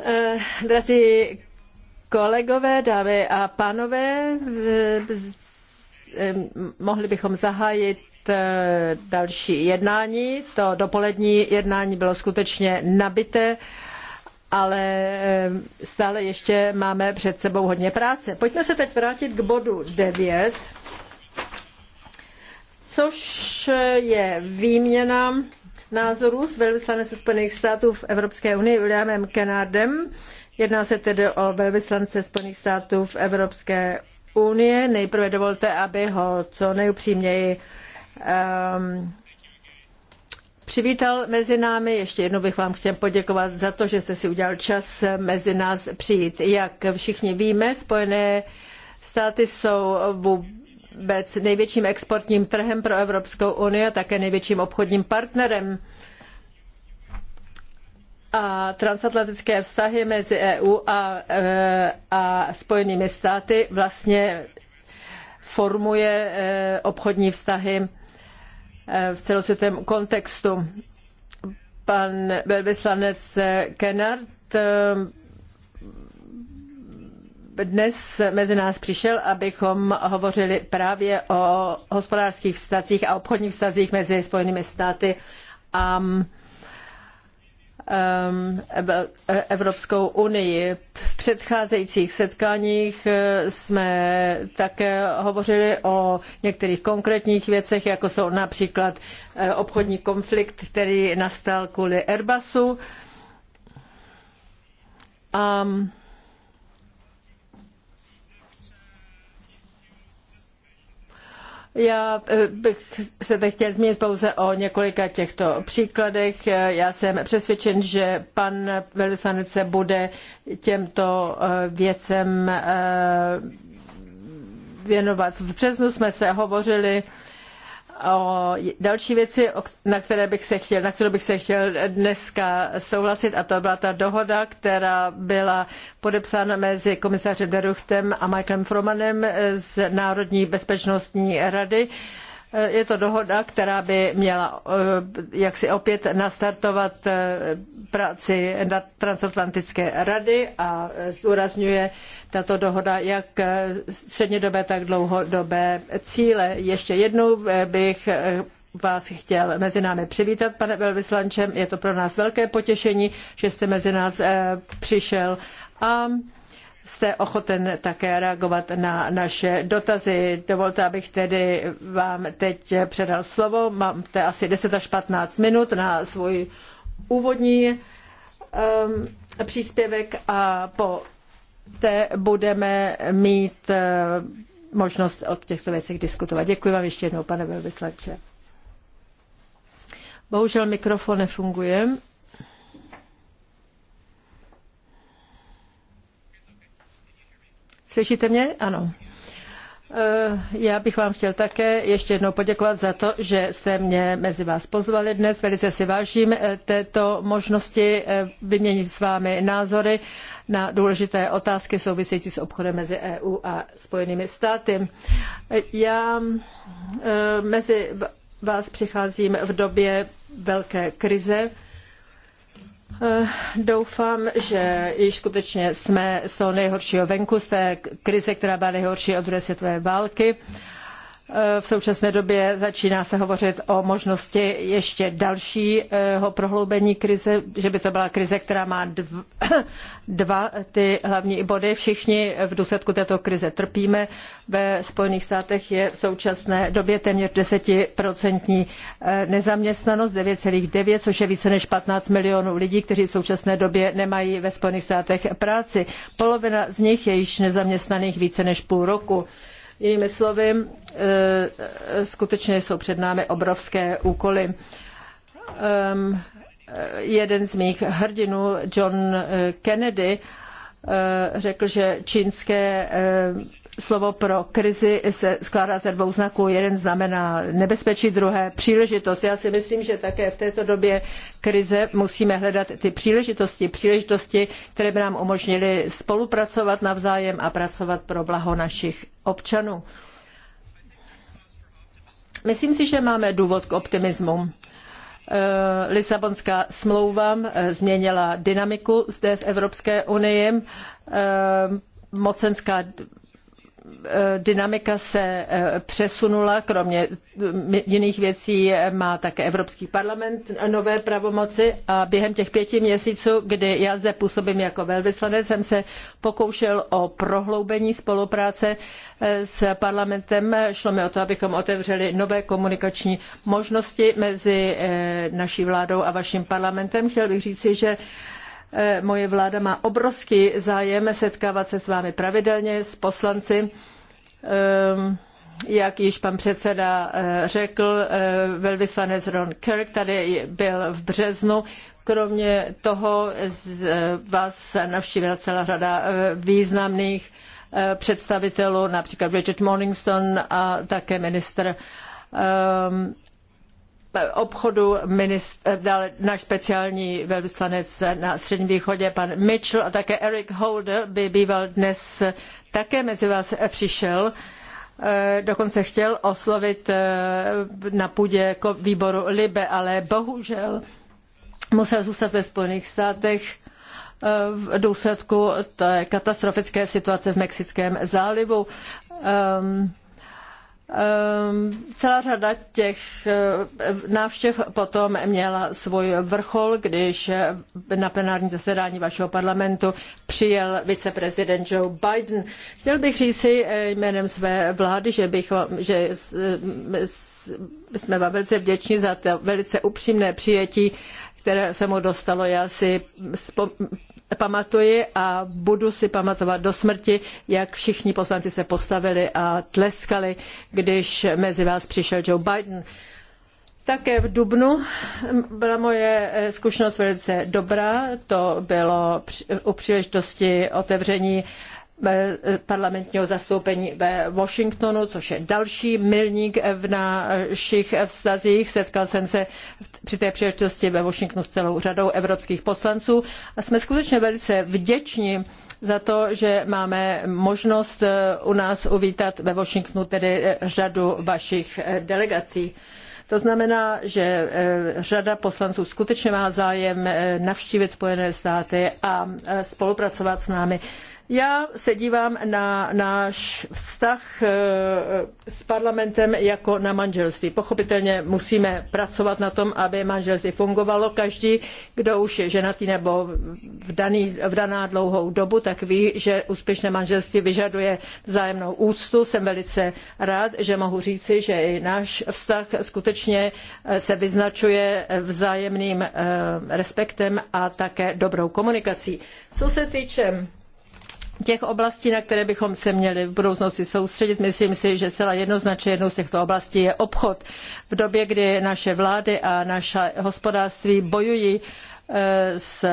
Eh, drazí kolegové, dámy a pánové, eh, eh, mohli bychom zahájit další jednání. To dopolední jednání bylo skutečně nabité, ale stále ještě máme před sebou hodně práce. Pojďme se teď vrátit k bodu 9, což je výměna názorů s velvyslancem Spojených států v Evropské unii Williamem Kennardem. Jedná se tedy o velvyslance Spojených států v Evropské unii. Nejprve dovolte, aby ho co nejupřímněji um, přivítal mezi námi. Ještě jednou bych vám chtěl poděkovat za to, že jste si udělal čas mezi nás přijít. Jak všichni víme, Spojené státy jsou v vůbec největším exportním trhem pro Evropskou unii a také největším obchodním partnerem. A transatlantické vztahy mezi EU a, e, a Spojenými státy vlastně formuje e, obchodní vztahy e, v celosvětovém kontextu. Pan velvyslanec Kennard dnes mezi nás přišel, abychom hovořili právě o hospodářských vztazích a obchodních vztazích mezi Spojenými státy a um, um, Evropskou unii. V předcházejících setkáních uh, jsme také hovořili o některých konkrétních věcech, jako jsou například uh, obchodní konflikt, který nastal kvůli Airbusu. A um, Já eh, bych se teď chtěl zmínit pouze o několika těchto příkladech. Já jsem přesvědčen, že pan velvyslanec se bude těmto eh, věcem eh, věnovat. V březnu jsme se hovořili o další věci, na, které bych se chtěl, na kterou bych se chtěl dneska souhlasit, a to byla ta dohoda, která byla podepsána mezi komisařem Deruchtem a Michaelem Fromanem z Národní bezpečnostní rady. Je to dohoda, která by měla eh, jaksi opět nastartovat eh, práci na transatlantické rady a zdůrazňuje tato dohoda jak eh, střednědobé, tak dlouhodobé cíle. Ještě jednou bych vás chtěl mezi námi přivítat, pane velvyslanče. Je to pro nás velké potěšení, že jste mezi nás přišel a jste ochoten také reagovat na naše dotazy. Dovolte, abych tedy vám teď předal slovo. Máte asi 10 až 15 minut na svůj úvodní um, příspěvek a po té budeme mít uh, možnost o těchto věcech diskutovat. Děkuji vám ještě jednou, pane velvyslanče. Bohužel mikrofon nefunguje. Slyšíte mě? Ano. Eh, já bych vám chtěl také ještě jednou poděkovat za to, že jste mě mezi vás pozvali dnes. Velice si vážím eh, této možnosti eh, vyměnit s vámi názory na důležité otázky související s obchodem mezi EU a Spojenými státy. Já mezi vás přicházím v době velké krize Eh, doufám, že již skutečně jsme z toho nejhoršího venku, z té krize, která byla nejhorší od druhé světové války. Eh, v současné době začíná se hovořit o možnosti ještě dalšího prohloubení krize, že by to byla krize, která má dva, dva ty hlavní body. Všichni v důsledku této krize trpíme. Ve Spojených státech je v současné době téměř 10% eh, nezaměstnanost, 9,9, což je více než 15 milionů lidí, kteří v současné době nemají ve Spojených státech práci. Polovina z nich je již nezaměstnaných více než půl roku. Jinými slovy, e, e, skutečně jsou před námi obrovské úkoly. E, jeden z mých hrdinů, John Kennedy, řekl, že čínské slovo pro krizi se skládá ze dvou znaků. Jeden znamená nebezpečí, druhé příležitost. Já si myslím, že také v této době krize musíme hledat ty příležitosti, příležitosti, které by nám umožnily spolupracovat navzájem a pracovat pro blaho našich občanů. Myslím si, že máme důvod k optimismu. E, Lisabonská smlouva e, změnila dynamiku zde v Evropské unii. E, mocenská Eh, dynamika se eh, přesunula, kromě mm, jiných věcí má také Evropský parlament nové pravomoci a během těch pěti měsíců, kdy já zde působím jako velvyslanec, jsem se pokoušel o prohloubení spolupráce eh, s parlamentem. Šlo mi o to, abychom otevřeli nové komunikační možnosti mezi naší vládou a vaším parlamentem. Chtěl bych říci, že E, moje vláda má obrovský zájem setkávat se s vámi pravidelně, s poslanci. E, jak již pan předseda e, řekl, velvyslanec Ron Kirk tady byl v březnu. Kromě toho vás navštívila celá řada významných představitelů, například Richard Morningston a také minister obchodu ministr, eh, náš speciální velvyslanec na Středním východě, pan Mitchell a také Eric Holder by býval dnes také mezi vás přišel. Eh, dokonce chtěl oslovit eh, na půdě výboru Libe, ale bohužel musel zůstat ve Spojených státech v důsledku té katastrofické situace v Mexickém zálivu. Um, Ehm, celá řada těch eh, návštěv potom měla svůj vrchol, když eh, na plenární zasedání vašeho parlamentu přijel viceprezident Joe Biden. Chtěl bych říci eh, jménem své vlády, že, bych, že jsme vám velice vděční za to velice upřímné přijetí které se mu dostalo. Já si pamatuji a budu si pamatovat do smrti, jak všichni poslanci se postavili a tleskali, když mezi vás přišel Joe Biden. Také v Dubnu byla moje zkušenost velice dobrá. To bylo u příležitosti otevření Eh, parlamentního zastoupení ve Washingtonu, což je další milník v našich vztazích. Setkal jsem se při té příležitosti ve Washingtonu s celou řadou evropských poslanců a jsme skutečně velice vděční za to, že máme možnost eh, u nás uvítat ve Washingtonu tedy eh, řadu vašich delegací. To znamená, že řada poslanců skutečně má zájem navštívit Spojené státy a spolupracovat s námi. Já se dívám na náš vztah eh, s parlamentem jako na manželství. Pochopitelně musíme pracovat na tom, aby manželství fungovalo. Každý, kdo už je ženatý nebo v, daný, v daná dlouhou dobu, tak ví, že úspěšné manželství vyžaduje vzájemnou úctu. Jsem velice rád, že mohu říci, že i náš vztah skutečně eh, se vyznačuje vzájemným eh, respektem a také dobrou komunikací. Co se týče těch oblastí, na které bychom se měli v budoucnosti soustředit, myslím si, že zcela jednoznačně jednou z těchto oblastí je obchod. V době, kdy naše vlády a naše hospodářství bojují eh, s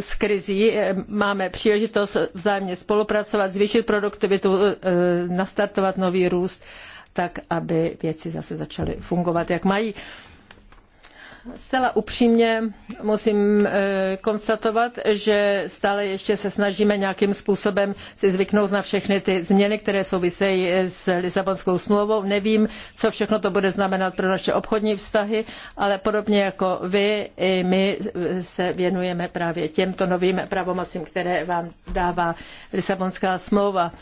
s krizí eh, máme příležitost vzájemně spolupracovat, zvýšit produktivitu, eh, nastartovat nový růst, tak aby věci zase začaly fungovat, jak mají. Zcela upřímně musím eh, konstatovat, že stále ještě se snažíme nějakým způsobem si zvyknout na všechny ty změny, které souvisejí eh, s Lisabonskou smlouvou. Nevím, co všechno to bude znamenat pro naše obchodní vztahy, ale podobně jako vy, i my eh, se věnujeme právě těmto novým pravomocím, které vám dává Lisabonská smlouva.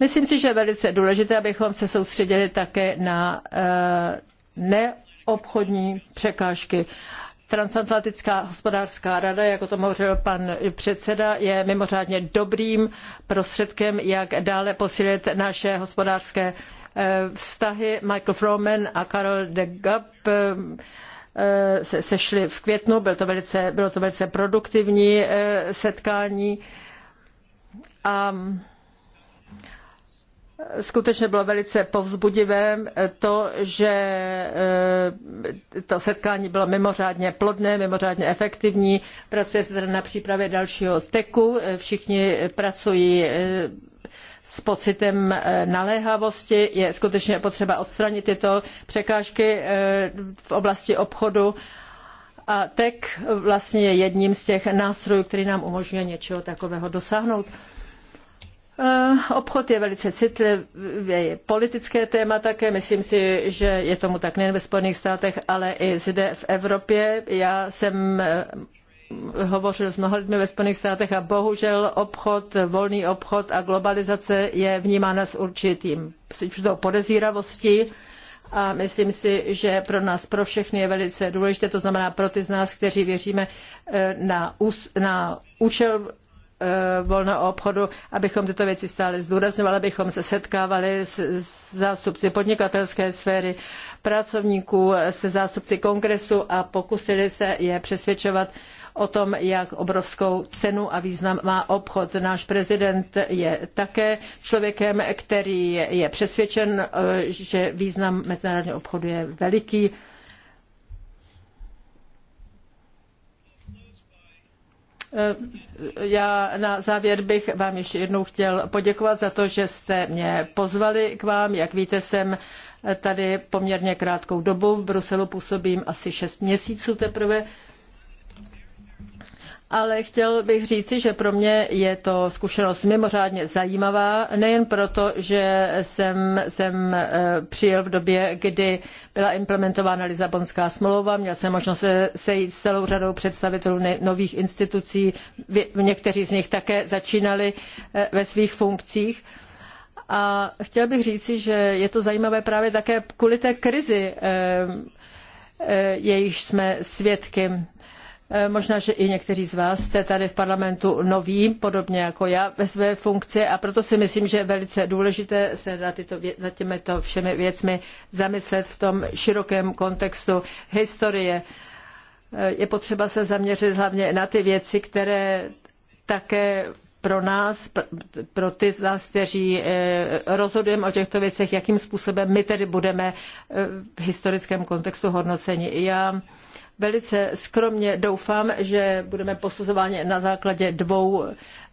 Myslím si, že je velice důležité, abychom se soustředili také na ne obchodní překážky. Transatlantická hospodářská rada, jako to hovořil pan předseda, je mimořádně dobrým prostředkem, jak dále posílit naše hospodářské eh, vztahy. Michael Froman a Karel de Gap eh, eh, se sešli v květnu, bylo to velice, bylo to velice produktivní setkání. A skutečně bylo velice povzbudivé to, že eh, to setkání bylo mimořádně plodné, mimořádně efektivní. Pracuje se tedy na přípravě dalšího teku. Všichni pracují eh, s pocitem eh, naléhavosti. Je skutečně potřeba odstranit tyto překážky v oblasti obchodu. A TEK vlastně je jedním z těch nástrojů, který nám umožňuje něčeho takového dosáhnout. Eh, obchod je velice citlivý, je politické téma také. Myslím si, že je tomu tak nejen ve Spojených státech, ale i zde v Evropě. Já jsem eh, hovořil s mnoha lidmi ve Spojených státech a bohužel obchod, volný obchod a globalizace je vnímána s určitým určitou podezíravostí a myslím si, že pro nás, pro všechny je velice důležité, to znamená pro ty z nás, kteří věříme eh, na, ús, na účel Eh, volného obchodu, abychom tyto věci stále zdůrazňovali, abychom se setkávali s zástupci podnikatelské sféry, pracovníků, se zástupci kongresu a pokusili se je přesvědčovat o tom, jak obrovskou cenu a význam má obchod. Náš prezident je také člověkem, který je přesvědčen, eh, že význam mezinárodního obchodu je veliký Já na závěr bych vám ještě jednou chtěl poděkovat za to, že jste mě pozvali k vám. Jak víte, jsem tady poměrně krátkou dobu. V Bruselu působím asi šest měsíců teprve ale chtěl bych říci, že pro mě je to zkušenost mimořádně zajímavá, nejen proto, že jsem, jsem eh, přijel v době, kdy byla implementována Lisabonská smlouva, měl jsem možnost se sejít s celou řadou představitelů nových institucí, někteří z nich také začínali eh, ve svých funkcích. A chtěl bych říci, že je to zajímavé právě také kvůli té krizi, eh, jejíž jsme svědky Eh, možná, že i někteří z vás jste tady v parlamentu noví, podobně jako já, ve své funkci a proto si myslím, že je velice důležité se na tyto, nad těmito všemi věcmi zamyslet v tom širokém kontextu historie. Eh, je potřeba se zaměřit hlavně na ty věci, které také pro nás, pro ty z nás, kteří eh, rozhodujeme o těchto věcech, jakým způsobem my tedy budeme v historickém kontextu hodnoceni. Já Velice skromně doufám, že budeme posuzováni na základě dvou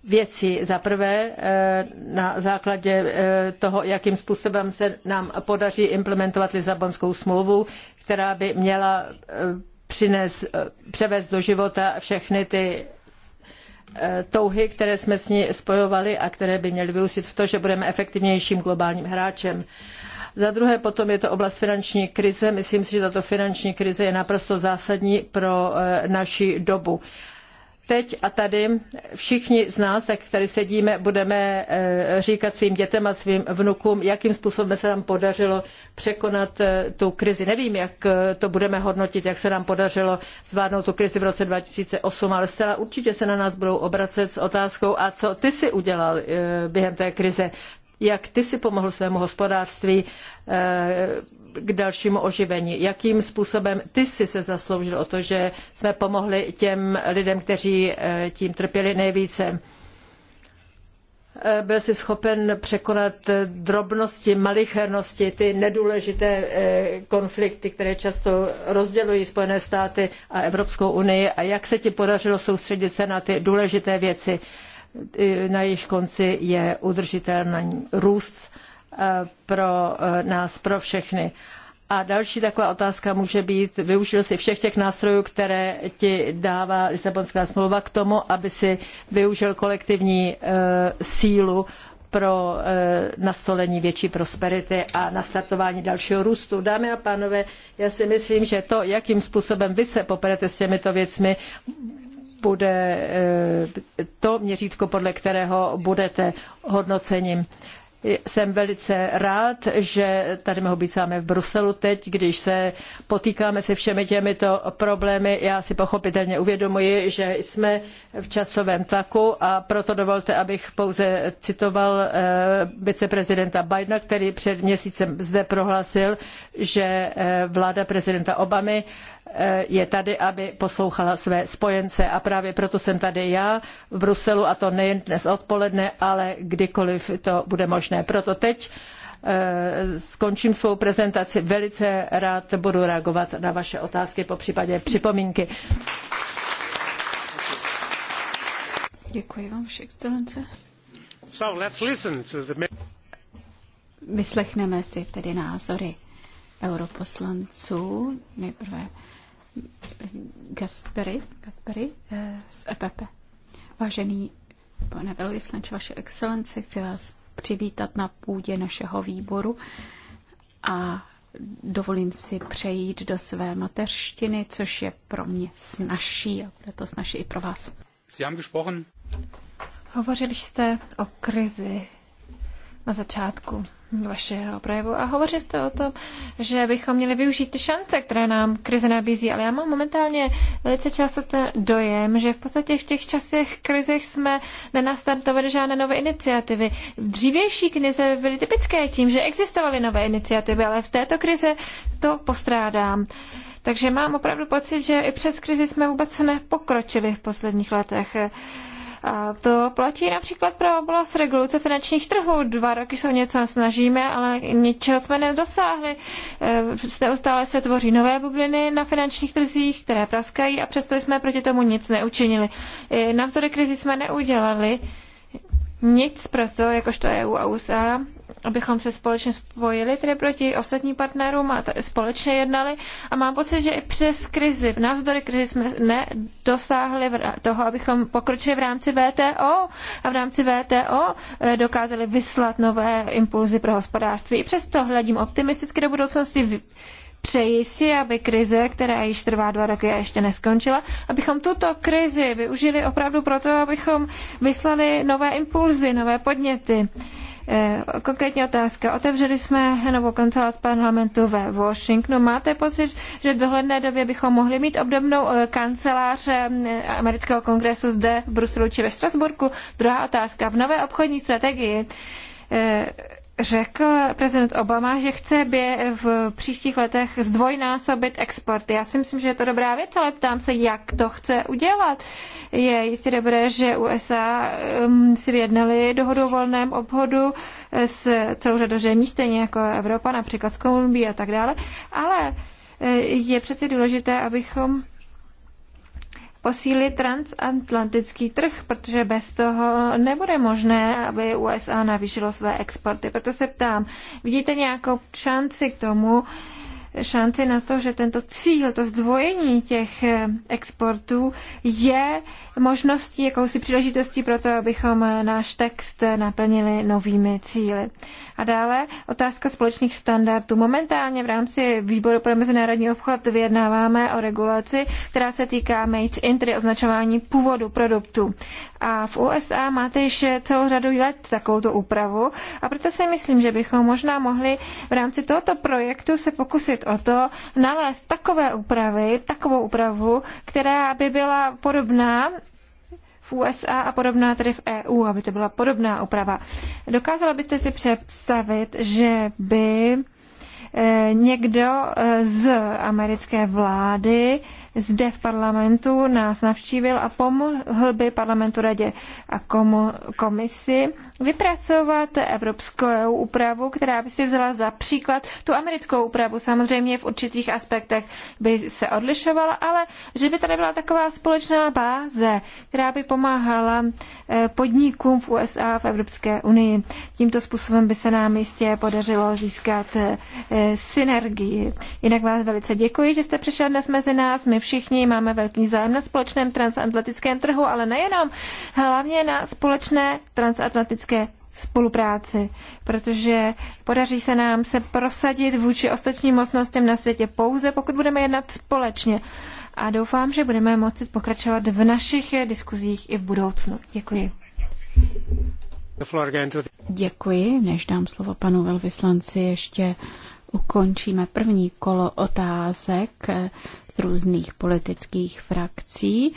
věcí. Za prvé, eh, na základě eh, toho, jakým způsobem se nám podaří implementovat Lisabonskou smlouvu, která by měla eh, přines, převést do života všechny ty touhy, které jsme s ní spojovali a které by měly vyústit v to, že budeme efektivnějším globálním hráčem. Za druhé potom je to oblast finanční krize. Myslím si, že tato finanční krize je naprosto zásadní pro eh, naši dobu. Teď a tady všichni z nás, tak tady sedíme, budeme eh, říkat svým dětem a svým vnukům, jakým způsobem se nám podařilo překonat eh, tu krizi. Nevím, jak to budeme hodnotit, jak se nám podařilo zvládnout tu krizi v roce 2008, ale zcela určitě se na nás budou obracet s otázkou, a co ty si udělal během té krize? jak ty si pomohl svému hospodářství eh, k dalšímu oživení, jakým způsobem ty si se zasloužil o to, že jsme pomohli těm lidem, kteří eh, tím trpěli nejvíce. Eh, byl jsi schopen překonat drobnosti, malichernosti, ty nedůležité konflikty, které často rozdělují Spojené státy a Evropskou unii a jak se ti podařilo soustředit se na ty důležité věci na jejich konci je udržitelný růst eh, pro eh, nás, pro všechny. A další taková otázka může být, využil si všech těch nástrojů, které ti dává Lisabonská smlouva k tomu, aby si využil kolektivní eh, sílu pro nastolení větší prosperity a nastartování dalšího růstu. Dámy a pánové, já si myslím, že to, jakým způsobem vy se poperete s těmito věcmi, bude eh, to měřítko, podle kterého budete hodnocením. Jsem velice rád, že tady mohu být sám v Bruselu teď, když se potýkáme se všemi těmito problémy. Já si pochopitelně uvědomuji, že jsme v časovém tlaku a proto dovolte, abych pouze citoval eh, viceprezidenta Bidena, který před měsícem zde prohlásil, že eh, vláda prezidenta Obamy Eh, je tady, aby poslouchala své spojence a právě proto jsem tady já v Bruselu a to nejen dnes odpoledne, ale kdykoliv to bude možné. Proto teď eh, skončím svou prezentaci. Velice rád budu reagovat na vaše otázky, po případě připomínky. Děkuji vám, Vaše excelence. So let's listen to the... Vyslechneme si tedy názory europoslanců. Nejprve Gaspery, Gaspery eh, z EPP. Vážený pane velvyslanče, vaše excelence, chci vás přivítat na půdě našeho výboru a dovolím si přejít do své mateřštiny, což je pro mě snažší a bude to snažší i pro vás. Hovořili jste o krizi na začátku vašeho projevu a hovoříte o tom, že bychom měli využít ty šance, které nám krize nabízí, ale já mám momentálně velice často ten dojem, že v podstatě v těch časech krizech jsme nenastartovali žádné nové iniciativy. V dřívější krize byly typické tím, že existovaly nové iniciativy, ale v této krize to postrádám. Takže mám opravdu pocit, že i přes krizi jsme vůbec nepokročili v posledních letech. A to platí například pro oblast regulace finančních trhů. Dva roky se něco snažíme, ale ničeho jsme nedosáhli. E, Neustále se tvoří nové bubliny na finančních trzích, které praskají a přesto jsme proti tomu nic neučinili. E, Navzdory krizi jsme neudělali nic pro to, jakožto EU a USA, abychom se společně spojili tedy proti ostatním partnerům a společně jednali. A mám pocit, že i přes krizi, navzdory krizi jsme nedosáhli toho, abychom pokročili v rámci VTO a v rámci VTO eh, dokázali vyslat nové impulzy pro hospodářství. I přesto hledím optimisticky do budoucnosti. Přeji si, aby krize, která již trvá dva roky a ještě neskončila, abychom tuto krizi využili opravdu proto, abychom vyslali nové impulzy, nové podněty. Eh, konkrétní otázka. Otevřeli jsme novou kancelář parlamentu ve Washingtonu. Máte pocit, že v dohledné době bychom mohli mít obdobnou eh, kancelář eh, amerického kongresu zde v Bruselu či ve Štrasburku? Druhá otázka. V nové obchodní strategii řekl prezident Obama, že chce bě v příštích letech zdvojnásobit export. Já si myslím, že je to dobrá věc, ale ptám se, jak to chce udělat. Je jistě dobré, že USA um, si vyjednali dohodu o volném obchodu s celou řadou zemí, stejně jako Evropa, například s Kolumbií a tak dále, ale eh, je přece důležité, abychom posílit transatlantický trh, protože bez toho nebude možné, aby USA navýšilo své exporty. Proto se ptám, vidíte nějakou šanci k tomu, šanci na to, že tento cíl, to zdvojení těch eh, exportů je možností, jakousi příležitostí pro to, abychom eh, náš text eh, naplnili novými cíly. A dále otázka společných standardů. Momentálně v rámci výboru pro mezinárodní obchod vyjednáváme o regulaci, která se týká made in, tedy označování původu produktu. A v USA máte již celou řadu let takovouto úpravu a proto si myslím, že bychom možná mohli v rámci tohoto projektu se pokusit snažit o to nalézt takové úpravy, takovou úpravu, která by byla podobná v USA a podobná tedy v EU, aby to byla podobná úprava. Dokázala byste si představit, že by eh, někdo eh, z americké vlády zde v parlamentu nás navštívil a pomohl by parlamentu radě a komisi vypracovat evropskou úpravu, která by si vzala za příklad tu americkou úpravu. Samozřejmě v určitých aspektech by se odlišovala, ale že by tady byla taková společná báze, která by pomáhala eh, podnikům v USA a v Evropské unii. Tímto způsobem by se nám jistě podařilo získat eh, synergii. Jinak vás velice děkuji, že jste přišel dnes mezi nás. My všichni máme velký zájem na společném transatlantickém trhu, ale nejenom, hlavně na společné transatlantické spolupráci, protože podaří se nám se prosadit vůči ostatním mocnostem na světě pouze, pokud budeme jednat společně. A doufám, že budeme moci pokračovat v našich diskuzích i v budoucnu. Děkuji. Děkuji. Než dám slovo panu velvyslanci, ještě ukončíme první kolo otázek eh, z různých politických frakcí.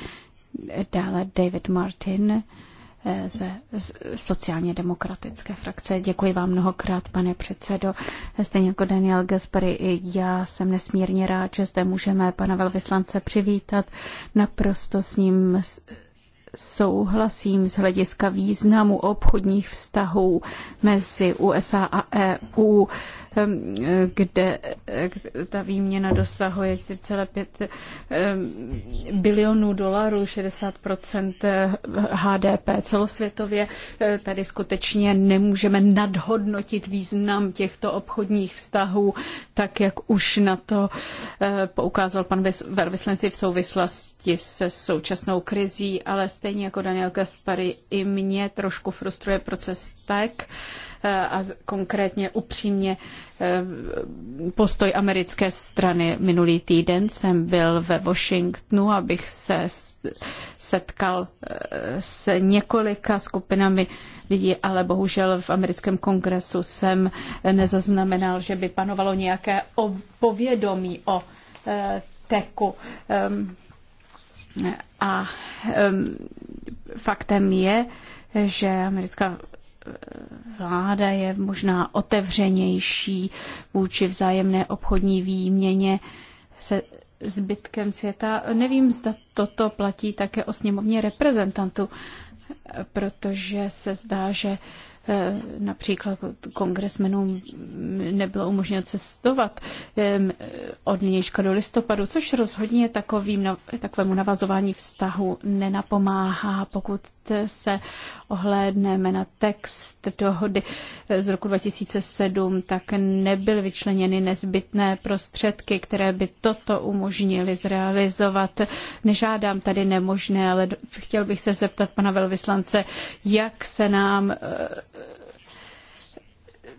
Dále David Martin eh, ze sociálně demokratické frakce. Děkuji vám mnohokrát, pane předsedo. Stejně jako Daniel Gaspary, i já jsem nesmírně rád, že zde můžeme pana velvyslance přivítat. Naprosto s ním souhlasím z hlediska významu obchodních vztahů mezi USA a EU Ehm, eh, kde ta výměna dosahuje 4,5 ehm, bilionů dolarů, 60 eh, HDP celosvětově. Eh, tady skutečně nemůžeme nadhodnotit význam těchto obchodních vztahů, tak jak už na to poukázal pan velvyslanci v souvislosti se současnou krizí, ale stejně jako Daniel Gaspari i mě trošku frustruje proces tak, Eh, a konkrétně upřímně eh, postoj americké strany. Minulý týden jsem byl ve Washingtonu, abych se setkal eh, s několika skupinami lidí, ale bohužel v americkém kongresu jsem nezaznamenal, že by panovalo nějaké povědomí o teku. Ehm, a ehm, faktem je, že americká vláda je možná otevřenější vůči vzájemné obchodní výměně se zbytkem světa. Nevím, zda toto platí také o sněmovně reprezentantů, protože se zdá, že Eh, například kongresmenům nebylo umožněno cestovat od nějška do listopadu, což rozhodně takovým, takovému navazování vztahu nenapomáhá. Pokud se ohlédneme na text dohody z roku 2007, tak nebyly vyčleněny nezbytné prostředky, které by toto umožnily zrealizovat. Nežádám tady nemožné, ale chtěl bych se zeptat pana velvyslance, jak se nám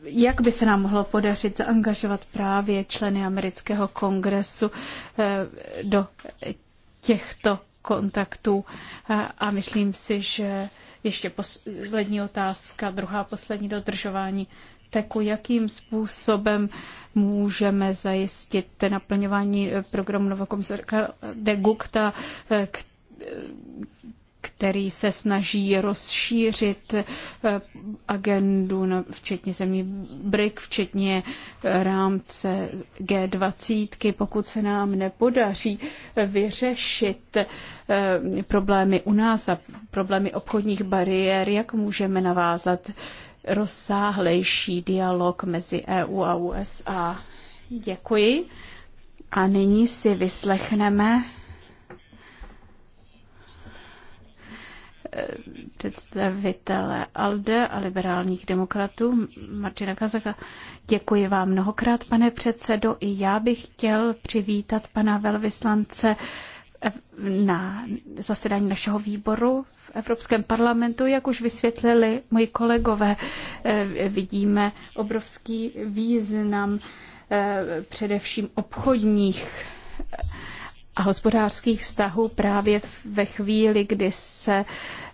jak by se nám mohlo podařit zaangažovat právě členy amerického kongresu eh, do těchto kontaktů. A myslím si, že ještě poslední otázka, druhá poslední dodržování teku, jakým způsobem můžeme zajistit naplňování eh, programu novokomisarka de Gukta, eh, který se snaží rozšířit eh, agendu, včetně zemí BRIC, včetně eh, rámce G20. Pokud se nám nepodaří eh, vyřešit problémy u nás a problémy obchodních bariér, jak můžeme navázat rozsáhlejší dialog mezi EU a USA. Děkuji. A nyní si vyslechneme představitele ALDE a liberálních demokratů Martina Kazaka. Děkuji vám mnohokrát, pane předsedo. I já bych chtěl přivítat pana velvyslance na zasedání našeho výboru v Evropském parlamentu, jak už vysvětlili moji kolegové, eh, vidíme obrovský význam eh, především obchodních a hospodářských vztahů právě ve chvíli, kdy se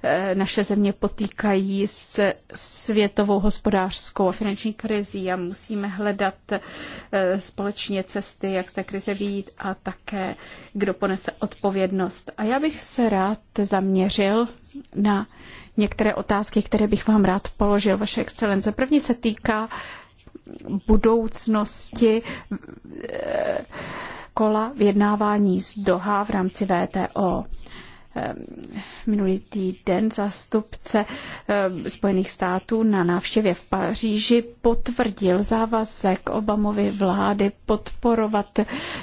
eh, naše země potýkají s světovou hospodářskou a finanční krizí a musíme hledat eh, společně cesty, jak z té krize vyjít a také, kdo ponese odpovědnost. A já bych se rád zaměřil na některé otázky, které bych vám rád položil, vaše excelence. První se týká budoucnosti eh, kola vyjednávání z Doha v rámci VTO. Ehm, minulý týden zastupce ehm, Spojených států na návštěvě v Paříži potvrdil závazek Obamovy vlády podporovat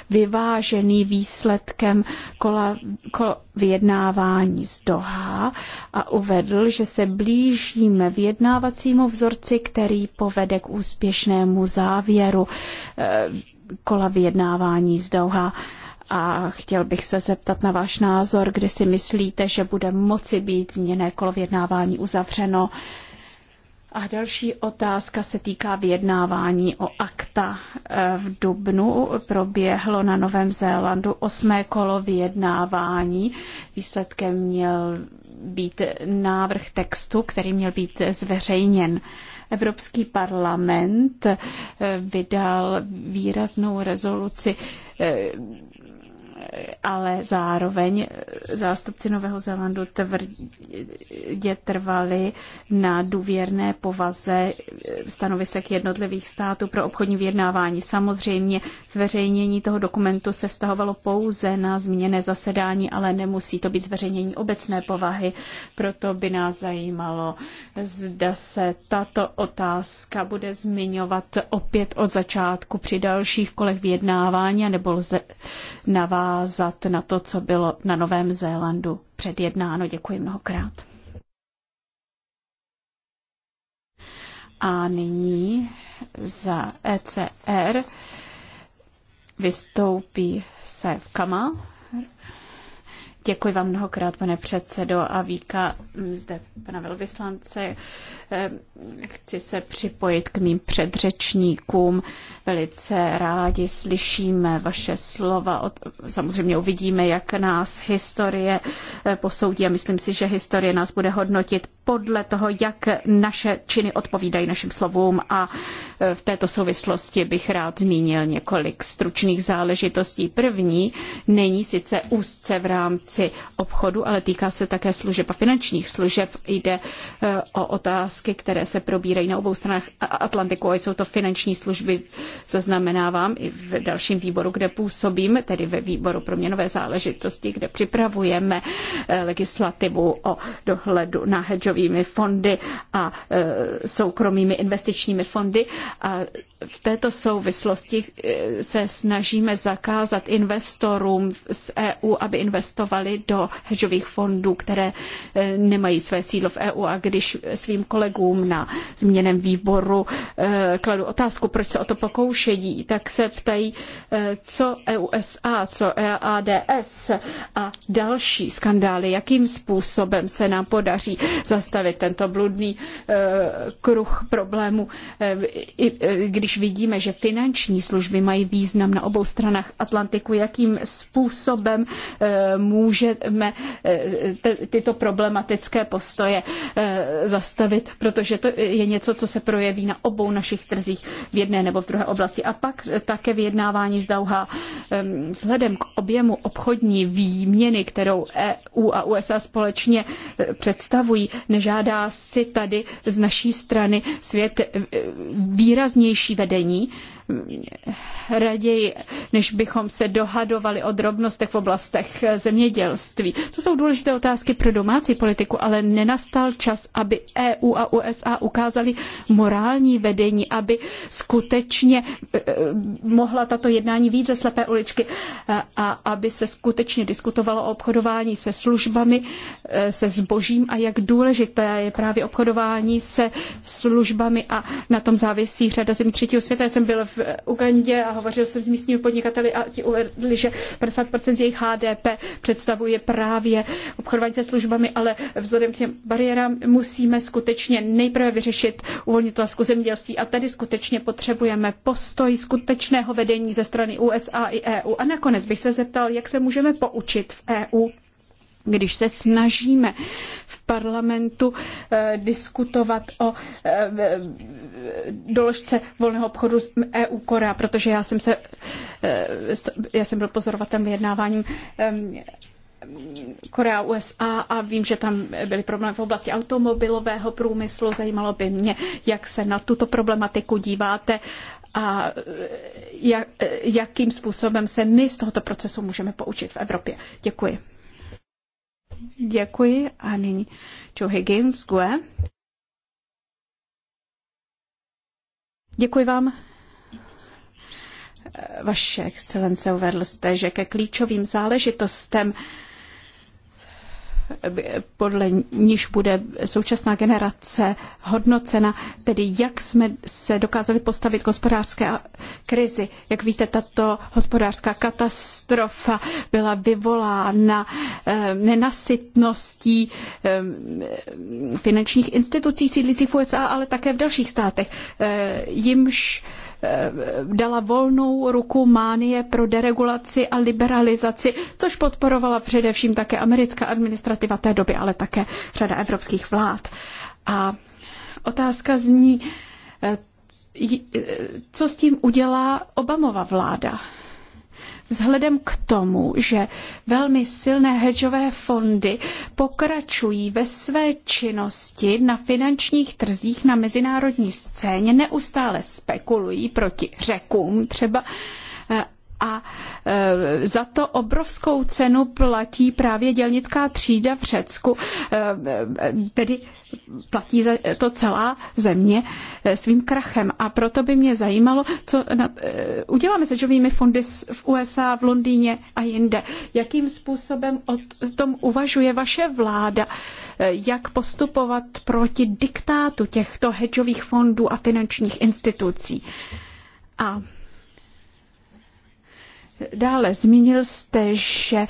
vyvážený výsledkem kola, kola vyjednávání z Doha a uvedl, že se blížíme vyjednávacímu vzorci, který povede k úspěšnému závěru. Ehm, kola vyjednávání z Doha. A chtěl bych se zeptat na váš názor, kdy si myslíte, že bude moci být změné kolo vyjednávání uzavřeno. A další otázka se týká vyjednávání o akta. Eh, v Dubnu proběhlo na Novém Zélandu osmé kolo vyjednávání. Výsledkem měl být návrh textu, který měl být zveřejněn. Evropský parlament eh, vydal výraznou rezoluci eh, ale zároveň zástupci Nového Zélandu tvrdě trvali na důvěrné povaze stanovisek jednotlivých států pro obchodní vyjednávání. Samozřejmě zveřejnění toho dokumentu se vztahovalo pouze na změněné zasedání, ale nemusí to být zveřejnění obecné povahy. Proto by nás zajímalo, zda se tato otázka bude zmiňovat opět od začátku při dalších kolech vyjednávání, nebo lze navázat navázat na to, co bylo na Novém Zélandu předjednáno. Děkuji mnohokrát. A nyní za ECR vystoupí Saif Kamal. Děkuji vám mnohokrát, pane předsedo, a víka zde pana velvyslance. Eh, chci se připojit k mým předřečníkům. Velice rádi slyšíme vaše slova. Samozřejmě uvidíme, jak nás historie eh, posoudí a myslím si, že historie nás bude hodnotit podle toho, jak naše činy odpovídají našim slovům a eh, v této souvislosti bych rád zmínil několik stručných záležitostí. První není sice úzce v rámci obchodu, ale týká se také služeb a finančních služeb. Jde o otázku otázky, které se probírají na obou stranách Atlantiku, a jsou to finanční služby, zaznamenávám i v dalším výboru, kde působím, tedy ve výboru pro měnové záležitosti, kde připravujeme eh, legislativu o dohledu na hedžovými fondy a eh, soukromými investičními fondy. A v této souvislosti eh, se snažíme zakázat investorům z EU, aby investovali do hedžových fondů, které eh, nemají své sídlo v EU. A když svým kolegům na změněném výboru eh, kladu otázku, proč se o to pokoušejí, tak se ptají, co EUSA, co EADS a další skandály, jakým způsobem se nám podaří zastavit tento bludný kruh problémů, když když vidíme, že finanční služby mají význam na obou stranách Atlantiku, jakým způsobem eh, můžeme eh, tyto problematické postoje eh, zastavit, protože to je něco, co se projeví na obou našich trzích v jedné nebo v druhé oblasti. A pak také vyjednávání z Dauha ehm, vzhledem k objemu obchodní výměny, kterou EU a USA společně představují, nežádá si tady z naší strany svět výraznější vedení raději, než bychom se dohadovali o drobnostech v oblastech zemědělství. To jsou důležité otázky pro domácí politiku, ale nenastal čas, aby EU a USA ukázali morální vedení, aby skutečně eh, eh, mohla tato jednání víc ze slepé uličky eh, a aby se skutečně diskutovalo o obchodování se službami, se zbožím a jak důležité je právě obchodování se službami a na tom závisí řada zemí třetího světa. Já jsem byl v Ugandě a hovořil jsem s místními podnikateli a ti uvedli, že 50% z jejich HDP představuje právě obchodování se službami, ale vzhledem k těm bariérám musíme skutečně nejprve vyřešit uvolnit lásku zemědělství a tady skutečně potřebujeme postoj skutečného vedení ze strany USA i EU. A nakonec bych se zeptal, jak se můžeme poučit v EU když se snažíme v parlamentu eh, diskutovat o eh, doložce volného obchodu s EU Korea, protože já jsem se, eh, já jsem byl pozorovatelem vyjednáváním ehm, Korea, USA a vím, že tam byly problémy v oblasti automobilového průmyslu. Zajímalo by mě, jak se na tuto problematiku díváte a jak, jakým způsobem se my z tohoto procesu můžeme poučit v Evropě. Děkuji. Děkuji a nyní Joe Higgins, GUE. Děkuji vám. Vaše excelence, uvedl jste, že ke klíčovým záležitostem podle níž bude současná generace hodnocena, tedy jak jsme se dokázali postavit k hospodářské krizi. Jak víte, tato hospodářská katastrofa byla vyvolána eh, nenasytností eh, finančních institucí sídlících v USA, ale také v dalších státech, eh, jimž Eh, dala volnou ruku Mánie pro deregulaci a liberalizaci, což podporovala především také americká administrativa té doby, ale také řada evropských vlád. A otázka zní, eh, eh, co s tím udělá Obamova vláda? Vzhledem k tomu, že velmi silné hedžové fondy pokračují ve své činnosti na finančních trzích na mezinárodní scéně, neustále spekulují proti řekům třeba eh, a eh, za to obrovskou cenu platí právě dělnická třída v Řecku, eh, tedy platí za to celá země eh, svým krachem. A proto by mě zajímalo, co na, eh, uděláme se živými fondy v USA, v Londýně a jinde. Jakým způsobem o tom uvažuje vaše vláda? Eh, jak postupovat proti diktátu těchto hedžových fondů a finančních institucí? A Dále zmínil jste, že eh,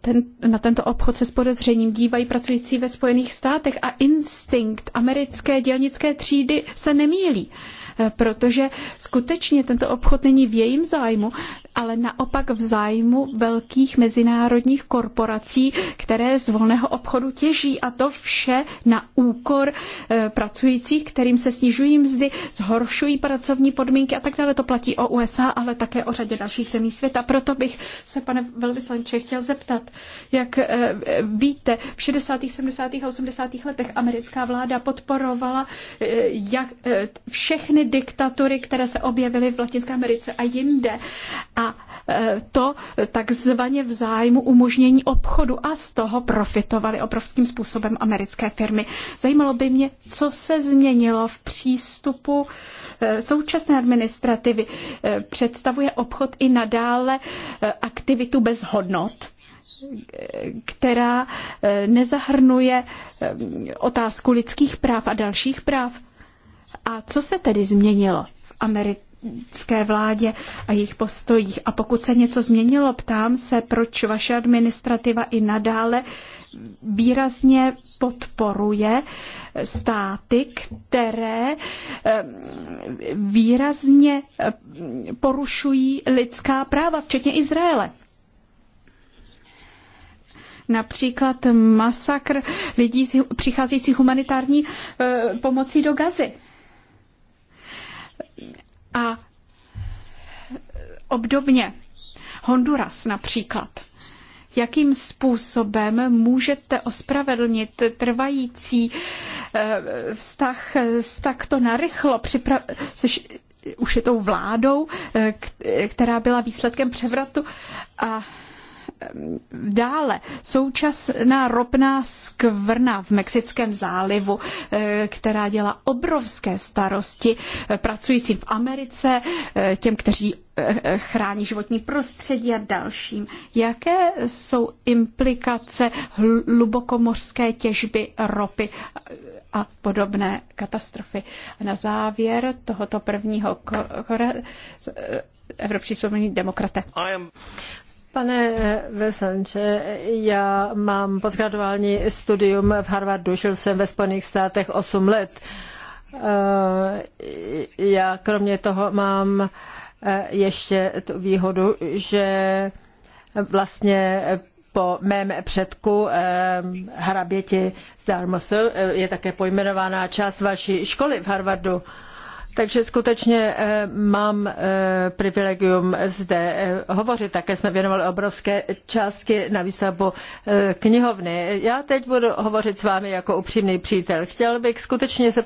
ten, na tento obchod se s podezřením dívají pracující ve Spojených státech a instinkt americké dělnické třídy se nemílí eh, protože skutečně tento obchod není v jejím zájmu, ale naopak v zájmu velkých mezinárodních korporací, které z volného obchodu těží a to vše na úkor e, pracujících, kterým se snižují mzdy, zhoršují pracovní podmínky a tak dále. To platí o USA, ale také o řadě dalších zemí světa. Proto bych se, pane velvyslanče, chtěl zeptat, jak e, víte, v 60., 70. a 80. letech americká vláda podporovala e, jak, všechny diktatury, které se objevily v Latinské Americe a jinde. A Eh, to takzvaně v zájmu umožnění obchodu a z toho profitovaly obrovským způsobem americké firmy. Zajímalo by mě, co se změnilo v přístupu eh, současné administrativy. Eh, představuje obchod i nadále aktivitu bez hodnot? která nezahrnuje otázku lidských práv a dalších práv. A co se tedy změnilo v Americe? čínské vládě a jejich postojích. A pokud se něco změnilo, ptám se, proč vaše administrativa i nadále výrazně podporuje státy, které eh, výrazně eh, porušují lidská práva, včetně Izraele. Například masakr lidí přicházejících humanitární eh, pomocí do Gazy. A obdobně Honduras například. Jakým způsobem můžete ospravedlnit trvající eh, vztah s takto narychlo připra- se ušitou vládou, eh, která byla výsledkem převratu a Dále současná ropná skvrna v Mexickém zálivu, eh, která dělá obrovské starosti eh, pracujícím v Americe, eh, těm, kteří chrání životní prostředí a dalším. Jaké jsou implikace hlubokomořské těžby ropy a podobné katastrofy? Na závěr tohoto prvního kora Evropští svobodní demokraté. Pane eh, Vesanče, já mám postgraduální studium v Harvardu, žil jsem ve Spojených státech 8 let. Eh, já kromě toho mám eh, ještě tu výhodu, že vlastně po mém předku hraběti z Darmosu je také pojmenována část vaší školy v Harvardu. Takže skutečně eh, mám eh, privilegium zde eh, hovořit. Také jsme věnovali obrovské částky na výstavbu knihovny. Já teď budu hovořit s vámi jako upřímný přítel. Chtěl bych skutečně se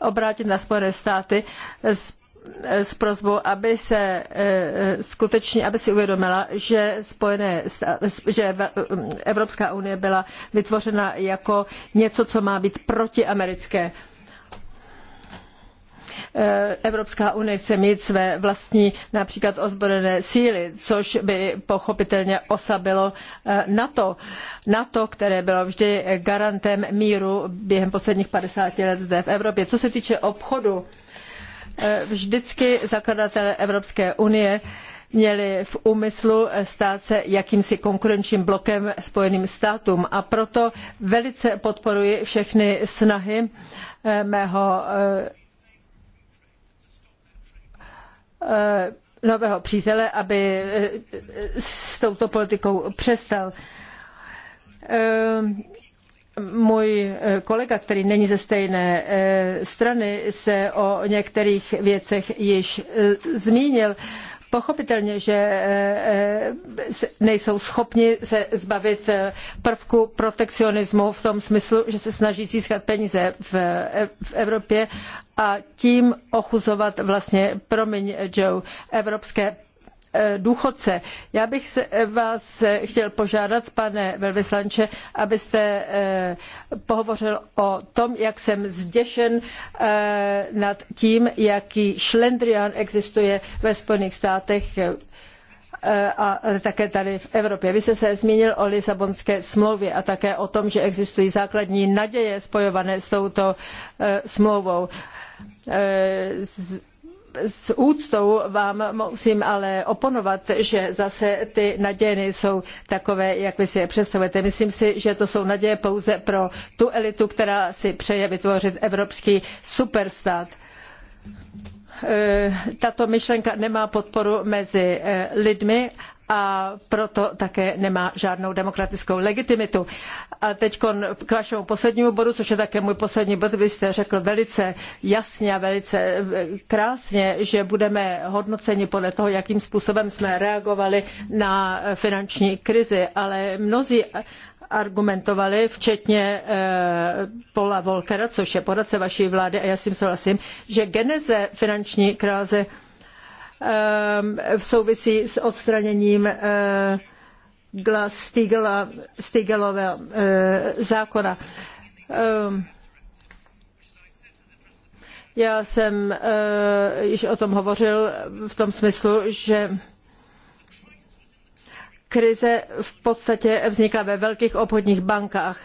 obrátit na Spojené státy s s prozbou, aby se skutečně, aby si uvědomila, že, Spojené, že um, Evropská unie byla vytvořena jako něco, co má být protiamerické. americké Eh, Evropská unie chce mít své vlastní například ozbrojené síly, což by pochopitelně osabilo eh, NATO. NATO, které bylo vždy garantem míru během posledních 50 let zde v Evropě. Co se týče obchodu, eh, vždycky zakladatelé Evropské unie měli v úmyslu stát se jakýmsi konkurenčním blokem Spojeným státům. A proto velice podporuji všechny snahy mého Eh, nového přítele, aby eh, s touto politikou přestal. Eh, můj kolega, který není ze stejné strany, se o některých věcech již zmínil. Pochopitelně, že eh, eh, nejsou schopni se zbavit eh, prvku protekcionismu v tom smyslu, že se snaží získat peníze v Evropě a tím ochuzovat vlastně, promiň Joe, evropské Eh, důchodce. Já bych eh, vás eh, chtěl požádat, pane velvyslanče, abyste pohovořil o tom, jak jsem zděšen nad tím, jaký šlendrián existuje ve Spojených státech a také tady v Evropě. Vy jste se zmínil o Lisabonské smlouvě a také o tom, že existují základní naděje spojované s touto smlouvou s úctou vám musím ale oponovat, že zase ty naděje nejsou takové, jak vy si je představujete. Myslím si, že to jsou naděje pouze pro tu elitu, která si přeje vytvořit evropský superstát e, tato myšlenka nemá podporu mezi e, lidmi a proto také nemá žádnou demokratickou legitimitu. A teď k vašemu poslednímu bodu, což je také můj poslední bod, vy jste řekl velice jasně a velice eh, krásně, že budeme hodnoceni podle toho, jakým způsobem jsme reagovali na eh, finanční krizi, ale mnozí argumentovali, včetně eh, Paula Volkera, což je poradce vaší vlády, a já s tím souhlasím, že geneze finanční krize Ehm, v souvisí s odstraněním eh, Stigela, Stigelova eh, zákona. Ehm, já jsem eh, již o tom hovořil v tom smyslu, že krize v podstatě vznikla ve velkých obchodních bankách,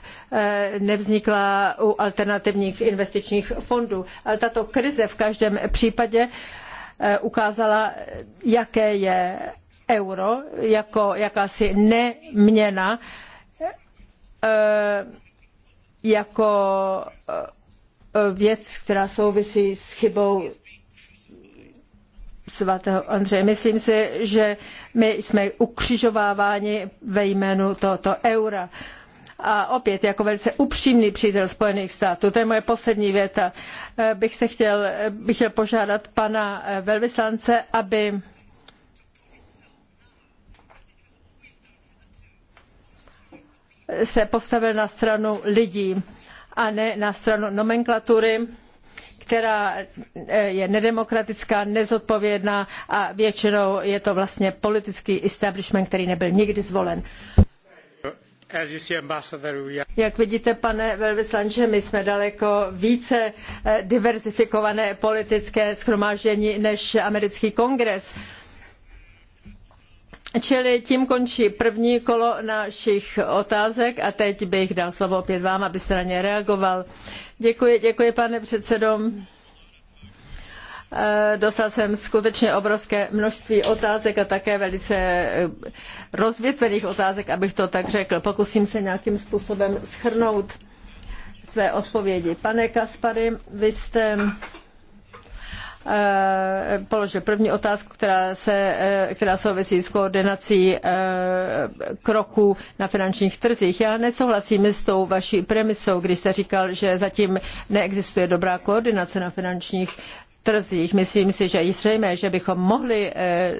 nevznikla u alternativních investičních fondů. Ale tato krize v každém případě Eh, ukázala, jaké je euro jako jakási neměna, eh, jako eh, věc, která souvisí s chybou svatého Andřeje. Myslím si, že my jsme ukřižováváni ve jménu tohoto eura. Uh, a opět jako velice upřímný přítel Spojených států, to je moje poslední věta, eh, bych se chtěl, eh, bych chtěl požádat pana eh, velvyslance, aby se postavil na stranu lidí a ne na stranu nomenklatury, která je nedemokratická, nezodpovědná a většinou je to vlastně politický establishment, který nebyl nikdy zvolen. Jak vidíte, pane velvyslanče, my jsme daleko více eh, diverzifikované politické schromáždění než americký kongres. Čili tím končí první kolo našich otázek a teď bych dal slovo opět vám, abyste na ně reagoval. Děkuji, děkuji pane předsedo. Eh, dostal jsem skutečně obrovské množství otázek a také velice eh, rozvětvených otázek, abych to tak řekl. Pokusím se nějakým způsobem schrnout své odpovědi. Pane Kaspary, vy jste eh, položil první otázku, která, se, která souvisí s koordinací kroků na finančních trzích. Já nesouhlasím s tou vaší premisou, když jste říkal, že zatím neexistuje dobrá koordinace na finančních trzích. Myslím si, že je zřejmé, že bychom mohli eh,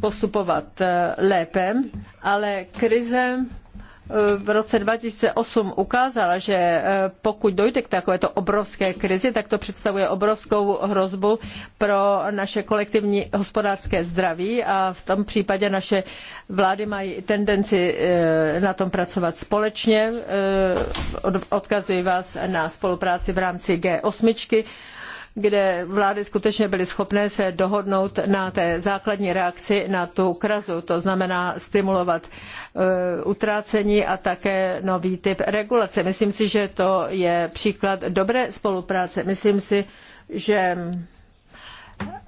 postupovat eh, lépe, ale krize eh, v roce 2008 ukázala, že pokud dojde k takovéto obrovské krizi, tak to představuje obrovskou hrozbu pro naše kolektivní hospodářské zdraví a v tom případě naše vlády mají tendenci na tom pracovat společně. Odkazuji vás na spolupráci v rámci G8 kde vlády skutečně byly schopné se dohodnout na té základní reakci na tu krazu, to znamená stimulovat eh, utrácení a také nový typ regulace. Myslím si, že to je příklad dobré spolupráce. Myslím si, že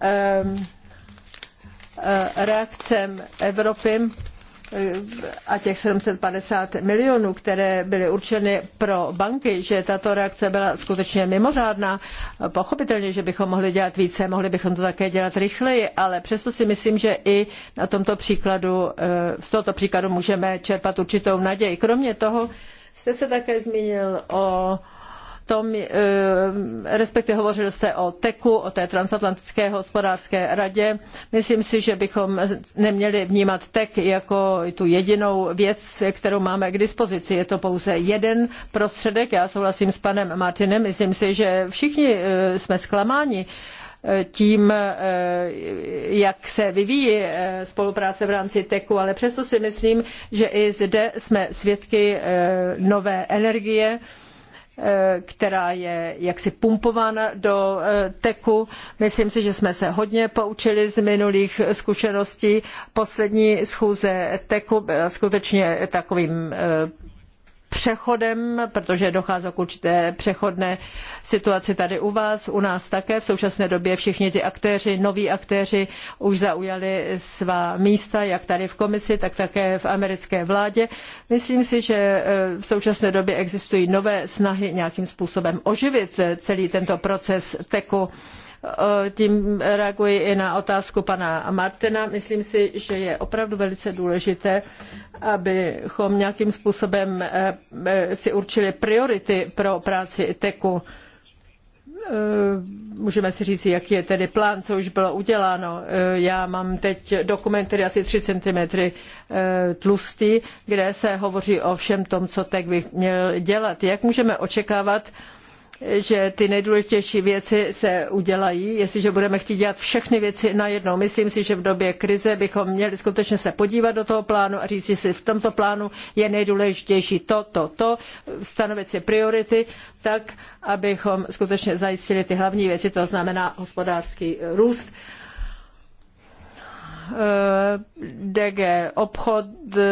eh, eh, reakcem Evropy a těch 750 milionů, které byly určeny pro banky, že tato reakce byla skutečně mimořádná. Pochopitelně, že bychom mohli dělat více, mohli bychom to také dělat rychleji, ale přesto si myslím, že i na tomto příkladu, eh, z tohoto příkladu můžeme čerpat určitou naději. Kromě toho jste se také zmínil o tom, eh, respektive hovořil jste o TEKu, o té transatlantické hospodářské radě. Myslím si, že bychom neměli vnímat TEK jako tu jedinou věc, kterou máme k dispozici. Je to pouze jeden prostředek. Já souhlasím s panem Martinem. Myslím si, že všichni eh, jsme zklamáni eh, tím, jak se vyvíjí spolupráce v rámci TEKu, ale přesto si myslím, že i zde jsme svědky nové energie, Eh, která je jaksi pumpována do eh, teku. Myslím si, že jsme se hodně poučili z minulých zkušeností. Poslední schůze teku byla skutečně takovým eh, přechodem, protože dochází k určité přechodné situaci tady u vás, u nás také. V současné době všichni ty aktéři, noví aktéři už zaujali svá místa, jak tady v komisi, tak také v americké vládě. Myslím si, že eh, v současné době existují nové snahy nějakým způsobem oživit eh, celý tento proces teku. Eh, tím reaguji i na otázku pana Martina. Myslím si, že je opravdu velice důležité, abychom nějakým způsobem eh, si určili priority pro práci TEKu. Eh, můžeme si říct, jaký je tedy plán, co už bylo uděláno. Já mám teď dokument, který asi 3 cm tlustý, kde se hovoří o všem tom, co TEK by měl dělat. Jak můžeme očekávat, že ty nejdůležitější věci se udělají, jestliže budeme chtít dělat všechny věci najednou. Myslím si, že v době krize bychom měli skutečně se podívat do toho plánu a říct si, v tomto plánu je nejdůležitější to, to, to, stanovit si priority tak, abychom skutečně zajistili ty hlavní věci, to znamená hospodářský růst. Eh, DG obchod eh,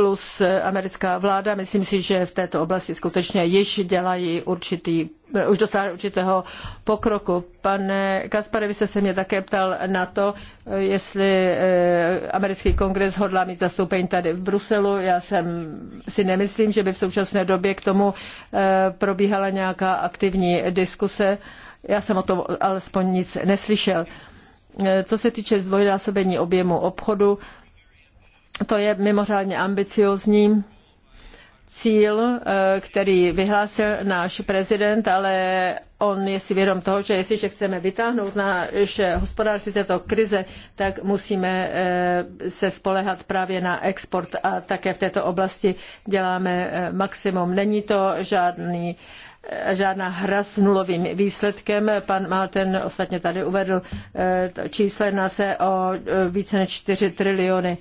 plus americká vláda. Myslím si, že v této oblasti skutečně již dělají určitý už dosáhli určitého pokroku. Pane Kaspare, vy jste se mě také ptal na to, jestli eh, americký kongres hodlá mít zastoupení tady v Bruselu. Já jsem si nemyslím, že by v současné době k tomu eh, probíhala nějaká aktivní diskuse. Já jsem o tom alespoň nic neslyšel. Eh, co se týče zdvojnásobení objemu obchodu, to je mimořádně ambiciozní cíl, eh, který vyhlásil náš prezident, ale on je si vědom toho, že jestliže chceme vytáhnout náš hospodářství této krize, tak musíme eh, se spolehat právě na export a také v této oblasti děláme eh, maximum. Není to žádný žádná hra s nulovým výsledkem. Pan Malten ostatně tady uvedl číslo, na se o více než 4 triliony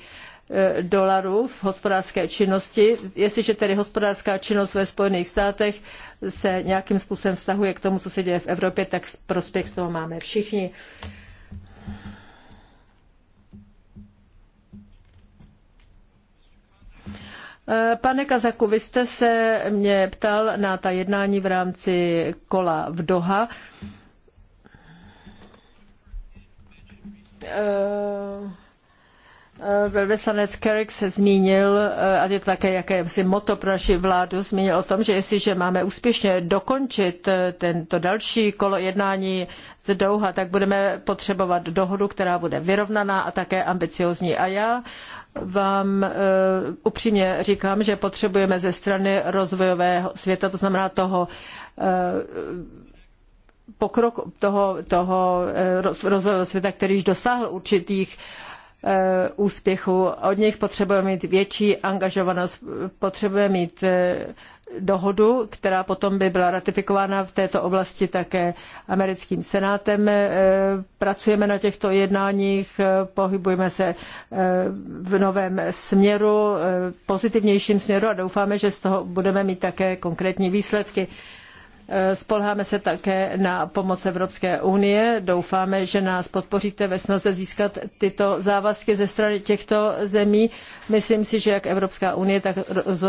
Eh, dolarů v hospodářské činnosti. Jestliže tedy hospodářská činnost ve Spojených státech se nějakým způsobem vztahuje k tomu, co se děje v Evropě, tak prospěch z toho máme všichni. Eh, pane Kazaku, vy jste se mě ptal na ta jednání v rámci kola v Doha. Uh... Eh, velvyslanec Kerik se zmínil, eh, a je to také jakési moto pro naši vládu, zmínil o tom, že jestliže máme úspěšně dokončit eh, tento další kolo jednání z Douha, tak budeme potřebovat dohodu, která bude vyrovnaná a také ambiciozní. A já vám upřímně říkám, že potřebujeme ze strany rozvojového světa, to znamená toho pokrok toho, toho rozvojového světa, který již dosáhl určitých uh, Eh, úspěchu. Od nich potřebujeme mít větší angažovanost, potřebujeme mít eh, dohodu, která potom by byla ratifikována v této oblasti také americkým senátem. Eh, pracujeme na těchto jednáních, pohybujeme se v novém směru, pozitivnějším směru a doufáme, že z toho budeme mít také konkrétní výsledky. Eh, spolháme se také na pomoc Evropské unie. Doufáme, že nás podpoříte ve snaze získat tyto závazky ze strany těchto zemí. Myslím si, že jak Evropská unie, tak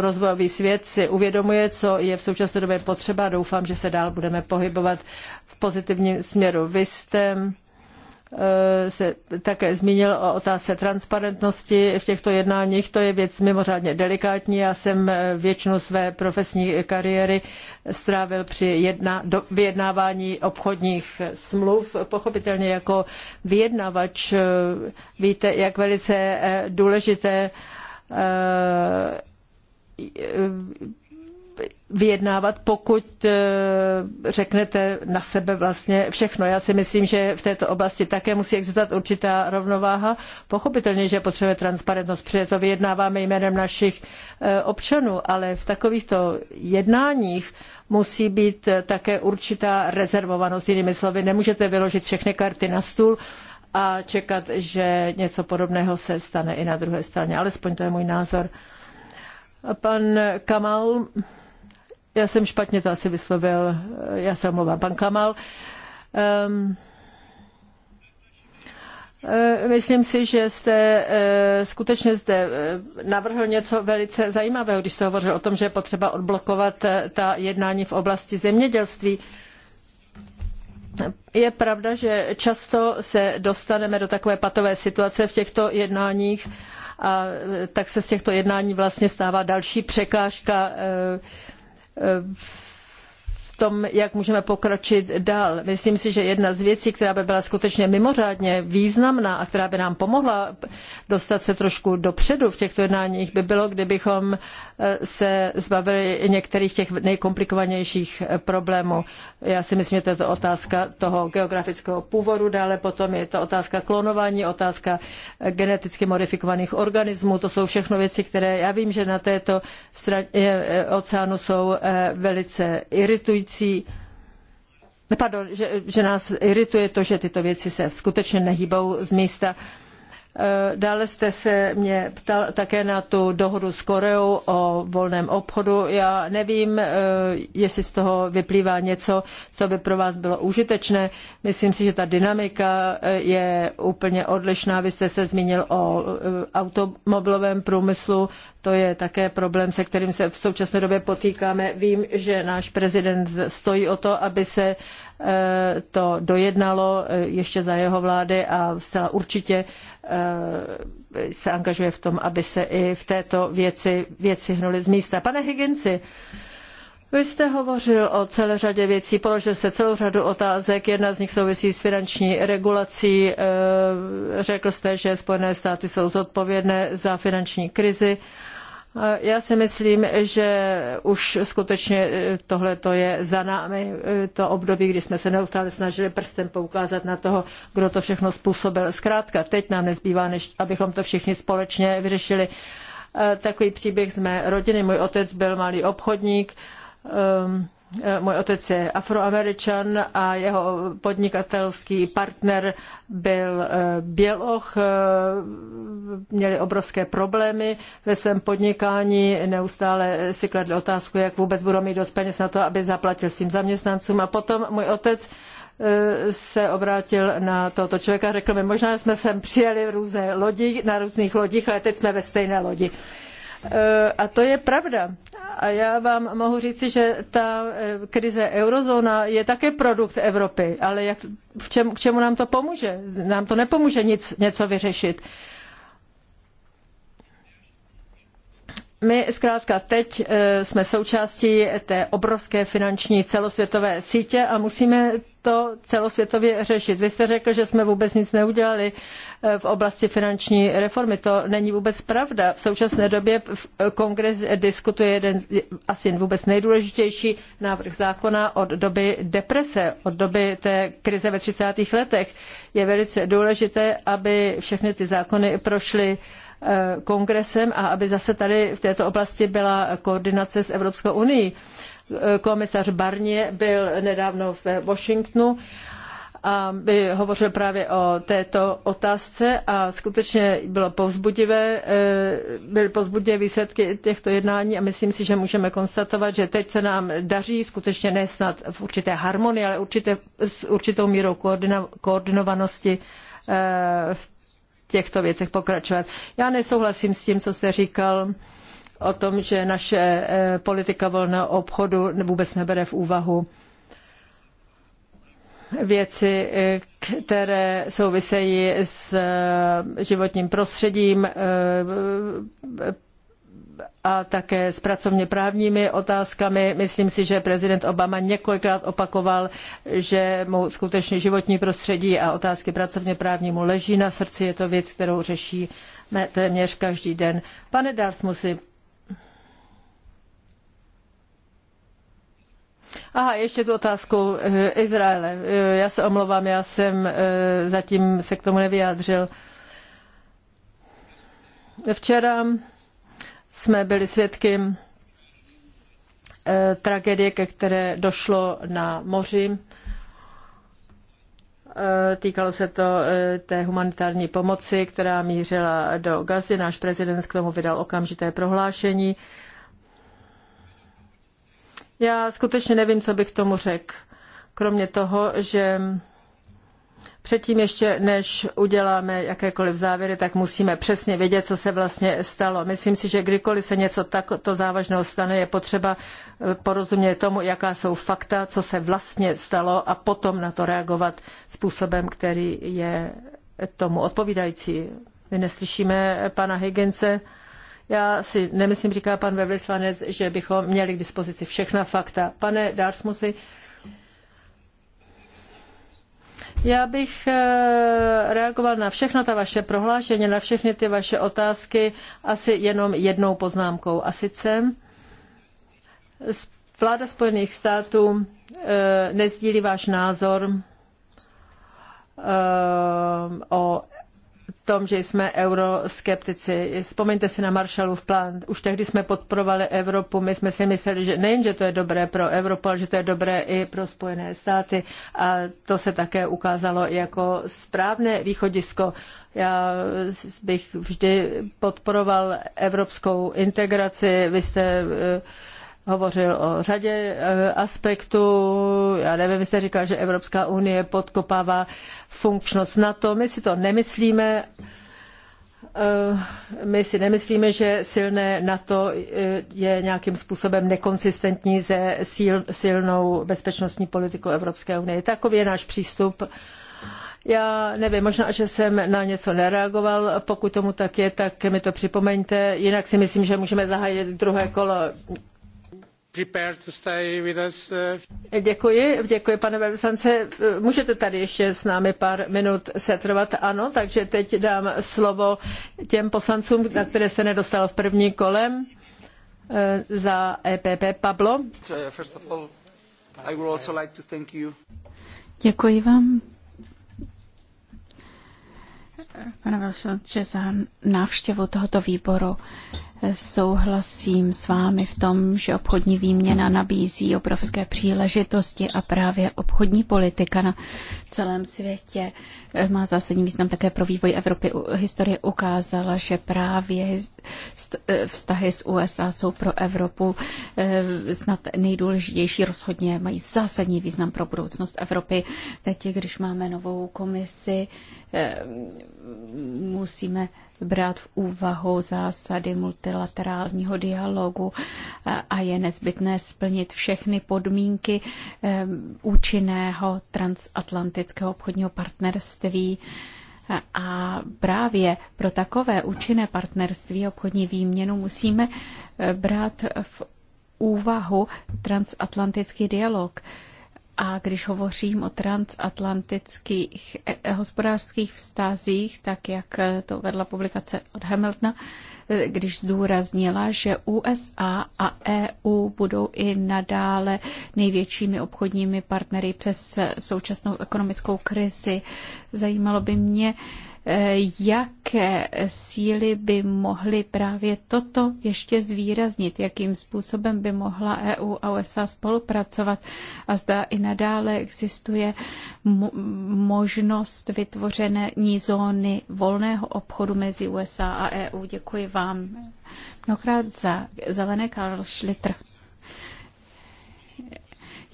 rozvojový svět si uvědomuje, co je v současné době potřeba. Doufám, že se dál budeme pohybovat v pozitivním směru. Vy jste Eh, se také zmínil o otázce transparentnosti v těchto jednáních. To je věc mimořádně delikátní. Já jsem eh, většinu své profesní kariéry strávil při jedna, do, vyjednávání obchodních smluv. Pochopitelně jako vyjednavač eh, víte, jak velice důležité vyjednávat, pokud e, řeknete na sebe vlastně všechno. Já si myslím, že v této oblasti také musí existovat určitá rovnováha. Pochopitelně, že potřebujeme transparentnost, protože to vyjednáváme jménem našich e, občanů, ale v takovýchto jednáních musí být e, také určitá rezervovanost. Jinými slovy, nemůžete vyložit všechny karty na stůl a čekat, že něco podobného se stane i na druhé straně. Alespoň to je můj názor. Pan Kamal já jsem špatně to asi vyslovil, já se omlouvám, pan Kamal. Um, Myslím si, že jste eh, skutečně zde eh, navrhl něco velice zajímavého, když jste hovořil o tom, že je potřeba odblokovat ta jednání v oblasti zemědělství. Je pravda, že často se dostaneme do takové patové situace v těchto jednáních a tak se z těchto jednání vlastně stává další překážka v tom, jak můžeme pokročit dál. Myslím si, že jedna z věcí, která by byla skutečně mimořádně významná a která by nám pomohla dostat se trošku dopředu v těchto jednáních, by bylo, kdybychom se zbavili některých těch nejkomplikovanějších eh, problémů. Já si myslím, že to je to otázka toho geografického původu, dále potom je to otázka klonování, otázka eh, geneticky modifikovaných organismů. To jsou všechno věci, které já vím, že na této straně eh, oceánu jsou velice iritující. Pardon, že, že nás irituje to, že tyto věci se skutečně nehýbou z místa. Eh, dále jste se mě ptal také na tu dohodu s Koreou o volném obchodu. Já nevím, eh, jestli z toho vyplývá něco, co by pro vás bylo užitečné. Myslím si, že ta dynamika eh, je úplně odlišná. Vy jste se zmínil o automobilovém průmyslu. To je také problém, se kterým se v současné době potýkáme. Vím, že náš prezident stojí o to, aby se to dojednalo ještě za jeho vlády a zcela určitě Eh, se angažuje v tom, aby se i v této věci věci hnuly z místa. Pane Higginsi, vy jste hovořil o celé řadě věcí, položil jste celou řadu otázek, jedna z nich souvisí s finanční regulací, eh, řekl jste, že Spojené státy jsou zodpovědné za finanční krizi. Já si myslím, že už skutečně e, tohle je za námi, e, to období, kdy jsme se neustále snažili prstem poukázat na toho, kdo to všechno způsobil. Zkrátka, teď nám nezbývá, než abychom to všichni společně vyřešili. E, takový příběh z mé rodiny. Můj otec byl malý obchodník, um, Eh, můj otec je afroameričan a jeho podnikatelský partner byl eh, Běloch. Eh, měli obrovské problémy ve svém podnikání, neustále si kladli otázku, jak vůbec budou mít dost peněz na to, aby zaplatil svým zaměstnancům. A potom můj otec se obrátil na tohoto člověka a řekl mi, možná jsme sem přijeli v různé lodi, na různých lodích, ale teď jsme ve stejné lodi. Eh, a to je pravda. A já vám mohu říci, že ta eh, krize eurozóna je také produkt Evropy, ale jak, v čem, k čemu nám to pomůže? Nám to nepomůže nic, něco vyřešit. My zkrátka teď eh, jsme součástí té obrovské finanční celosvětové sítě a musíme to celosvětově řešit. Vy jste řekl, že jsme vůbec nic neudělali eh, v oblasti finanční reformy. To není vůbec pravda. V současné době eh, kongres diskutuje jeden asi vůbec nejdůležitější návrh zákona od doby deprese, od doby té krize ve 30. letech. Je velice důležité, aby všechny ty zákony prošly Eh, kongresem a aby zase tady v této oblasti byla koordinace s Evropskou unii. Eh, komisař Barnier byl nedávno v Washingtonu a by hovořil právě o této otázce a skutečně bylo povzbudivé, eh, byly povzbudivé výsledky těchto jednání a myslím si, že můžeme konstatovat, že teď se nám daří skutečně ne snad v určité harmonii, ale určité, s určitou mírou koordinovanosti v těchto věcech pokračovat. Já nesouhlasím s tím, co jste říkal o tom, že naše eh, politika volného obchodu vůbec nebere v úvahu věci, eh, které souvisejí s eh, životním prostředím, a také s pracovně právními otázkami. Myslím si, že prezident Obama několikrát opakoval, že mu skutečně životní prostředí a otázky pracovně leží na srdci. Je to věc, kterou řeší téměř každý den. Pane Dartmusi, Aha, ještě tu otázku eh, Izraele. Eh, já se omlouvám, já jsem eh, zatím se k tomu nevyjádřil. Včera jsme byli svědky eh, tragédie, ke které došlo na moři. Eh, týkalo se to eh, té humanitární pomoci, která mířila do Gazy. Náš prezident k tomu vydal okamžité prohlášení. Já skutečně nevím, co bych tomu řekl. Kromě toho, že Předtím ještě, než uděláme jakékoliv závěry, tak musíme přesně vědět, co se vlastně stalo. Myslím si, že kdykoliv se něco takto závažného stane, je potřeba eh, porozumět tomu, jaká jsou fakta, co se vlastně stalo a potom na to reagovat způsobem, který je tomu odpovídající. My neslyšíme pana Higginse. Já si nemyslím, říká pan velvyslanec, že bychom měli k dispozici všechna fakta. Pane Darsmuthi, já bych eh, reagoval na všechna ta vaše prohlášení, na všechny ty vaše otázky asi jenom jednou poznámkou. A sice vláda Spojených států eh, nezdílí váš názor eh, o tom, že jsme euroskeptici. Vzpomeňte si na Marshallův plán. Už tehdy jsme podporovali Evropu. My jsme si mysleli, že nejen, že to je dobré pro Evropu, ale že to je dobré i pro Spojené státy. A to se také ukázalo jako správné východisko. Já bych vždy podporoval evropskou integraci. Vy jste uh, hovořil o řadě e, aspektů. Já nevím, vy jste říkal, že Evropská unie podkopává funkčnost NATO. My si to nemyslíme. E, my si nemyslíme, že silné NATO e, je nějakým způsobem nekonsistentní se silnou bezpečnostní politikou Evropské unie. Takový je náš přístup. Já nevím, možná, že jsem na něco nereagoval. Pokud tomu tak je, tak mi to připomeňte. Jinak si myslím, že můžeme zahájit druhé kolo Uh, děkuji, děkuji pane velvyslance. Můžete tady ještě s námi pár minut setrvat? Ano, takže teď dám slovo těm poslancům, na které se nedostalo v první kolem eh, za EPP Pablo. Děkuji vám, pane velvyslanče, za návštěvu tohoto výboru. Souhlasím s vámi v tom, že obchodní výměna nabízí obrovské příležitosti a právě obchodní politika na celém světě eh, má zásadní význam také pro vývoj Evropy. Historie ukázala, že právě eh, vztahy s USA jsou pro Evropu eh, snad nejdůležitější rozhodně, mají zásadní význam pro budoucnost Evropy. Teď, když máme novou komisi, musíme brát v úvahu zásady multilaterálního dialogu a je nezbytné splnit všechny podmínky účinného transatlantického obchodního partnerství. A právě pro takové účinné partnerství obchodní výměnu musíme eh, brát v úvahu transatlantický dialog. A když hovořím o transatlantických eh, eh, hospodářských vztazích, tak jak eh, to vedla publikace od Hamiltona, když zdůraznila, že USA a EU budou i nadále největšími obchodními partnery přes současnou ekonomickou krizi. Zajímalo by mě, jaké síly by mohly právě toto ještě zvýraznit, jakým způsobem by mohla EU a USA spolupracovat a zda i nadále existuje možnost vytvoření zóny volného obchodu mezi USA a EU. Děkuji vám mnohokrát za zelené Karl Schlitter.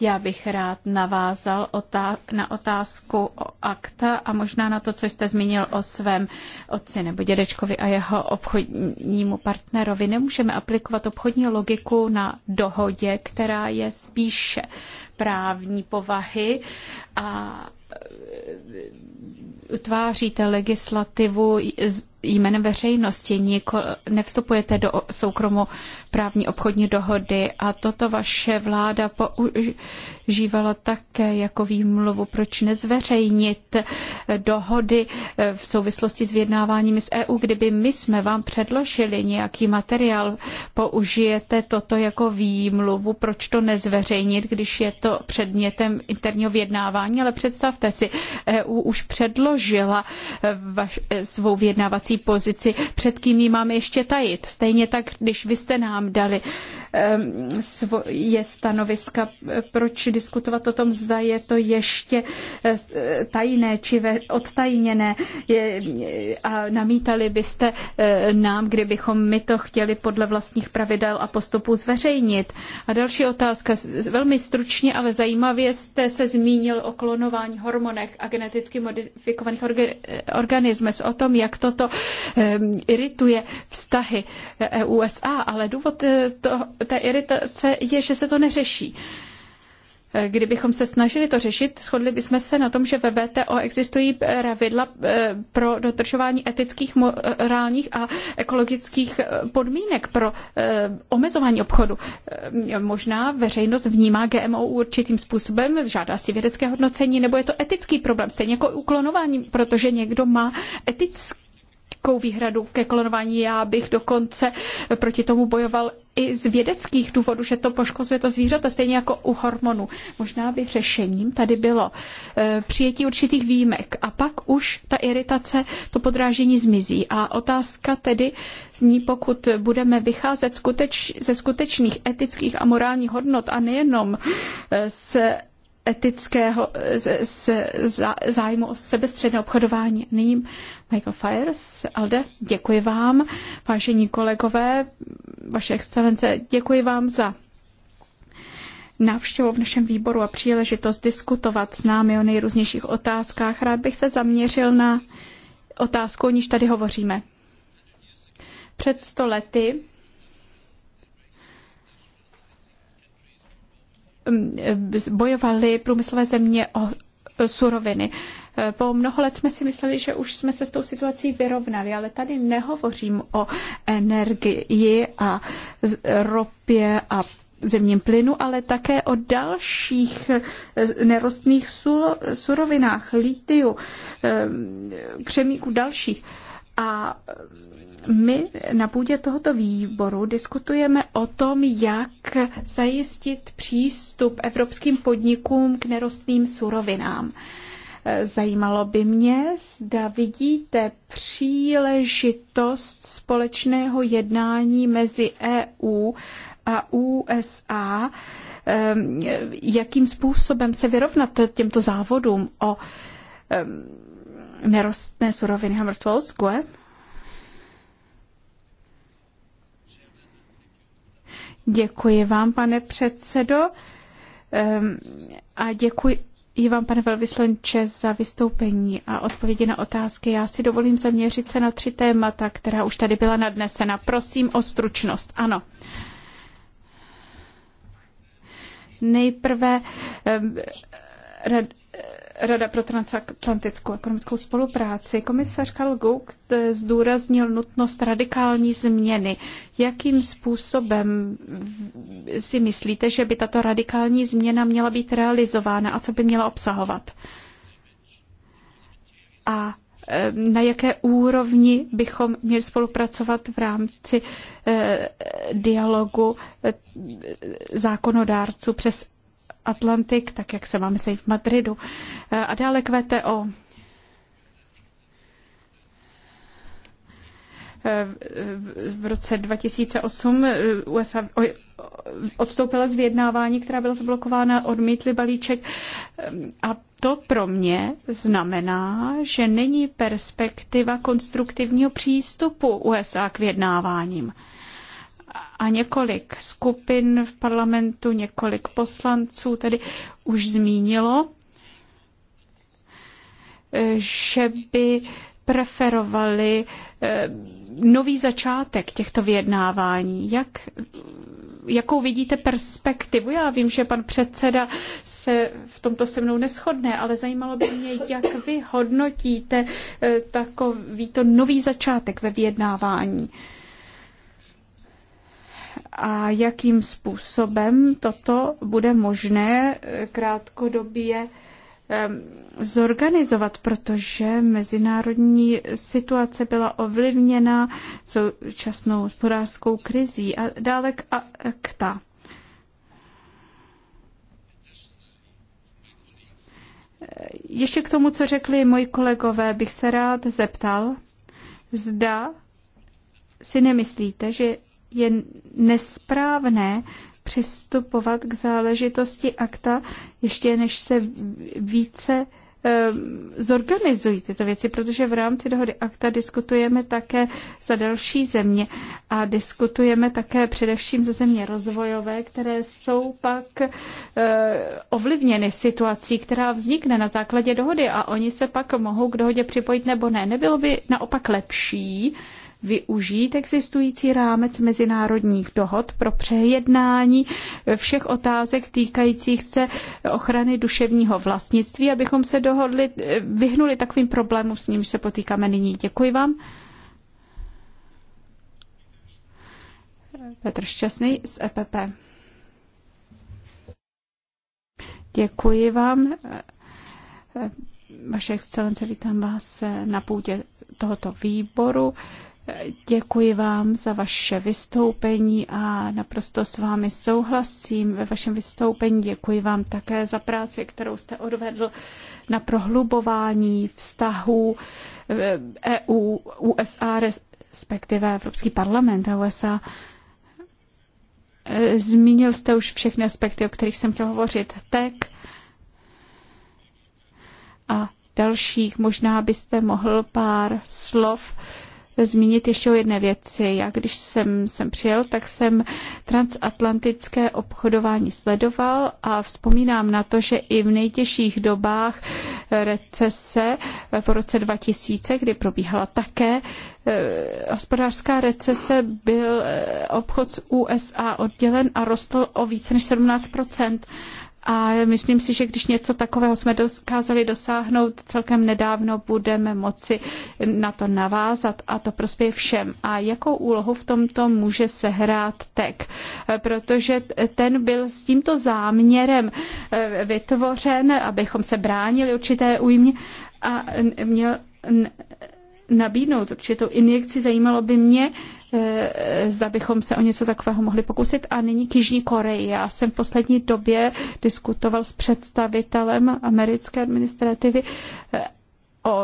Já bych rád navázal otá- na otázku o akta a možná na to, co jste zmínil o svém otci nebo dědečkovi a jeho obchodnímu partnerovi. Nemůžeme aplikovat obchodní logiku na dohodě, která je spíše právní povahy a utváříte legislativu jménem veřejnosti, niko, nevstupujete do soukromo právní obchodní dohody a toto vaše vláda používala také jako výmluvu, proč nezveřejnit dohody eh, v souvislosti s vyjednáváními z EU. Kdyby my jsme vám předložili nějaký materiál, použijete toto jako výmluvu, proč to nezveřejnit, když je to předmětem interního vyjednávání, ale představ představte si, EU už předložila e, vaš, e, svou vyjednávací pozici, před kým ji máme ještě tajit. Stejně tak, když vy jste nám dali svoje stanoviska, e, proč diskutovat o tom, zda je to ještě tajné či odtajněné a namítali byste nám, kdybychom my to chtěli podle vlastních pravidel a postupů zveřejnit. A další otázka, velmi stručně, ale zajímavě jste se zmínil o klonování hormonech a geneticky modifikovaných eh, organismech, o tom, jak toto irituje vztahy eh, e usa ale důvod eh, to, té iritace je, že se to neřeší Kdybychom se snažili to řešit, shodli bychom se na tom, že ve VTO existují pravidla eh, pro dotržování etických, morálních a ekologických eh, podmínek pro eh, omezování obchodu. Možná veřejnost vnímá GMO určitým způsobem, žádá si vědecké hodnocení, nebo je to etický problém, stejně jako uklonování, protože někdo má etickou výhradu ke klonování. Já bych dokonce proti tomu bojoval i z vědeckých důvodů, že to poškozuje to zvířata, stejně jako u hormonů. Možná by řešením tady bylo eh, přijetí určitých výjimek a pak už ta iritace, to podrážení zmizí. A otázka tedy zní, pokud budeme vycházet skuteč, ze skutečných etických a morálních hodnot a nejenom z eh, etického z, z, z, zájmu o sebestředné obchodování. Nyní Michael Fires, Alde, děkuji vám, vážení kolegové, vaše excelence, děkuji vám za návštěvu v našem výboru a příležitost diskutovat s námi o nejrůznějších otázkách. Rád bych se zaměřil na otázku, o níž tady hovoříme. Před sto lety bojovaly průmyslové země o suroviny. Po mnoho let jsme si mysleli, že už jsme se s tou situací vyrovnali, ale tady nehovořím o energii a ropě a zemním plynu, ale také o dalších nerostných surovinách, litiu, křemíku e, dalších. A my na půdě tohoto výboru diskutujeme o tom, jak zajistit přístup evropským podnikům k nerostným surovinám. Zajímalo by mě, zda vidíte příležitost společného jednání mezi EU a USA, ehm, jakým způsobem se vyrovnat těmto závodům o ehm, nerostné suroviny Hammertolskue. Děkuji vám, pane předsedo. Ehm, a děkuji i vám, pane velvyslanče, za vystoupení a odpovědi na otázky. Já si dovolím zaměřit se na tři témata, která už tady byla nadnesena. Prosím o stručnost. Ano. Nejprve ehm, Rada pro transatlantickou ekonomickou spolupráci. Komisař Karl Gucht eh, zdůraznil nutnost radikální změny. Jakým způsobem si myslíte, že by tato radikální změna měla být realizována a co by měla obsahovat? A eh, na jaké úrovni bychom měli spolupracovat v rámci eh, dialogu zákonodárců přes Atlantik, tak jak se máme sejít v Madridu. Eh, a dále k VTO. Eh, v roce 2008 eh, USA odstoupila z vyjednávání, která byla zablokována, odmítli balíček. A to pro mě znamená, že není perspektiva konstruktivního přístupu USA k vyjednáváním a několik skupin v parlamentu, několik poslanců tedy už zmínilo, že by preferovali eh, nový začátek těchto vyjednávání. Jak, jakou vidíte perspektivu? Já vím, že pan předseda se v tomto se mnou neschodne, ale zajímalo by mě, jak vy hodnotíte eh, takový to nový začátek ve vyjednávání. Uh, a jakým způsobem toto bude možné eh, krátkodobě zorganizovat, protože mezinárodní situace byla ovlivněna současnou hospodářskou krizí a dále k akta. Ještě k tomu, co řekli moji kolegové, bych se rád zeptal, zda si nemyslíte, že je nesprávné přistupovat k záležitosti akta, ještě než se více eh, zorganizují tyto věci, protože v rámci dohody akta diskutujeme také za další země a diskutujeme také především za země rozvojové, které jsou pak eh, ovlivněny situací, která vznikne na základě dohody a oni se pak mohou k dohodě připojit nebo ne. Nebylo by naopak lepší, využít existující rámec mezinárodních dohod pro přejednání všech otázek týkajících se ochrany duševního vlastnictví, abychom se dohodli, vyhnuli takovým problémům, s nimiž se potýkáme nyní. Děkuji vám. Petr Šťastný z EPP. Děkuji vám. Vaše excelence, vítám vás na půdě tohoto výboru. Děkuji vám za vaše vystoupení a naprosto s vámi souhlasím ve vašem vystoupení. Děkuji vám také za práci, kterou jste odvedl na prohlubování vztahů EU, eh, e USA, respektive Evropský parlament a USA. Eh, zmínil jste už všechny aspekty, o kterých jsem chtěl hovořit. Tak a dalších. Možná byste mohl pár slov zmínit ještě o jedné věci. Já když jsem sem přijel, tak jsem transatlantické obchodování sledoval a vzpomínám na to, že i v nejtěžších dobách recese po roce 2000, kdy probíhala také eh, hospodářská recese, byl eh, obchod z USA oddělen a rostl o více než 17 a myslím si, že když něco takového jsme dokázali dosáhnout celkem nedávno, budeme moci na to navázat a to prospěje všem. A jakou úlohu v tomto může sehrát TEK? Protože ten byl s tímto záměrem eh, vytvořen, abychom se bránili určité újmě a měl nabídnout určitou injekci. Zajímalo by mě, Eh, zda bychom se o něco takového mohli pokusit. A nyní k Jižní Koreji. Já jsem v poslední době diskutoval s představitelem americké administrativy eh, o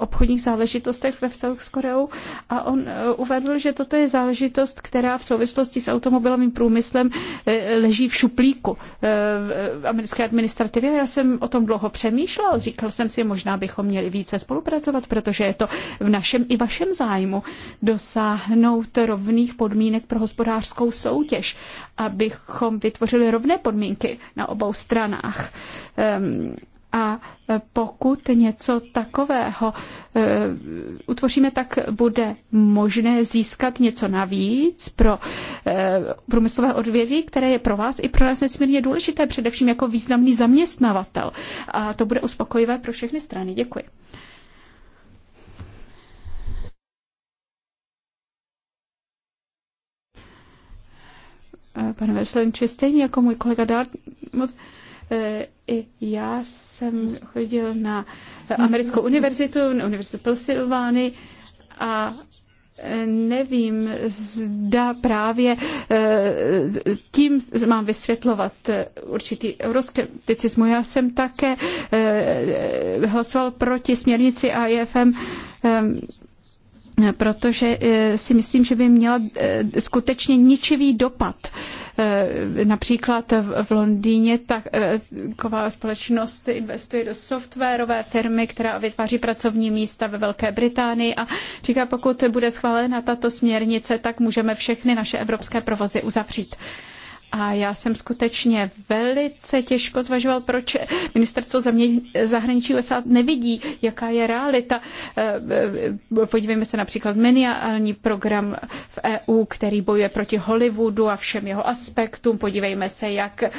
obchodních záležitostech ve vztahu s Koreou a on eh, uvedl, že toto je záležitost, která v souvislosti s automobilovým průmyslem eh, leží v šuplíku eh, v americké administrativě. Já jsem o tom dlouho přemýšlel, říkal jsem si, možná bychom měli více spolupracovat, protože je to v našem i vašem zájmu dosáhnout rovných podmínek pro hospodářskou soutěž, abychom vytvořili rovné podmínky na obou stranách. Ehm, a e, pokud něco takového e, utvoříme, tak bude možné získat něco navíc pro e, průmyslové odvětví, které je pro vás i pro nás nesmírně důležité, především jako významný zaměstnavatel. A to bude uspokojivé pro všechny strany. Děkuji. Pane Veselinče, stejně jako můj kolega Dart, E, I já jsem chodil na americkou univerzitu, na univerzitu Pilsilvány a e, nevím, zda právě e, tím mám vysvětlovat určitý euroskepticismu. Já jsem také hlasoval proti směrnici AIFM protože si myslím, že by měla skutečně ničivý dopad Eh, například v Londýně eh, taková společnost investuje do softwarové firmy, která vytváří pracovní místa ve Velké Británii a říká, pokud bude schválena tato směrnice, tak můžeme všechny naše evropské provozy uzavřít. A já jsem skutečně velice těžko zvažoval, proč ministerstvo země, zahraničí USA nevidí, jaká je realita. Eh, eh, podívejme se například meniální program v EU, který bojuje proti Hollywoodu a všem jeho aspektům. Podívejme se, jak EU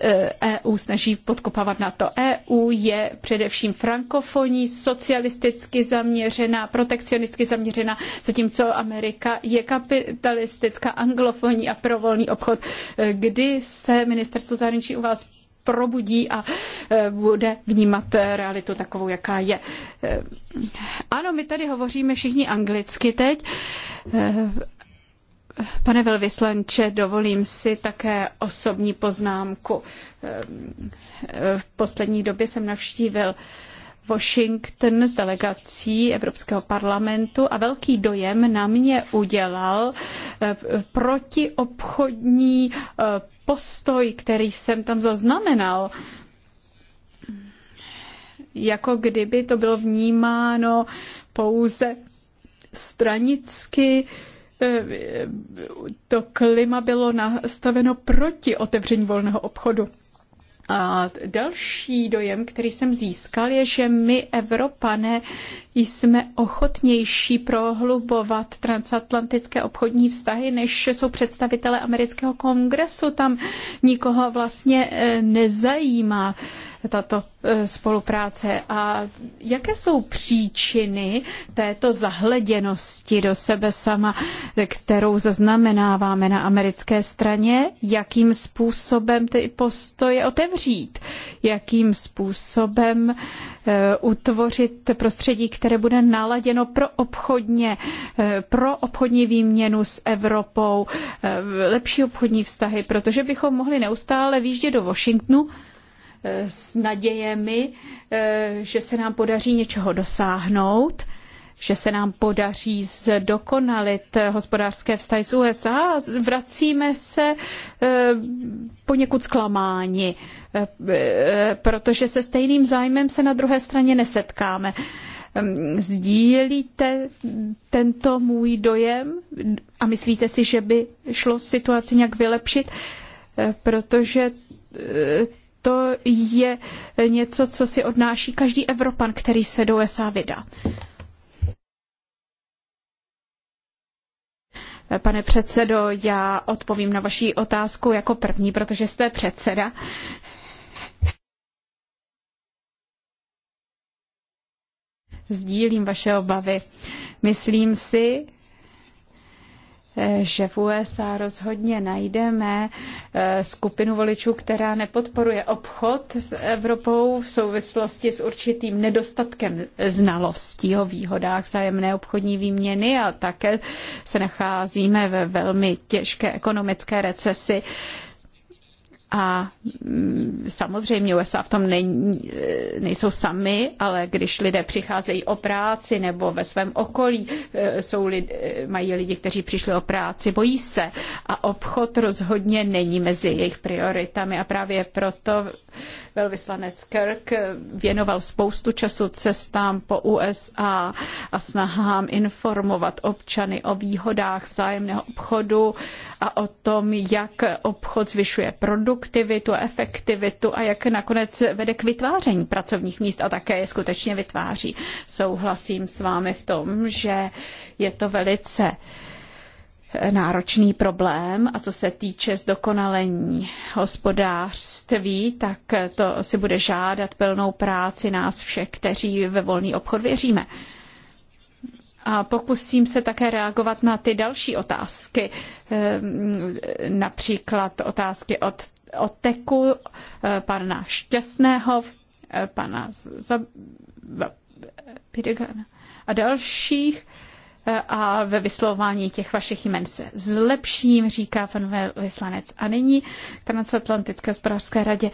eh, e snaží podkopávat na to. EU je především frankofonní, socialisticky zaměřená, protekcionisticky zaměřená, zatímco Amerika je kapitalistická, anglofonní a provolný obchod kdy se ministerstvo zahraničí u vás probudí a e, bude vnímat realitu takovou, jaká je. E, ano, my tady hovoříme všichni anglicky teď. E, pane velvyslanče, dovolím si také osobní poznámku. V poslední době jsem navštívil Washington s delegací Evropského parlamentu a velký dojem na mě udělal eh, protiobchodní eh, postoj, který jsem tam zaznamenal jako kdyby to bylo vnímáno pouze stranicky. Eh, to klima bylo nastaveno proti otevření volného obchodu. A další dojem, který jsem získal, je, že my, Evropané, jsme ochotnější prohlubovat transatlantické obchodní vztahy, než jsou představitelé amerického kongresu. Tam nikoho vlastně eh, nezajímá tato e, spolupráce. A jaké jsou příčiny této zahleděnosti do sebe sama, kterou zaznamenáváme na americké straně? Jakým způsobem ty postoje otevřít? Jakým způsobem e, utvořit prostředí, které bude naladěno pro, obchodně, e, pro obchodní výměnu s Evropou, lepší obchodní vztahy, protože bychom mohli neustále výjíždět do Washingtonu, s nadějemi, eh, že se nám podaří něčeho dosáhnout, že se nám podaří zdokonalit hospodářské vztahy s USA, vracíme se eh, poněkud zklamáni, eh, protože se stejným zájmem se na druhé straně nesetkáme. Ehm, sdílíte tento můj dojem a myslíte si, že by šlo situaci nějak vylepšit? Protože to je něco, co si odnáší každý Evropan, který se do USA vydá. Pane předsedo, já odpovím na vaši otázku jako první, protože jste předseda. Sdílím vaše obavy. Myslím si, že eh, v USA rozhodně najdeme eh, skupinu voličů, která nepodporuje obchod s Evropou v souvislosti s určitým nedostatkem znalostí o výhodách vzájemné obchodní výměny a také se nacházíme ve velmi těžké ekonomické recesi. A mm, samozřejmě USA v tom nejsou sami, ale když lidé přicházejí o práci nebo ve svém okolí e, jsou lid, e, mají lidi, kteří přišli o práci, bojí se. A obchod rozhodně není mezi jejich prioritami a právě proto Velvyslanec Kirk věnoval spoustu času cestám po USA a snahám informovat občany o výhodách vzájemného obchodu a o tom, jak obchod zvyšuje produktivitu, efektivitu a jak nakonec vede k vytváření pracovních míst a také je skutečně vytváří. Souhlasím s vámi v tom, že je to velice náročný problém a co se týče zdokonalení hospodářství, tak to si bude žádat plnou práci nás všech, kteří ve volný obchod věříme. A pokusím se také reagovat na ty další otázky, ehm, například otázky od Oteku, eh, pana Šťastného, eh, pana Pidegana a dalších a ve vyslovování těch vašich jmen se zlepším, říká pan vyslanec. A nyní Transatlantické zprávské radě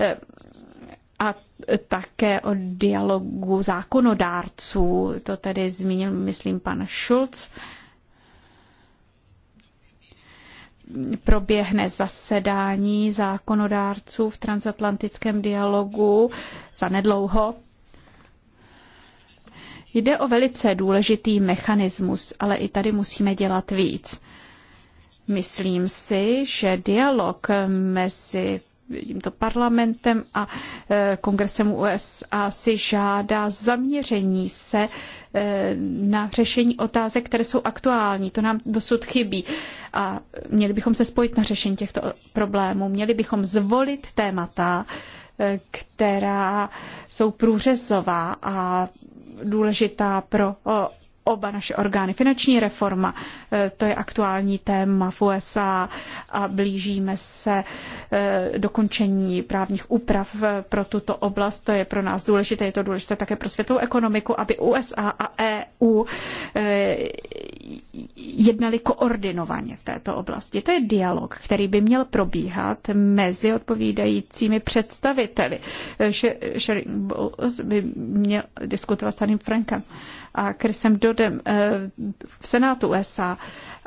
eh, a také o dialogu zákonodárců. To tedy zmínil, myslím, pan Schulz. Proběhne zasedání zákonodárců v transatlantickém dialogu za nedlouho Jde o velice důležitý mechanismus, ale i tady musíme dělat víc. Myslím si, že dialog mezi tímto parlamentem a e, kongresem USA si žádá zaměření se e, na řešení otázek, které jsou aktuální. To nám dosud chybí. A měli bychom se spojit na řešení těchto problémů. Měli bychom zvolit témata, e, která jsou průřezová a důležitá pro oba naše orgány. Finanční reforma, e, to je aktuální téma v USA a blížíme se Eh, dokončení právních úprav pro tuto oblast. To je pro nás důležité, je to důležité také pro světovou ekonomiku, aby USA a EU eh, jednali koordinovaně v této oblasti. To je dialog, který by měl probíhat mezi odpovídajícími představiteli. Eh, Sharing Bowles by měl diskutovat s Anim Frankem a Chrisem Dodem v Senátu USA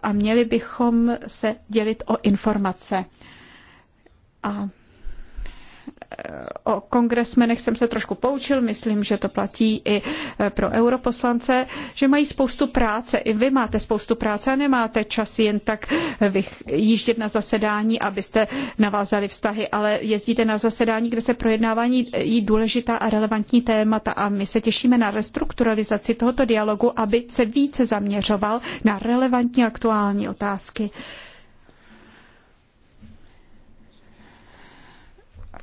a měli bychom se dělit o informace. A e, o kongresmenech jsem se trošku poučil, myslím, že to platí i e, pro europoslance, že mají spoustu práce, i vy máte spoustu práce a nemáte čas jen tak jíždět na zasedání, abyste navázali vztahy, ale jezdíte na zasedání, kde se projednávání e, jí důležitá a relevantní témata a my se těšíme na restrukturalizaci tohoto dialogu, aby se více zaměřoval na relevantní aktuální otázky.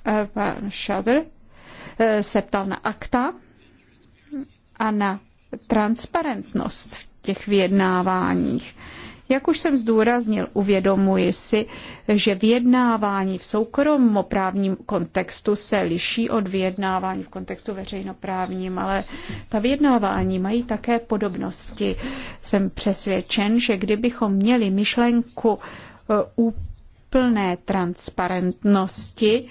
Eh, pan Šadr eh, se ptal na akta a na transparentnost v těch vyjednáváních. Jak už jsem zdůraznil, uvědomuji si, že vyjednávání v soukromoprávním kontextu se liší od vyjednávání v kontextu veřejnoprávním, ale ta vyjednávání mají také podobnosti. Jsem přesvědčen, že kdybychom měli myšlenku eh, úplné transparentnosti,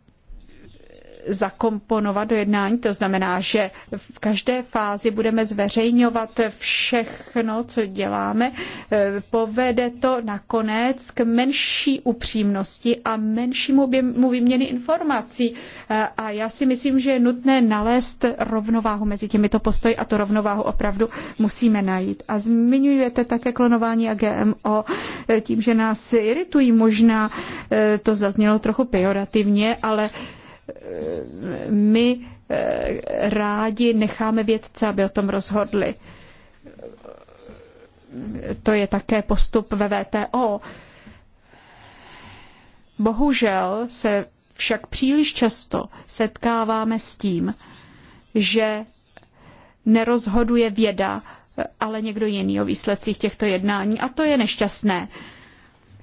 zakomponovat do jednání. To znamená, že v každé fázi budeme zveřejňovat všechno, co děláme. E, povede to nakonec k menší upřímnosti a menšímu objemu výměny informací. E, a já si myslím, že je nutné nalézt rovnováhu mezi těmito postoji a tu rovnováhu opravdu musíme najít. A zmiňujete také klonování a GMO e, tím, že nás iritují možná, to zaznělo trochu pejorativně, ale my eh, rádi necháme vědce, aby o tom rozhodli. To je také postup ve VTO. Bohužel se však příliš často setkáváme s tím, že nerozhoduje věda, eh, ale někdo jiný o výsledcích těchto jednání. A to je nešťastné.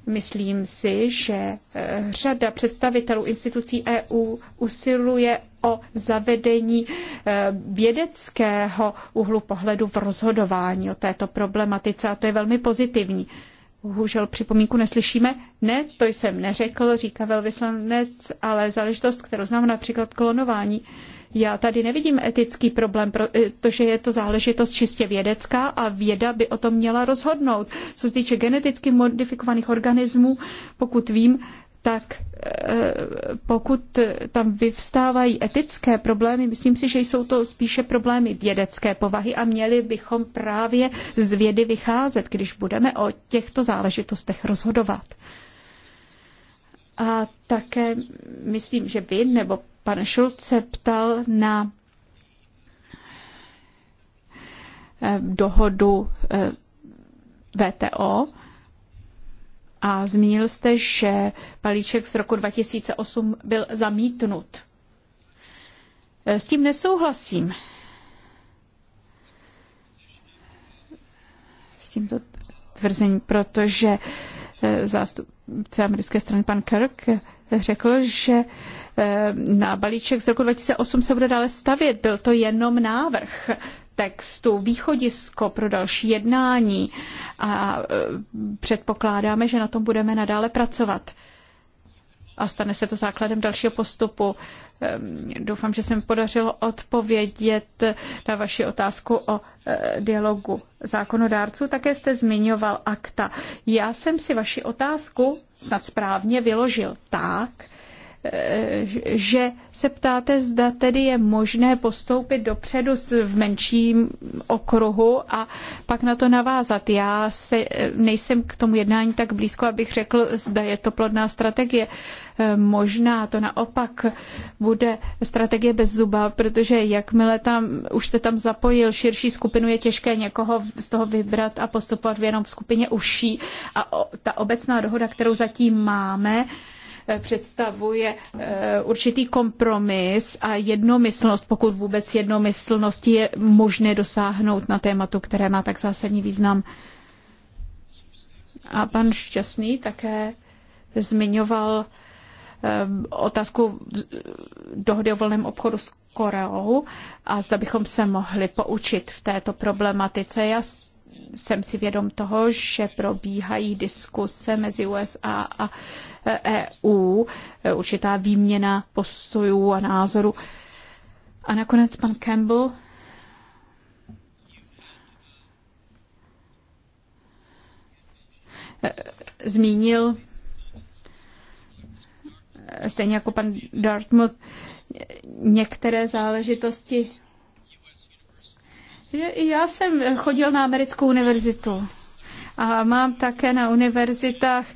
Myslím si, že eh, řada představitelů institucí EU usiluje o zavedení eh, vědeckého úhlu pohledu v rozhodování o této problematice a to je velmi pozitivní. Bohužel připomínku neslyšíme. Ne, to jsem neřekl, říká velvyslanec, ale záležitost, kterou znám například klonování, já tady nevidím etický problém, protože eh, je to záležitost čistě vědecká a věda by o tom měla rozhodnout. Co se týče geneticky modifikovaných organismů, pokud vím, tak eh, pokud tam vyvstávají etické problémy, myslím si, že jsou to spíše problémy vědecké povahy a měli bychom právě z vědy vycházet, když budeme o těchto záležitostech rozhodovat. A také myslím, že vy nebo Pan Schulz se ptal na eh, dohodu eh, VTO a zmínil jste, že balíček z roku 2008 byl zamítnut. Eh, s tím nesouhlasím. S tímto tvrzením, protože zástupce americké strany pan Kirk řekl, že Eh, na balíček z roku 2008 se bude dále stavět. Byl to jenom návrh textu, východisko pro další jednání a eh, předpokládáme, že na tom budeme nadále pracovat. A stane se to základem dalšího postupu. Eh, doufám, že se mi podařilo odpovědět na vaši otázku o dialogu zákonodárců. Také jste zmiňoval akta. Já jsem si vaši otázku snad správně vyložil tak, Eh, že se ptáte, zda tedy je možné postoupit dopředu v menším okruhu a pak na to navázat. Já se, eh, nejsem k tomu jednání tak blízko, abych řekl, zda je to plodná strategie. Eh, možná to naopak bude strategie bez zuba, protože jakmile tam, už se tam zapojil širší skupinu, je těžké někoho z toho vybrat a postupovat v jenom skupině užší. A ta obecná dohoda, kterou zatím máme, Eh, představuje eh, určitý kompromis a jednomyslnost, pokud vůbec jednomyslnosti je možné dosáhnout na tématu, které má tak zásadní význam. A pan Šťastný také zmiňoval eh, otázku dohody o volném obchodu s Koreou a zda bychom se mohli poučit v této problematice. Já jsem si vědom toho, že probíhají diskuse mezi USA a EU, e e, určitá výměna postojů a názorů. A nakonec pan Campbell. E, zmínil, stejně jako pan Dartmouth, některé záležitosti. Já jsem chodil na americkou univerzitu a mám také na univerzitách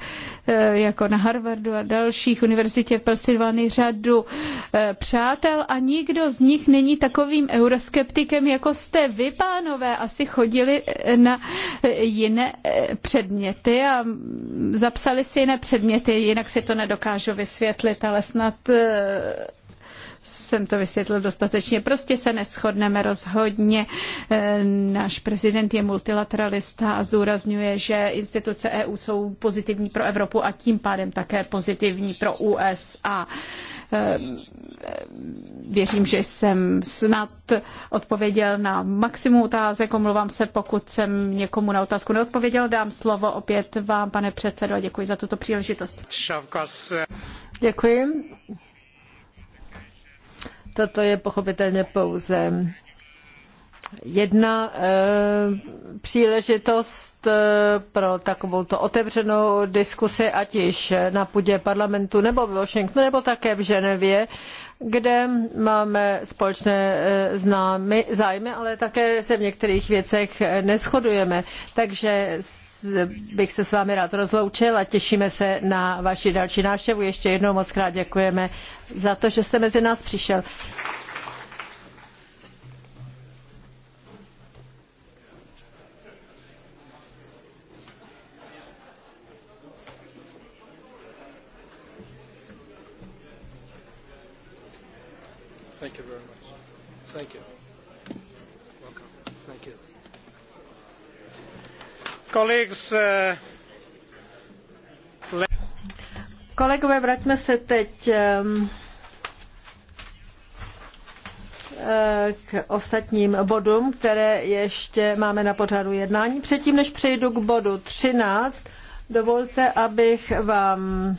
Eh, jako na Harvardu a dalších univerzitě v Pensylvánii řadu eh, přátel a nikdo z nich není takovým euroskeptikem, jako jste vy, pánové, asi chodili eh, na jiné předměty a zapsali si jiné předměty, jinak si to nedokážu vysvětlit, ale snad jsem to vysvětlil dostatečně. Prostě se neschodneme rozhodně. Eh, náš prezident je multilateralista a zdůrazňuje, že instituce EU jsou pozitivní pro Evropu a tím pádem také pozitivní pro USA eh, věřím, že jsem snad odpověděl na maximum otázek. Omlouvám se, pokud jsem někomu na otázku neodpověděl. Dám slovo opět vám, pane předsedo, a děkuji za tuto příležitost. Děkuji. Toto je pochopitelně pouze jedna eh, příležitost eh, pro takovou otevřenou diskusi, ať již na půdě parlamentu nebo ve Washingtonu, nebo také v Ženevě, kde máme společné eh, známy, zájmy, ale také se v některých věcech neschodujeme. Takže bych se s vámi rád rozloučil a těšíme se na vaši další návštěvu. Ještě jednou moc krát děkujeme za to, že jste mezi nás přišel. Eh, Kolegové, vraťme se teď ehm, eh, k ostatním bodům, které ještě máme na pořadu jednání. Předtím, než přejdu k bodu 13, dovolte, abych vám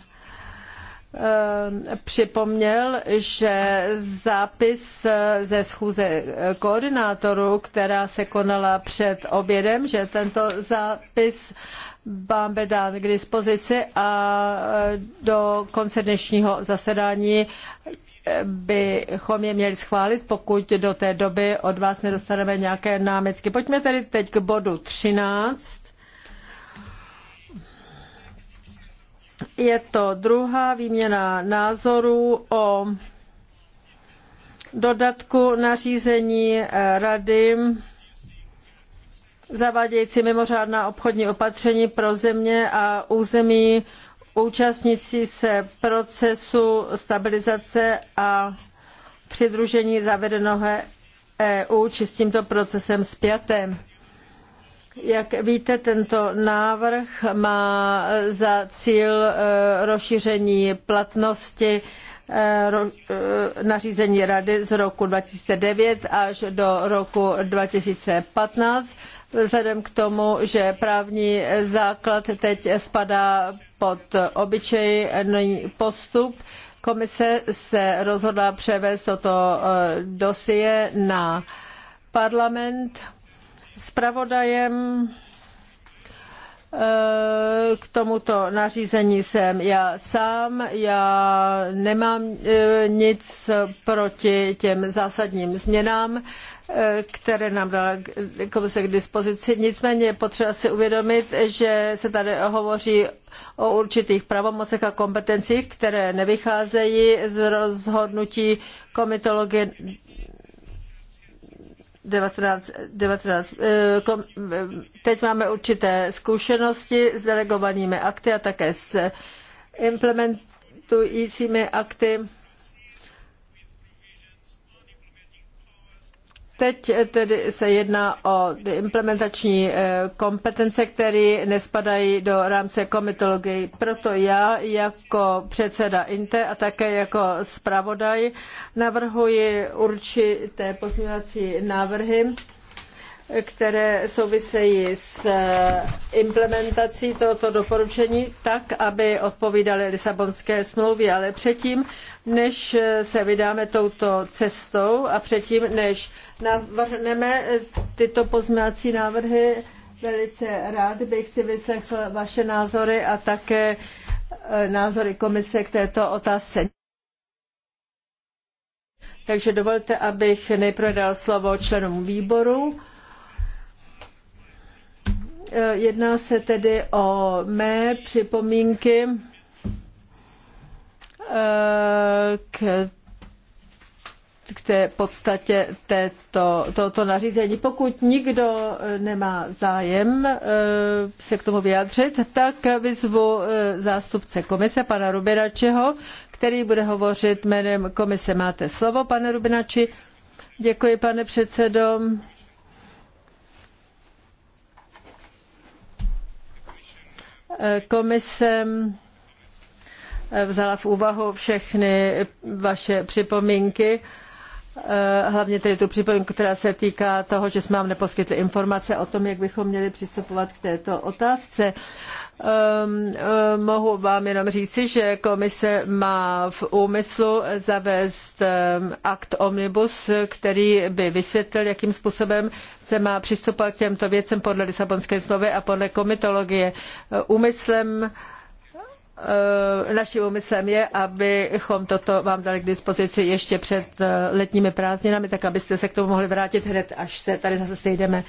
Eh, připomněl, že zápis eh, ze schůze eh, koordinátorů, která se konala před obědem, že tento zápis vám byl dán k dispozici a do konce dnešního zasedání bychom je měli schválit, pokud do té doby od vás nedostaneme nějaké námitky. Pojďme tedy teď k bodu 13. Je to druhá výměna názorů o dodatku nařízení eh, Rady zavádějící mimořádná obchodní opatření pro země a území účastnící se procesu stabilizace a přidružení zavedeného EU či s tímto procesem spjaté. Jak víte, tento návrh má za cíl eh, rozšíření platnosti eh, eh, nařízení Rady z roku 2009 až do roku 2015, vzhledem k tomu, že právní základ teď spadá pod obyčejný postup. Komise se rozhodla převést toto dosie na parlament Spravodajem eh, k tomuto nařízení jsem já sám. Já nemám eh, nic proti těm zásadním změnám, eh, které nám dala komise k dispozici. Nicméně je potřeba si uvědomit, že se tady hovoří o určitých pravomocech a kompetencích, které nevycházejí z rozhodnutí komitologie 19, eh, eh, Teď máme určité zkušenosti s delegovanými akty a také s implementujícími akty. Teď tedy se jedná o implementační eh, kompetence, které nespadají do rámce komitologie. Proto já jako předseda INTE a také jako zpravodaj navrhuji určité pozměňovací návrhy které souvisejí s eh, implementací tohoto doporučení tak, aby odpovídaly Lisabonské smlouvě. Ale předtím, než eh, se vydáme touto cestou a předtím, než navrhneme eh, tyto pozměňovací návrhy, velice rád bych si vyslechl vaše názory a také názory komise k této otázce. Takže dovolte, abych nejprve dal slovo členům výboru. Eh, jedná se tedy o mé připomínky eh, k k té podstatě této, tohoto nařízení. Pokud nikdo eh, nemá zájem se k tomu vyjádřit, tak vyzvu zástupce komise, pana Rubinačiho, který bude hovořit jménem komise. Máte slovo, pane Rubinači. Děkuji, pane předsedo. Komise eh, vzala v úvahu všechny vaše připomínky, eh, hlavně tedy tu připomínku, která se týká toho, že jsme vám neposkytli informace o tom, jak bychom měli přistupovat k této otázce. Ehm, ehm, mohu vám jenom říci, že komise má v úmyslu zavést ehm, akt omnibus, který by vysvětlil, jakým způsobem se má přistupovat k těmto věcem podle Lisabonské smlouvy a podle komitologie. Eh, úmyslem eh, naším úmyslem je, abychom toto vám dali k dispozici ještě před eh, letními prázdninami, tak abyste se k tomu mohli vrátit hned, až se tady zase sejdeme.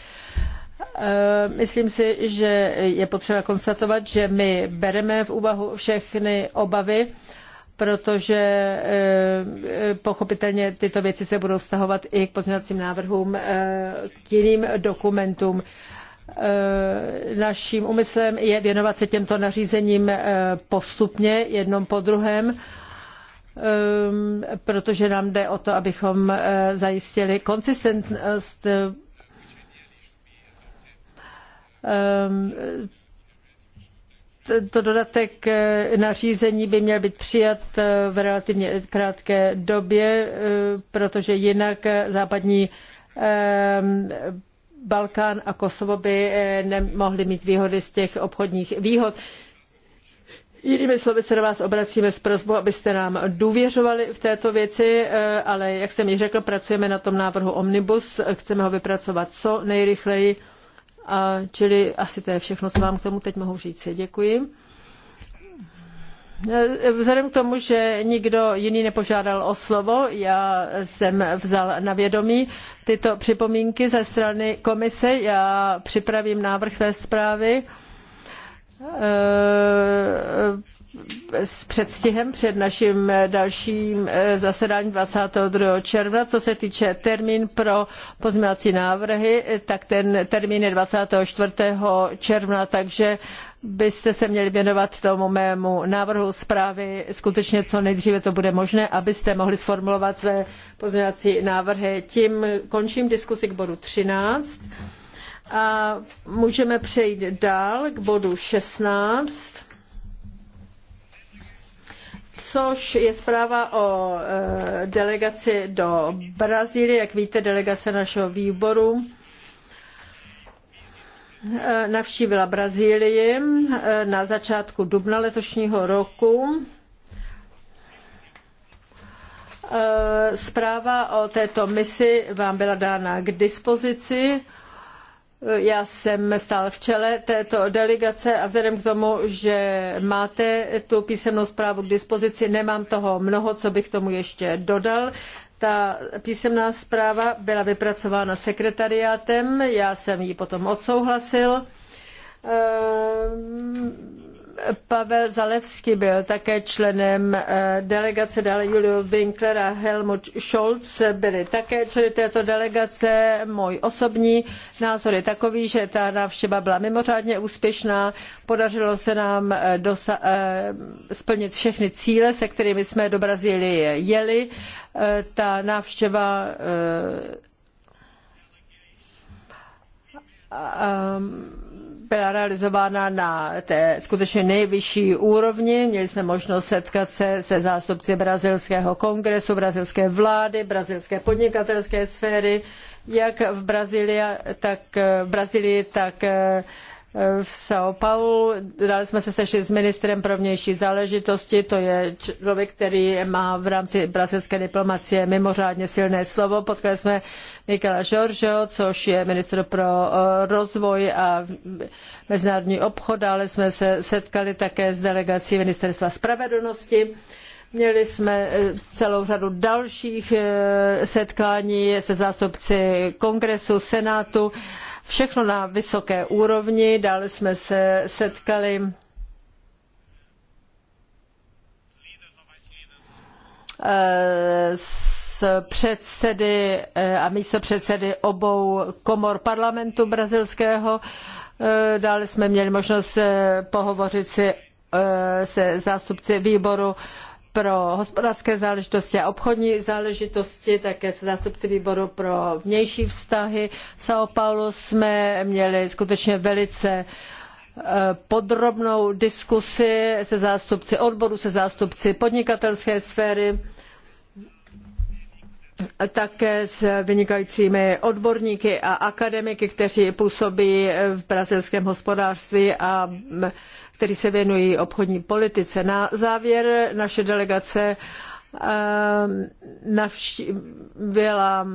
Eh, myslím si, že je potřeba konstatovat, že my bereme v úvahu všechny obavy, protože eh, pochopitelně tyto věci se budou vztahovat i k pozměňovacím návrhům, eh, k jiným dokumentům. Naším úmyslem je věnovat se těmto nařízením postupně, jednom po druhém ehm, protože nám jde o to, abychom zajistili konsistentnost Ehm, tento dodatek eh, nařízení by měl být přijat eh, v relativně krátké době, eh, protože jinak západní ehm, Balkán a Kosovo by nemohly mít výhody z těch obchodních výhod. Jinými slovy se na vás obracíme s prozbou, abyste nám důvěřovali v této věci, ale jak jsem již řekl, pracujeme na tom návrhu Omnibus, chceme ho vypracovat co nejrychleji a čili asi to je všechno, co vám k tomu teď mohu říct. Děkuji. E, vzhledem k tomu, že nikdo jiný nepožádal o slovo, já jsem vzal na vědomí tyto připomínky ze strany komise. Já připravím návrh té zprávy e, s předstihem před naším eh, dalším eh, zasedáním 22. června. Co se týče termín pro pozměňovací návrhy, eh, tak ten termín je 24. června, takže byste se měli věnovat tomu mému návrhu zprávy skutečně co nejdříve to bude možné, abyste mohli sformulovat své pozměňovací návrhy. Tím končím diskusi k bodu 13 a můžeme přejít dál k bodu 16 což je zpráva o eh, delegaci do Brazílie. Jak víte, delegace našeho výboru eh, navštívila Brazílii eh, na začátku dubna letošního roku. Zpráva o této misi vám byla dána k dispozici. Já jsem stál v čele této delegace a vzhledem k tomu, že máte tu písemnou zprávu k dispozici, nemám toho mnoho, co bych tomu ještě dodal. Ta písemná zpráva byla vypracována sekretariátem, já jsem ji potom odsouhlasil. Ehm Pavel Zalevský byl také členem eh, delegace, dále Julio Winkler a Helmut Scholz byli také členy této delegace. Můj osobní názor je takový, že ta návštěva byla mimořádně úspěšná. Podařilo se nám eh, dosa- eh, splnit všechny cíle, se kterými jsme do Brazílie jeli. Ta návštěva um, byla realizována na té skutečně nejvyšší úrovni. Měli jsme možnost setkat se se zástupci brazilského kongresu, brazilské vlády, brazilské podnikatelské sféry, jak v Brazílii, tak, v Brazílii, tak eh, v São Paulo. Dali jsme se sešli s ministrem pro vnější záležitosti, to je člověk, který má v rámci brazilské diplomacie mimořádně silné slovo. Potkali jsme Michela Giorgio, což je ministr pro eh, rozvoj a mezinárodní obchod. Dále jsme se setkali také s delegací ministerstva spravedlnosti. Měli jsme eh, celou řadu dalších eh, setkání se zástupci kongresu, senátu Všechno na vysoké úrovni, dále jsme se setkali eh, s předsedy eh, a místopředsedy obou komor parlamentu brazilského. Eh, dále jsme měli možnost pohovořit si se zástupci výboru pro hospodářské záležitosti a obchodní záležitosti, také se zástupci výboru pro vnější vztahy. V São Paulo jsme měli skutečně velice eh, podrobnou diskusi se zástupci odboru, se zástupci podnikatelské sféry také s vynikajícími odborníky a akademiky, kteří působí v brazilském hospodářství a kteří se věnují obchodní politice. Na závěr naše delegace eh, navštívila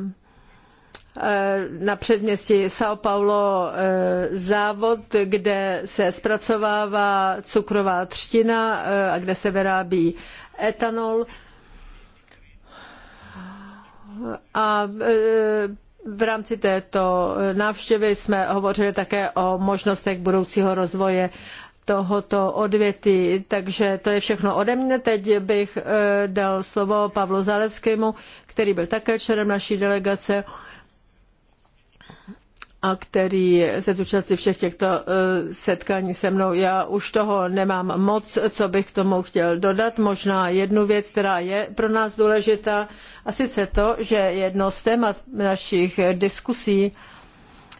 eh, na předměstí São Paulo eh, závod, kde se zpracovává cukrová třtina a kde se vyrábí etanol. A e, v rámci této návštěvy jsme hovořili také o možnostech budoucího rozvoje tohoto odvětví. Takže to je všechno ode mě. Teď bych e, dal slovo Pavlu Zaleckému, který byl také členem naší delegace a který se zúčastnil všech těchto eh, setkání se mnou. Já už toho nemám moc, co bych k tomu chtěl dodat. Možná jednu věc, která je pro nás důležitá, a sice to, že jedno z témat našich diskusí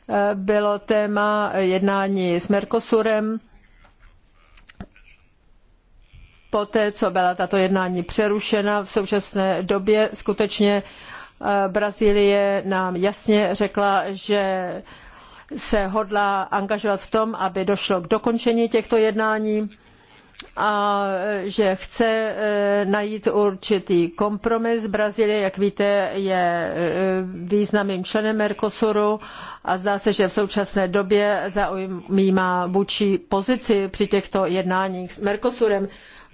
eh, bylo téma jednání s Mercosurem. Poté, co byla tato jednání přerušena v současné době, skutečně Eh, Brazílie nám jasně řekla, že se hodlá angažovat v tom, aby došlo k dokončení těchto jednání a že chce eh, najít určitý kompromis. Brazílie, jak víte, je eh, významným členem Mercosuru a zdá se, že v současné době zaujímá vůči pozici při těchto jednáních s Mercosurem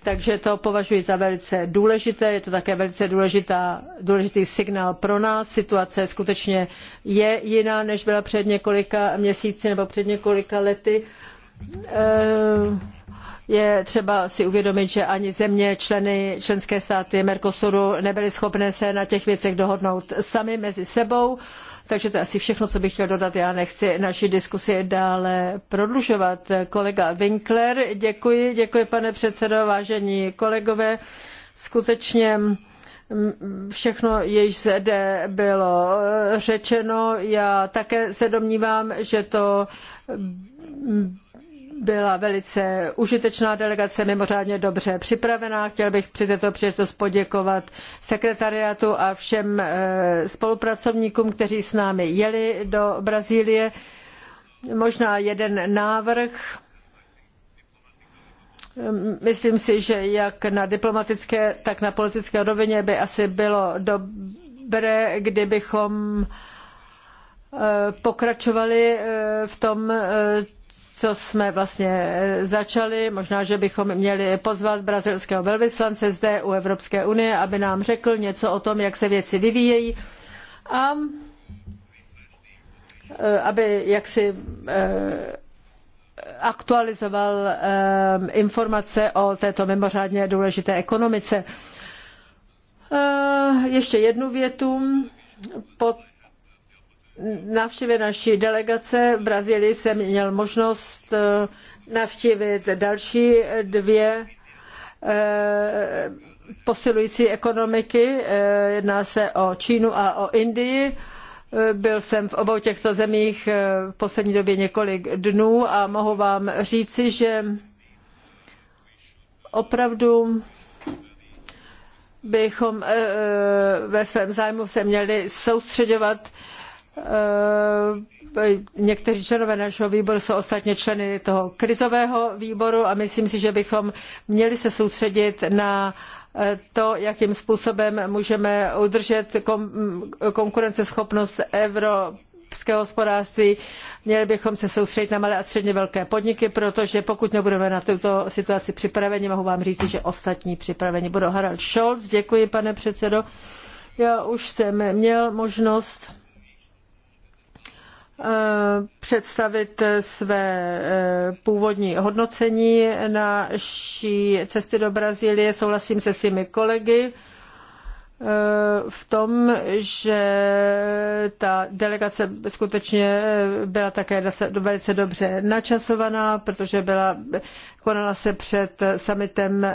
takže to považuji za velice důležité. Je to také velice důležitá, důležitý signál pro nás. Situace skutečně je jiná, než byla před několika měsíci nebo před několika lety. Eh, je třeba si uvědomit, že ani země, členy, členské státy Mercosuru nebyly schopné se na těch věcech dohodnout sami mezi sebou. Takže to je asi všechno, co bych chtěl dodat. Já nechci naši diskusi dále prodlužovat. Kolega Winkler, děkuji, děkuji pane předsedo, vážení kolegové. Skutečně mm, všechno již zde bylo eh, řečeno. Já také se domnívám, že to mm, byla velice užitečná delegace, mimořádně dobře připravená. Chtěl bych při této příležitosti poděkovat sekretariátu a všem eh, spolupracovníkům, kteří s námi jeli do Brazílie. Možná jeden návrh. Myslím si, že jak na diplomatické, tak na politické rovině by asi bylo dobré, kdybychom eh, pokračovali eh, v tom, co jsme vlastně eh, začali. Možná, že bychom měli pozvat brazilského velvyslance zde u Evropské unie, aby nám řekl něco o tom, jak se věci vyvíjejí. A eh, aby jaksi eh, aktualizoval informace o této mimořádně důležité ekonomice. Ještě jednu větu. Pod návštěvě naší delegace v Brazílii jsem měl možnost eh, navštívit další dvě eh, posilující ekonomiky. Eh, jedná se o Čínu a o Indii. Byl jsem v obou těchto zemích v poslední době několik dnů a mohu vám říci, že opravdu bychom ve svém zájmu se měli soustředovat Eh, někteří členové našeho výboru jsou ostatně členy toho krizového výboru a myslím si, že bychom měli se soustředit na eh, to, jakým způsobem můžeme udržet konkurenceschopnost evropského hospodářství, měli bychom se soustředit na malé a středně velké podniky, protože pokud nebudeme na tuto situaci připraveni, mohu vám říct, že ostatní připraveni budou. Harald Scholz, děkuji pane předsedo. Já už jsem měl možnost Eh, představit své eh, původní hodnocení naší cesty do Brazílie. Souhlasím se svými kolegy eh, v tom, že ta delegace skutečně byla také velice dobře načasovaná, protože byla, konala se před summitem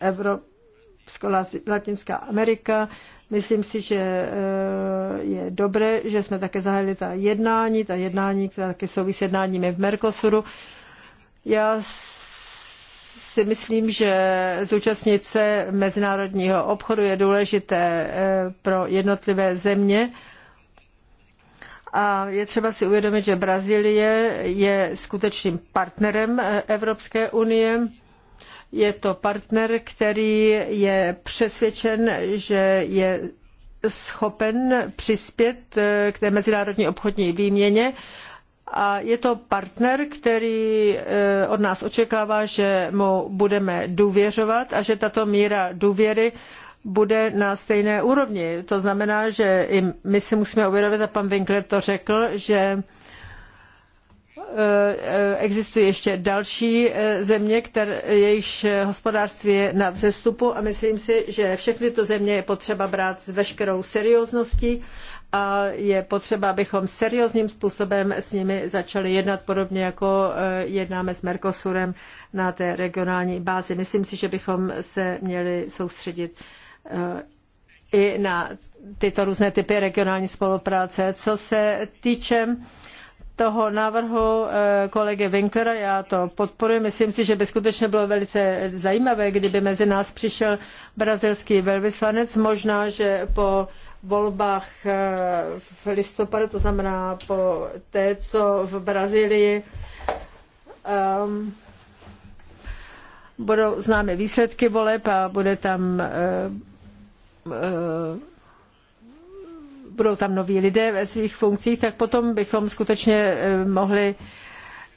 Evropská Latinská Amerika, Myslím si, že eh, je dobré, že jsme také zahájili ta jednání, ta jednání, která také souvisí s jednáními v Mercosuru. Já si myslím, že zúčastnit se mezinárodního obchodu je důležité eh, pro jednotlivé země. A je třeba si uvědomit, že Brazílie je skutečným partnerem eh, Evropské unie je to partner, který je přesvědčen, že je schopen přispět eh, k té mezinárodní obchodní výměně a je to partner, který eh, od nás očekává, že mu budeme důvěřovat a že tato míra důvěry bude na stejné úrovni. To znamená, že i my si musíme uvědomit, a pan Winkler to řekl, že Eh, existují ještě další eh, země, které, jejichž hospodářství je na vzestupu a myslím si, že všechny tyto země je potřeba brát s veškerou seriózností a je potřeba, abychom seriózním způsobem s nimi začali jednat podobně, jako eh, jednáme s Mercosurem na té regionální bázi. Myslím si, že bychom se měli soustředit i na tyto různé typy regionální spolupráce. Co se týče toho návrhu eh, kolegy Winklera, já to podporuji, myslím si, že by skutečně bylo velice zajímavé, kdyby mezi nás přišel brazilský velvyslanec, možná, že po volbách eh, v listopadu, to znamená po té, co v Brazílii um, budou známy výsledky voleb a bude tam uh, uh, budou tam noví lidé ve svých funkcích, tak potom bychom skutečně eh, mohli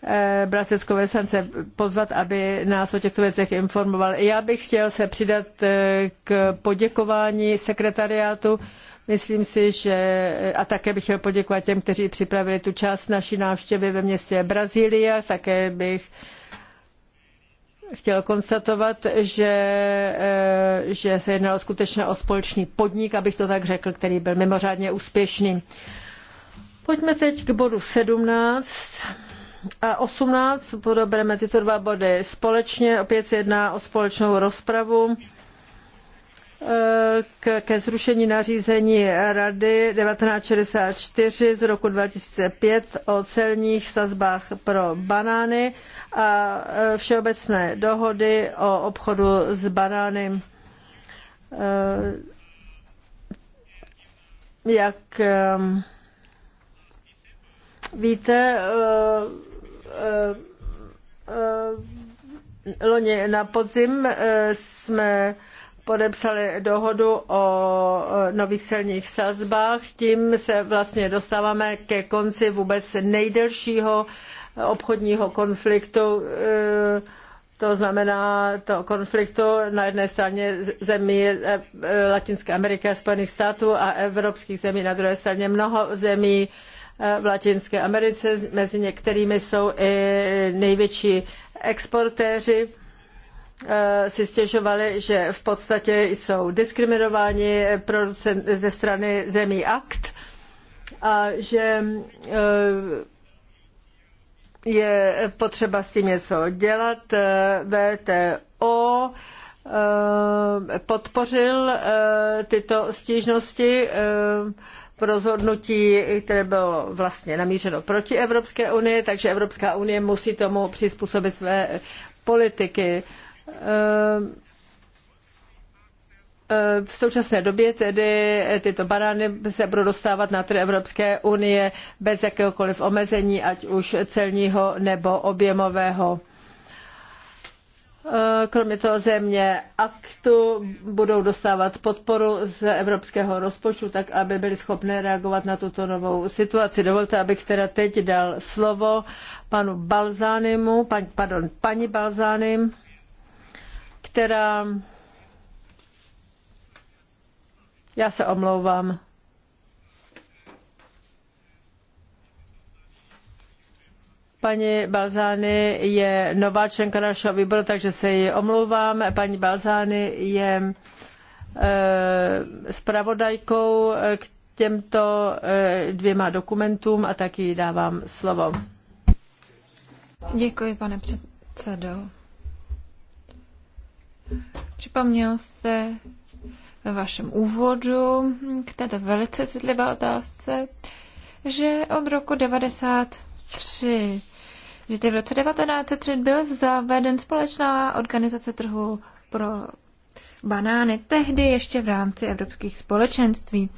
eh, Braseckové sance pozvat, aby nás o těchto věcech informoval. Já bych chtěl se přidat eh, k poděkování sekretariátu. Myslím si, že a také bych chtěl poděkovat těm, kteří připravili tu část naší návštěvy ve městě Brazília. Také bych chtěl konstatovat, že, eh, že se jednalo skutečně o společný podnik, abych to tak řekl, který byl mimořádně úspěšný. Pojďme teď k bodu 17 a 18. Podobreme tyto dva body společně. Opět se jedná o společnou rozpravu k, ke zrušení nařízení Rady 1964 z roku 2005 o celních sazbách pro banány a e, všeobecné dohody o obchodu s banány. E, jak e, víte, loni na podzim jsme podepsali dohodu o nových celních sazbách. Tím se vlastně dostáváme ke konci vůbec nejdelšího obchodního konfliktu, e, to znamená to konfliktu na jedné straně zemí e, Latinské Ameriky a Spojených států a evropských zemí, na druhé straně mnoho zemí e, v Latinské Americe, mezi některými jsou i největší exportéři Eh, si stěžovali, že v podstatě jsou diskriminováni ze strany zemí akt a že eh, je potřeba s tím něco dělat. Eh, VTO podpořil tyto stížnosti v rozhodnutí, které bylo vlastně namířeno proti Evropské unii, takže Evropská unie musí tomu přizpůsobit své politiky v současné době tedy tyto banány se budou dostávat na trh Evropské unie bez jakéhokoliv omezení, ať už celního nebo objemového. Kromě toho země aktu budou dostávat podporu z evropského rozpočtu, tak aby byly schopné reagovat na tuto novou situaci. Dovolte, abych teda teď dal slovo panu Balzánimu, pan, pardon, paní Balzánimu která. Já se omlouvám. Paní Balzány je nová členka našeho výboru, takže se ji omlouvám. Paní Balzány je spravodajkou eh, k těmto eh, dvěma dokumentům a taky dávám slovo. Děkuji, pane předsedo. Připomněl jste ve vašem úvodu k této velice citlivé otázce, že od roku 1993 že v roce 1903 byl zaveden společná organizace trhu pro banány, tehdy ještě v rámci evropských společenství.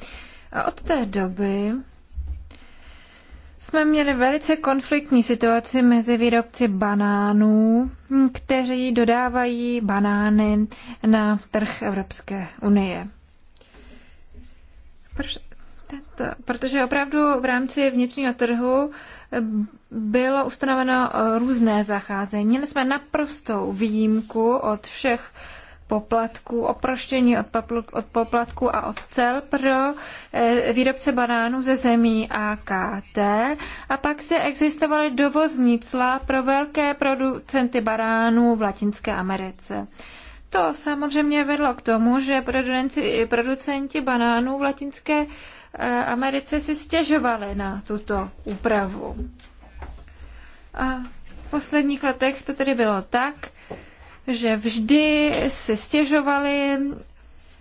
A od té doby jsme měli velice konfliktní situaci mezi výrobci banánů, kteří dodávají banány na trh Evropské unie. Proč tento? Protože opravdu v rámci vnitřního trhu bylo ustanoveno různé zacházení. Měli jsme naprostou výjimku od všech uh, poplatků, oproštění od, od poplatků a od cel pro eh, výrobce banánů ze zemí AKT. A pak se existovaly dovozní cla pro velké producenty banánů v Latinské Americe. To samozřejmě vedlo k tomu, že producenti banánů v Latinské eh, Americe si stěžovali na tuto úpravu. A v posledních letech to tedy bylo tak, že vždy se stěžovali,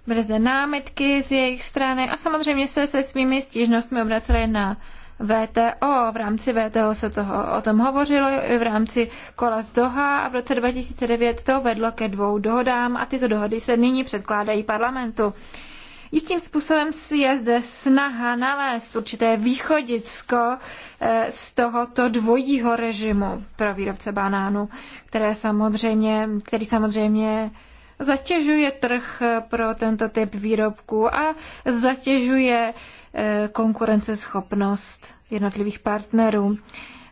byly zde námitky z jejich strany a samozřejmě se se svými stížnostmi obraceli na VTO. V rámci VTO se toho, o tom hovořilo i v rámci kola z Doha a v roce 2009 to vedlo ke dvou dohodám a tyto dohody se nyní předkládají parlamentu. Jistým způsobem si je zde snaha nalézt určité východisko eh, z tohoto dvojího režimu pro výrobce banánů, které samozřejmě, který samozřejmě zatěžuje trh eh, pro tento typ výrobků a zatěžuje eh, konkurenceschopnost jednotlivých partnerů.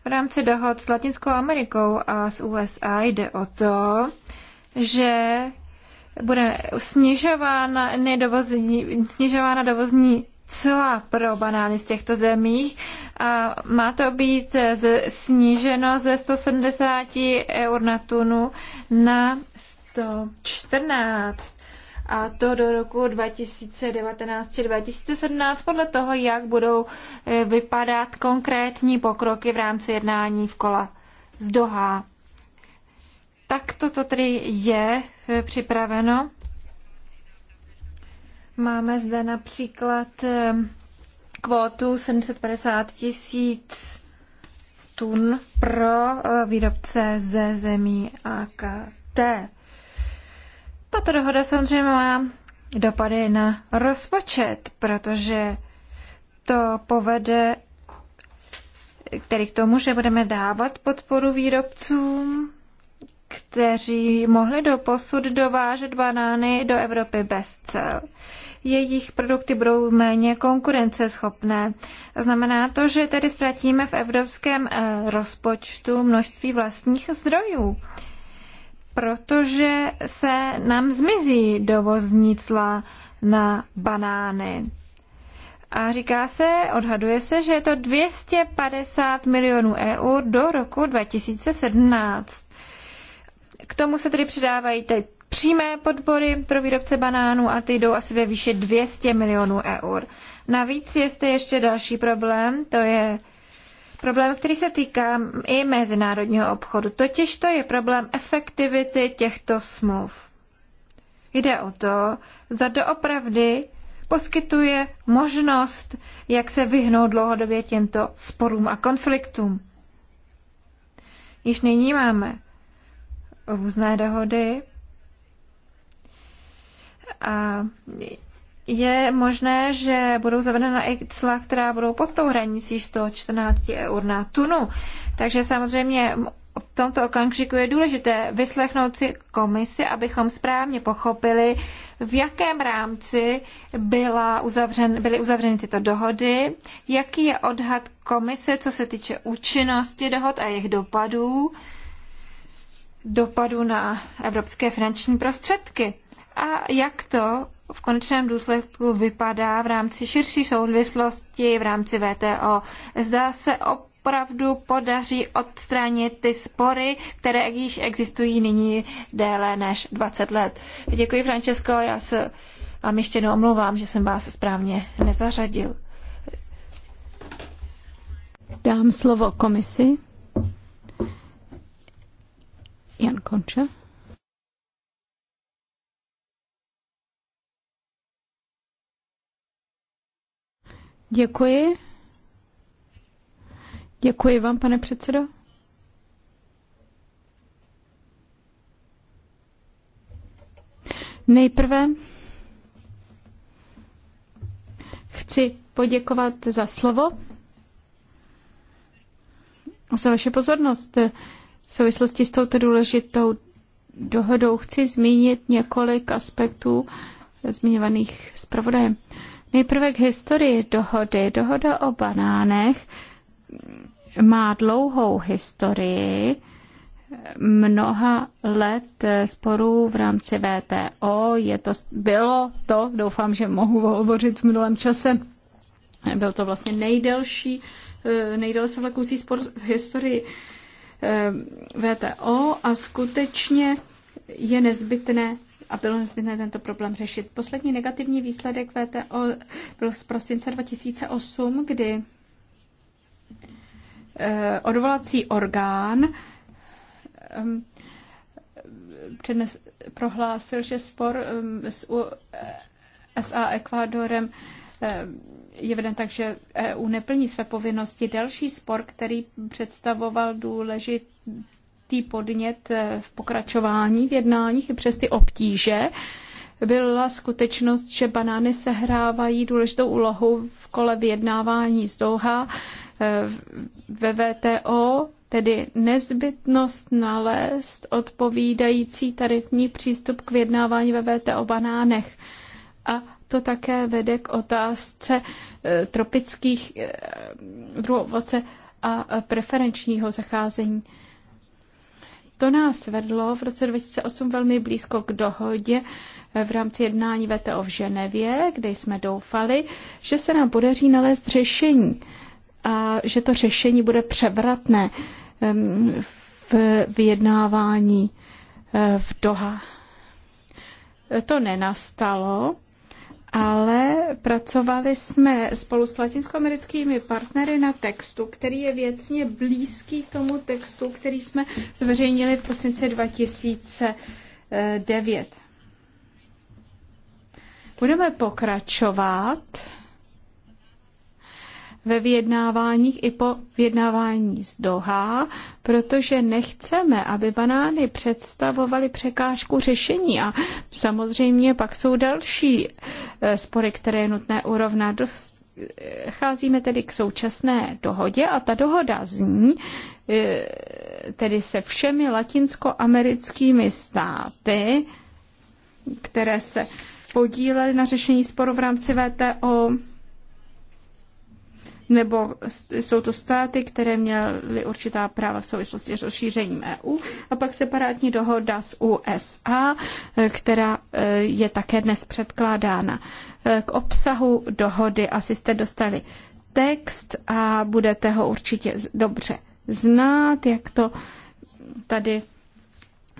V rámci dohod s Latinskou Amerikou a s USA jde o to, že bude snižována, nedovozní, snižována dovozní cla pro banány z těchto zemí a má to být sníženo ze 170 eur na tunu na 114 a to do roku 2019 či 2017 podle toho, jak budou eh, vypadat konkrétní pokroky v rámci jednání v kola z Doha. Tak toto tedy je e, připraveno. Máme zde například e, kvótu 750 tisíc tun pro e, výrobce ze zemí AKT. Tato dohoda samozřejmě má dopady na rozpočet, protože to povede který k tomu, že budeme dávat podporu výrobcům kteří mohli do posud dovážet banány do Evropy bez cel. Jejich produkty budou méně konkurenceschopné. Znamená to, že tedy ztratíme v evropském eh, rozpočtu množství vlastních zdrojů protože se nám zmizí dovozní cla na banány. A říká se, odhaduje se, že je to 250 milionů eur do roku 2017. K tomu se tedy přidávají teď přímé podpory pro výrobce banánů a ty jdou asi ve výši 200 milionů eur. Navíc je zde ještě další problém, to je problém, který se týká i mezinárodního obchodu. Totiž to je problém efektivity těchto smluv. Jde o to, zda doopravdy poskytuje možnost, jak se vyhnout dlouhodobě těmto sporům a konfliktům. Již nyní máme různé dohody a je možné, že budou zavedena i cla, která budou pod tou hranicí 114 eur na tunu. Takže samozřejmě v tomto okamžiku je důležité vyslechnout si komisi, abychom správně pochopili, v jakém rámci byla uzavřen, byly uzavřeny tyto dohody, jaký je odhad komise, co se týče účinnosti dohod a jejich dopadů, dopadu na evropské finanční prostředky a jak to v konečném důsledku vypadá v rámci širší souvislosti v rámci VTO. Zdá se opravdu podaří odstranit ty spory, které již existují nyní déle než 20 let. Děkuji, Francesco, já se vám ještě jednou omlouvám, že jsem vás správně nezařadil. Dám slovo komisi. Jan Konča. Děkuji. Děkuji vám, pane předsedo. Nejprve chci poděkovat za slovo a za vaše pozornost. V souvislosti s touto důležitou dohodou chci zmínit několik aspektů zmiňovaných zpravodajem. Nejprve k historii dohody. Dohoda o banánech má dlouhou historii mnoha let sporů v rámci VTO. Je to, bylo to, doufám, že mohu hovořit v minulém čase, byl to vlastně nejdelší, eh, nejdelší vlekoucí spor v historii Eh, VTO a skutečně je nezbytné a bylo nezbytné tento problém řešit. Poslední negativní výsledek VTO byl z prosince 2008, kdy eh, odvolací orgán ehm, přednes, prohlásil, že spor ehm, s SA Ekvádorem ehm, je veden tak, že EU neplní své povinnosti. Další spor, který představoval důležitý podnět e, v pokračování v jednáních i přes ty obtíže, byla skutečnost, že banány sehrávají důležitou úlohu v kole vyjednávání z Doha e, ve VTO, tedy nezbytnost nalézt odpovídající tarifní přístup k vyjednávání ve VTO banánech. A to také vede k otázce eh, tropických eh, druhů ovoce a preferenčního zacházení. To nás vedlo v roce 2008 velmi blízko k dohodě eh, v rámci jednání VTO v Ženevě, kde jsme doufali, že se nám podaří nalézt řešení a že to řešení bude převratné ehm, v vyjednávání v Doha. To nenastalo ale pracovali jsme spolu s latinskoamerickými partnery na textu, který je věcně blízký tomu textu, který jsme zveřejnili v prosinci 2009. Budeme pokračovat ve vyjednáváních i po vyjednávání z Doha, protože nechceme, aby banány představovaly překážku řešení. A samozřejmě pak jsou další eh, spory, které je nutné urovnat. Cházíme tedy k současné dohodě a ta dohoda zní, eh, tedy se všemi latinskoamerickými státy, které se podílely na řešení sporu v rámci VTO, nebo jsou to státy, které měly určitá práva v souvislosti s rozšířením EU a pak separátní dohoda s USA, eh, která eh, je také dnes předkládána. Eh, k obsahu dohody asi jste dostali text a budete ho určitě dobře znát, jak to tady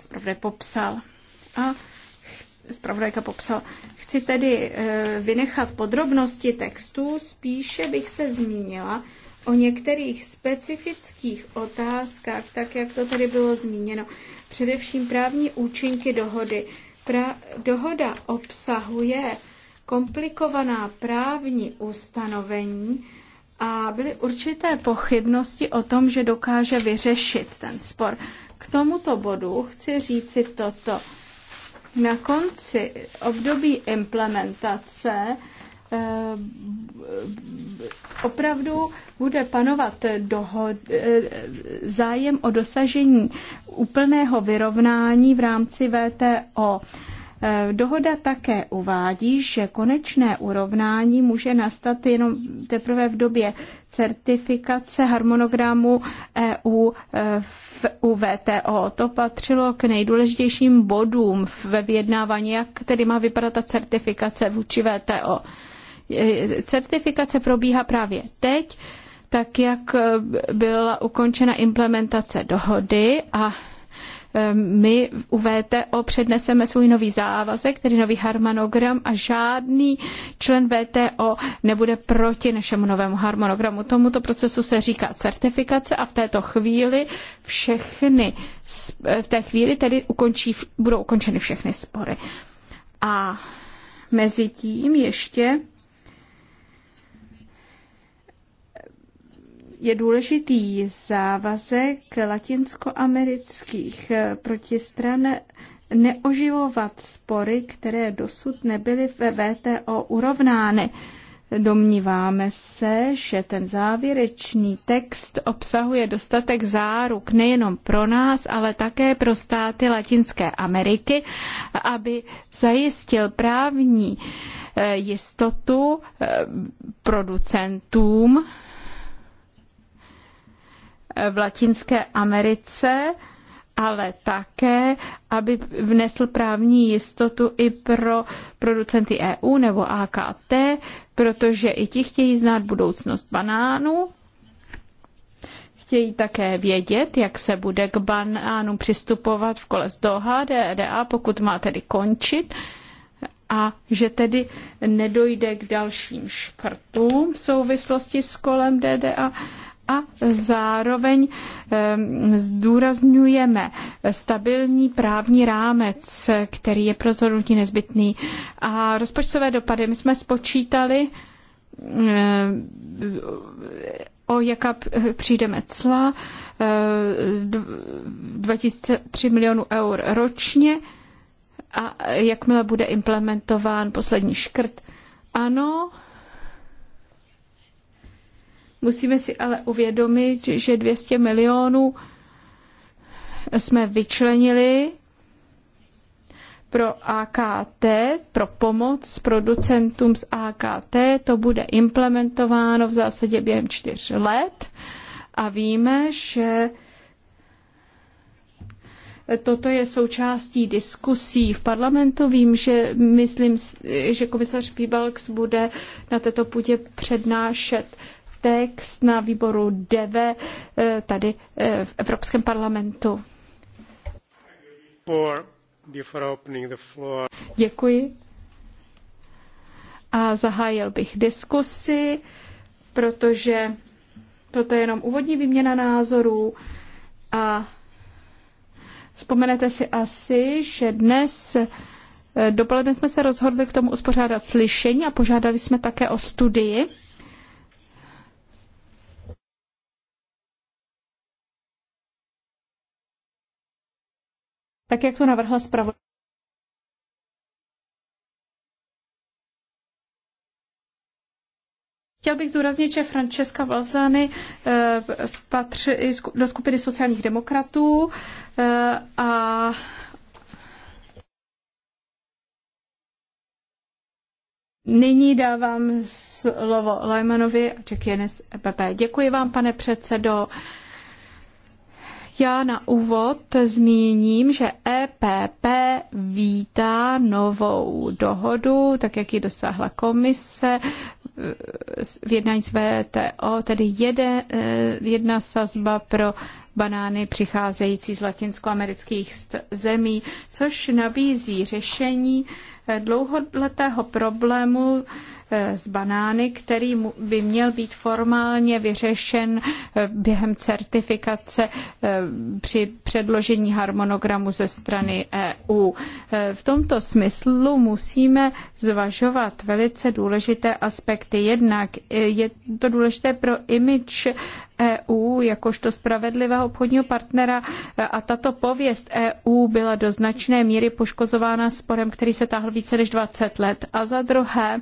zpravodaj popsal. A zpravodajka popsal Chci tedy eh, vynechat podrobnosti textu, spíše bych se zmínila o některých specifických otázkách, tak jak to tady bylo zmíněno. Především právní účinky dohody. Pra- dohoda obsahuje komplikovaná právní ustanovení a byly určité pochybnosti o tom, že dokáže vyřešit ten spor. K tomuto bodu chci říci toto na konci období implementace eh, opravdu bude panovat dohod, eh, zájem o dosažení úplného vyrovnání v rámci VTO. Eh, dohoda také uvádí, že konečné urovnání může nastat jenom teprve v době certifikace harmonogramu EU eh, v, u VTO. To patřilo k nejdůležitějším bodům ve vyjednávání, jak tedy má vypadat ta certifikace vůči VTO. Eh, certifikace probíhá právě teď, tak jak byla ukončena implementace dohody a Ehm, my u VTO předneseme svůj nový závazek, tedy nový harmonogram a žádný člen VTO nebude proti našemu novému harmonogramu. Tomuto procesu se říká certifikace a v této chvíli všechny, v té chvíli tedy ukončí, budou ukončeny všechny spory. A mezi tím ještě je důležitý závazek latinskoamerických eh, protistran neoživovat spory, které dosud nebyly ve VTO urovnány. Domníváme se, že ten závěrečný text obsahuje dostatek záruk nejenom pro nás, ale také pro státy Latinské Ameriky, aby zajistil právní eh, jistotu eh, producentům v Latinské Americe, ale také, aby vnesl právní jistotu i pro producenty EU nebo AKT, protože i ti chtějí znát budoucnost banánů, chtějí také vědět, jak se bude k banánu přistupovat v kole z Doha, DDA, e pokud má tedy končit, a že tedy nedojde k dalším škrtům v souvislosti s kolem DDA e a zároveň ehm, zdůrazňujeme stabilní právní rámec, který je pro zhodnutí nezbytný. A rozpočtové dopady my jsme spočítali ehm, o jaká přijdeme cla, 23 ehm, milionů eur ročně a jakmile bude implementován poslední škrt. Ano, Musíme si ale uvědomit, že 200 milionů jsme vyčlenili pro AKT, pro pomoc producentům z AKT. To bude implementováno v zásadě během čtyř let a víme, že toto je součástí diskusí v parlamentu. Vím, že myslím, že komisař Pibalks bude na této půdě přednášet text na výboru DEVE eh, tady eh, v Evropském parlamentu. Děkuji. A zahájil bych diskusi, protože toto je jenom úvodní výměna názorů a vzpomenete si asi, že dnes eh, dopoledne jsme se rozhodli k tomu uspořádat slyšení a požádali jsme také o studii tak jak to navrhla zpravodaj. Chtěl bych zúraznit, že Francesca Valzany eh, patří do skupiny sociálních demokratů eh, a Nyní dávám slovo Lajmanovi a Čekienes EPP. Děkuji vám, pane předsedo. Já na úvod zmíním, že EPP vítá novou dohodu, tak jak ji dosáhla komise v jednání s VTO, tedy jede, eh, jedna sazba pro banány přicházející z latinskoamerických zemí, což nabízí řešení eh, dlouholetého problému z banány, který by měl být formálně vyřešen eh, během certifikace eh, při předložení harmonogramu ze strany EU. Eh, v tomto smyslu musíme zvažovat velice důležité aspekty. Jednak je to důležité pro image EU jakožto spravedlivého obchodního partnera a tato pověst EU byla do značné míry poškozována sporem, který se táhl více než 20 let. A za druhé,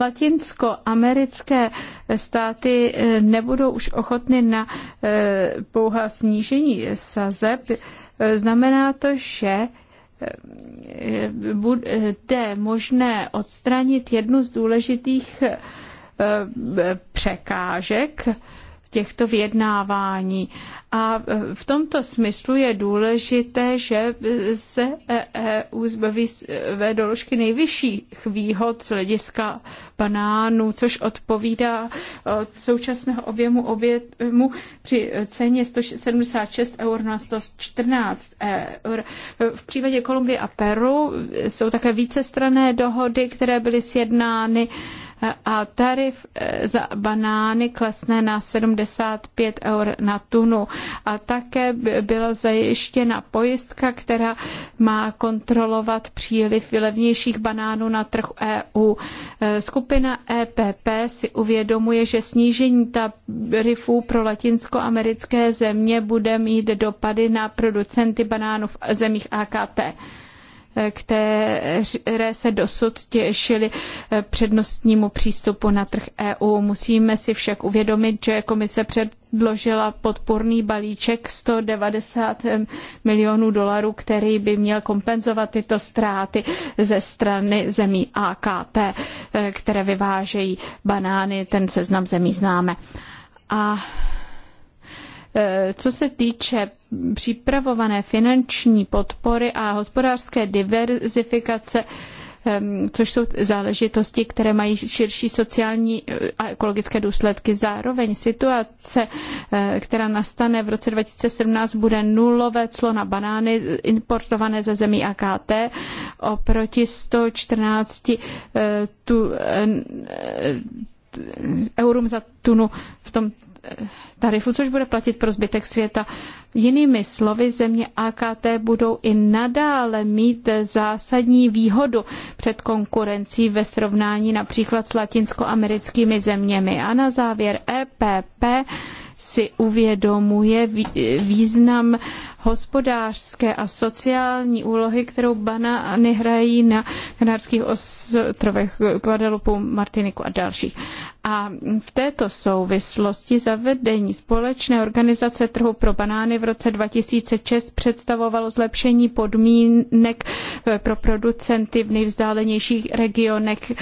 latinskoamerické státy eh, nebudou už ochotny na eh, pouhá snížení sazeb, eh, znamená to, že bude možné odstranit jednu z důležitých překážek těchto vyjednávání a e, v tomto smyslu je důležité, že se EU e zbaví své e, doložky nejvyšších výhod z hlediska banánů, což odpovídá současnému současného objemu objemu při ceně 176 eur na 114 eur. V případě Kolumbie a Peru jsou také vícestrané dohody, které byly sjednány a tarif eh, za banány klesne na 75 eur na tunu. A také byla zajištěna pojistka, která má kontrolovat příliv levnějších banánů na trh EU. Eh, skupina EPP si uvědomuje, že snížení tarifů pro latinskoamerické země bude mít dopady na producenty banánů v zemích AKT které se dosud těšily eh, přednostnímu přístupu na trh EU. Musíme si však uvědomit, že komise předložila podpůrný balíček 190 eh, milionů dolarů, který by měl kompenzovat tyto ztráty ze strany zemí AKT, eh, které vyvážejí banány. Ten seznam zemí známe. A co se týče připravované finanční podpory a hospodářské diverzifikace což jsou záležitosti, které mají širší sociální eh, a ekologické důsledky. Zároveň situace, eh, která nastane v roce 2017, bude nulové clo na banány importované ze zemí AKT oproti 114 eh, tu, eurům za tunu v tom tarifu, což bude platit pro zbytek světa. Jinými slovy, země AKT budou i nadále mít zásadní výhodu před konkurencí ve srovnání například s latinskoamerickými zeměmi. A na závěr EPP si uvědomuje význam hospodářské a sociální úlohy, kterou banány hrají na Kanárských ostrovech Guadalupe, Martiniku a dalších. A v této souvislosti zavedení společné organizace trhu pro banány v roce 2006 představovalo zlepšení podmínek pro producenty v nejvzdálenějších regionech.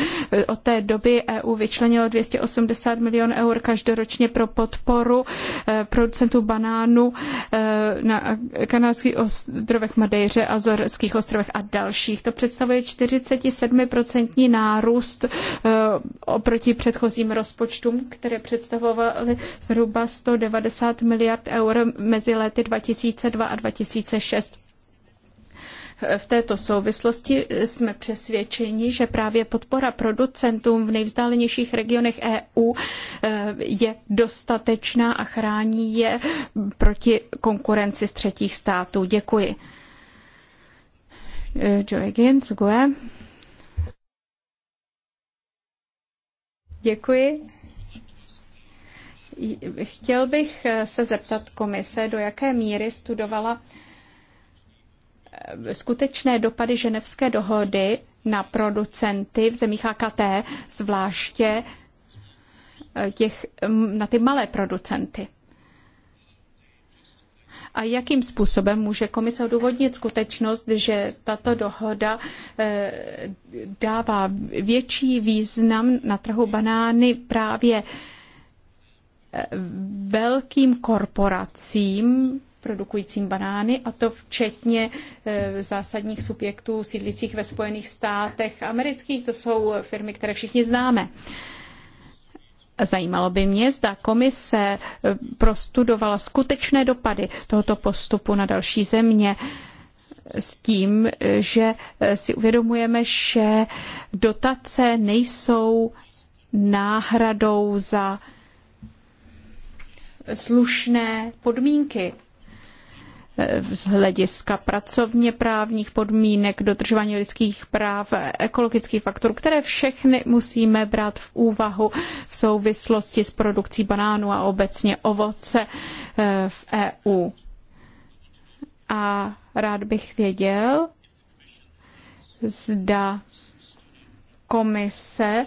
Od té doby EU vyčlenilo 280 milionů eur každoročně pro podporu eh, producentů banánů eh, na kanálských ostrovech Madejře, Azorských ostrovech a dalších. To představuje 47% nárůst eh, oproti předchozím rozpočtům, které představovaly zhruba 190 miliard eur mezi lety 2002 a 2006. V této souvislosti jsme přesvědčeni, že právě podpora producentům v nejvzdálenějších regionech EU eh, je dostatečná a chrání je proti konkurenci z třetích států. Děkuji. Eh, Děkuji. Chtěl bych eh, se zeptat komise, do jaké míry studovala skutečné dopady ženevské dohody na producenty v zemích AKT, zvláště eh, těch, na ty malé producenty. A jakým způsobem může komise odůvodnit skutečnost, že tato dohoda eh, dává větší význam na trhu banány právě eh, velkým korporacím, produkujícím banány, a to včetně e, zásadních subjektů sídlících ve Spojených státech amerických. To jsou firmy, které všichni známe. Zajímalo by mě, zda komise e, prostudovala skutečné dopady tohoto postupu na další země s tím, že e, si uvědomujeme, že dotace nejsou náhradou za slušné podmínky z hlediska pracovně právních podmínek, dodržování lidských práv, ekologických faktorů, které všechny musíme brát v úvahu v souvislosti s produkcí banánů a obecně ovoce eh, v EU. A rád bych věděl, zda komise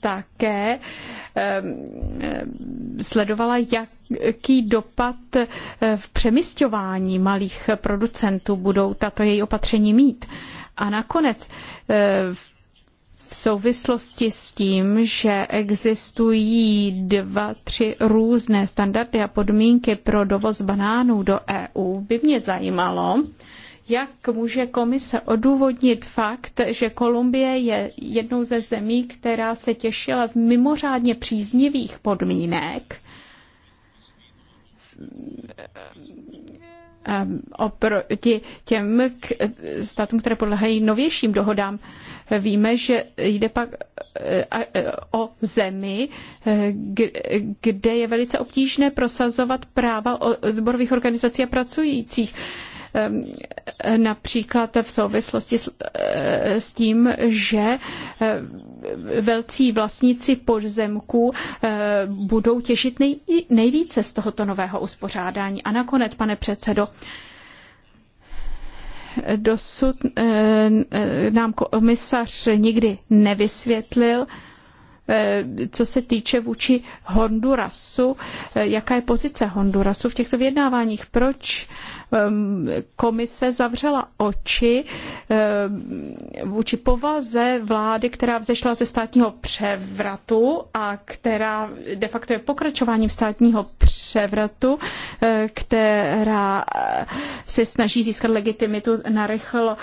také ehm, ehm, sledovala, jaký dopad eh, v přemysťování malých producentů budou tato její opatření mít. A nakonec eh, v souvislosti s tím, že existují dva, tři různé standardy a podmínky pro dovoz banánů do EU, by mě zajímalo, jak může komise odůvodnit fakt, že Kolumbie je jednou ze zemí, která se těšila z mimořádně příznivých podmínek ehm, oproti těm státům, které podlehají novějším dohodám. Víme, že jde pak eh, eh, o zemi, eh, kde je velice obtížné prosazovat práva odborových organizací a pracujících. Ehm, například v souvislosti s eh, tím, že eh, velcí vlastníci pozemků eh, budou těžit nejvíce z tohoto nového uspořádání. A nakonec, pane předsedo, dosud nám komisař nikdy nevysvětlil, co se týče vůči Hondurasu, jaká je pozice Hondurasu v těchto vyjednáváních, proč Ehm, komise zavřela oči ehm, vůči povaze vlády, která vzešla ze státního převratu a která de facto je pokračováním státního převratu, ehm, která se snaží získat legitimitu narychlo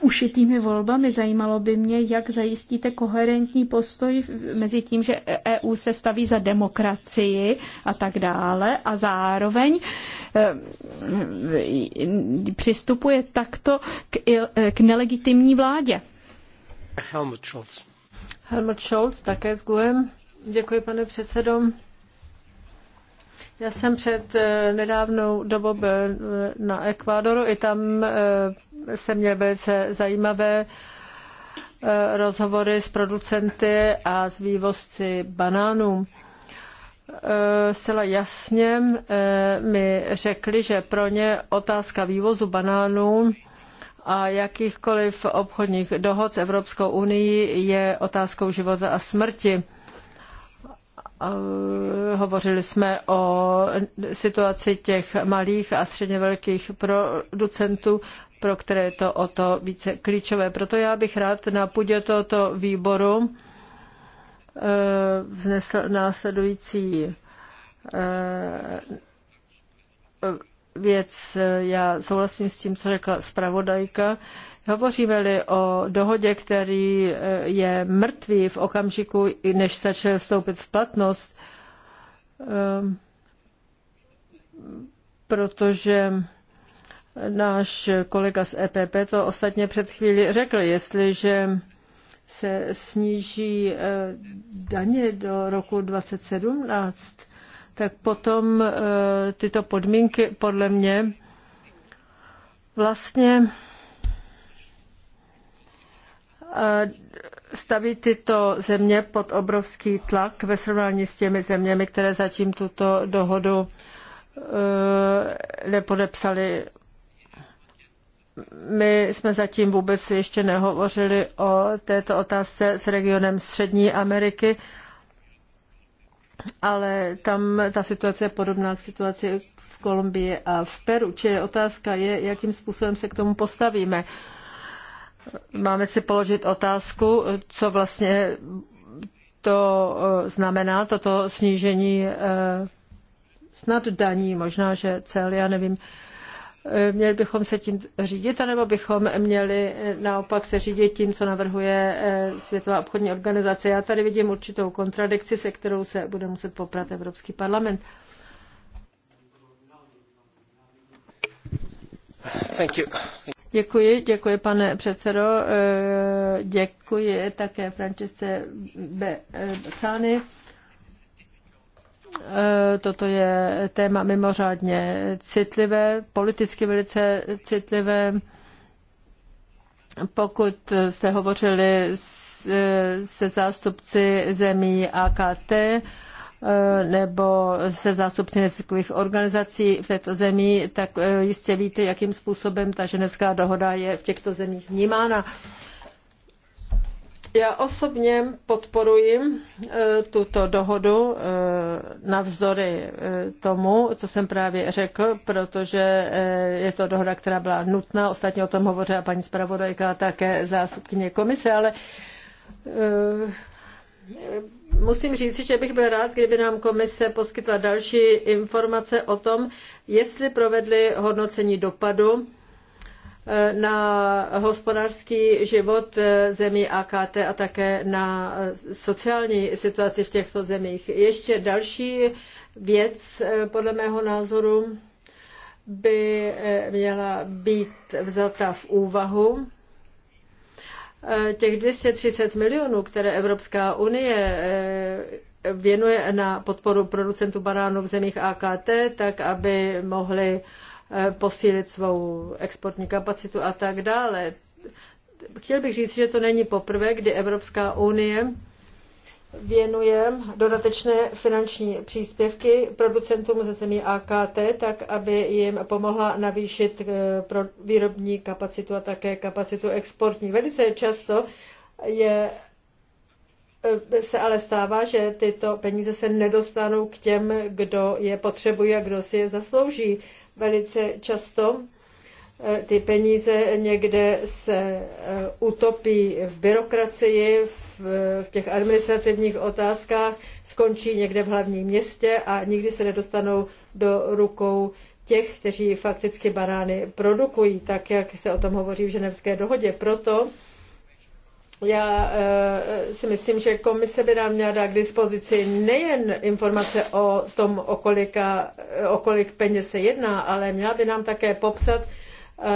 ušitými volbami. Zajímalo by mě, jak zajistíte koherentní postoj mezi tím, že EU se staví za demokracii a tak dále a zároveň přistupuje takto k, k nelegitimní vládě. Helmut Scholz. Helmut Scholz, také s GUEM. Děkuji, pane předsedo. Já jsem před eh, nedávnou dobou byl eh, na Ekvádoru, i tam jsem eh, měl velice zajímavé rozhovory s producenty a s vývozci banánů. Eh, zcela jasně eh, mi řekli, že pro ně otázka vývozu banánů a jakýchkoliv obchodních dohod s Evropskou unii je otázkou života a smrti. Eh, hovořili jsme o situaci těch malých a středně velkých producentů, pro které je to o to více klíčové. Proto já bych rád na půdě tohoto výboru Eh, vznesl následující eh, věc. Já souhlasím s tím, co řekla zpravodajka. Hovoříme-li o dohodě, který eh, je mrtvý v okamžiku, než začne vstoupit v platnost, protože náš kolega z EPP to ostatně před chvíli řekl, jestliže se sníží eh, daně do roku 2017, tak potom eh, tyto podmínky podle mě vlastně eh, staví tyto země pod obrovský tlak ve srovnání s těmi zeměmi, které zatím tuto dohodu nepodepsali my jsme zatím vůbec ještě nehovořili o této otázce s regionem Střední Ameriky, ale tam ta situace je podobná k situaci v Kolumbii a v Peru. Čili otázka je, jakým způsobem se k tomu postavíme. Máme si položit otázku, co vlastně to eh, znamená, toto snížení eh, snad daní, možná, že cel, já nevím, Eh, měli bychom se tím řídit, anebo bychom měli eh, naopak se řídit tím, co navrhuje eh, Světová obchodní organizace. Já tady vidím určitou kontradikci, se kterou se bude muset poprat Evropský parlament. Thank you. Děkuji, děkuji pane předsedo. Děkuji také Francisce Becány. Eh, toto je téma mimořádně citlivé, politicky velice citlivé. Pokud jste hovořili eh, se zástupci zemí AKT eh, nebo se zástupci neziskových organizací v této zemi, tak jistě víte, jakým způsobem ta ženevská dohoda je v těchto zemích vnímána. Já osobně podporuji e, tuto dohodu e, navzdory e, tomu, co jsem právě řekl, protože je to dohoda, která byla nutná. Ostatně o tom hovořila paní zpravodajka také zástupkyně komise, ale musím říct, že bych byl rád, kdyby nám komise poskytla další informace o tom, jestli provedli hodnocení dopadu Eh, na hospodářský život eh, zemí AKT a také na eh, sociální situaci v těchto zemích. Ještě další věc, podle mého názoru, by měla být vzata v úvahu. Těch 230 milionů, které Evropská unie věnuje na podporu producentů banánů v zemích AKT, tak aby mohli Eh, posílit svou exportní kapacitu a tak dále. Chtěl bych říct, že to není poprvé, kdy Evropská unie věnuje dodatečné finanční příspěvky producentům ze zemí AKT, tak aby jim pomohla navýšit eh, pro výrobní kapacitu a také kapacitu exportní. Velice často je, eh, se ale stává, že tyto peníze se nedostanou k těm, kdo je potřebuje a kdo si je zaslouží velice často eh, ty peníze někde se eh, utopí v byrokracii, eh, v těch administrativních otázkách, skončí někde v hlavním městě a nikdy se nedostanou do rukou těch, kteří fakticky banány produkují, tak jak se o tom hovoří v ženevské dohodě. Proto já eh, si myslím, že komise by nám měla dát k dispozici nejen informace o tom, o, kolika, eh, o kolik peněz se jedná, ale měla by nám také popsat eh,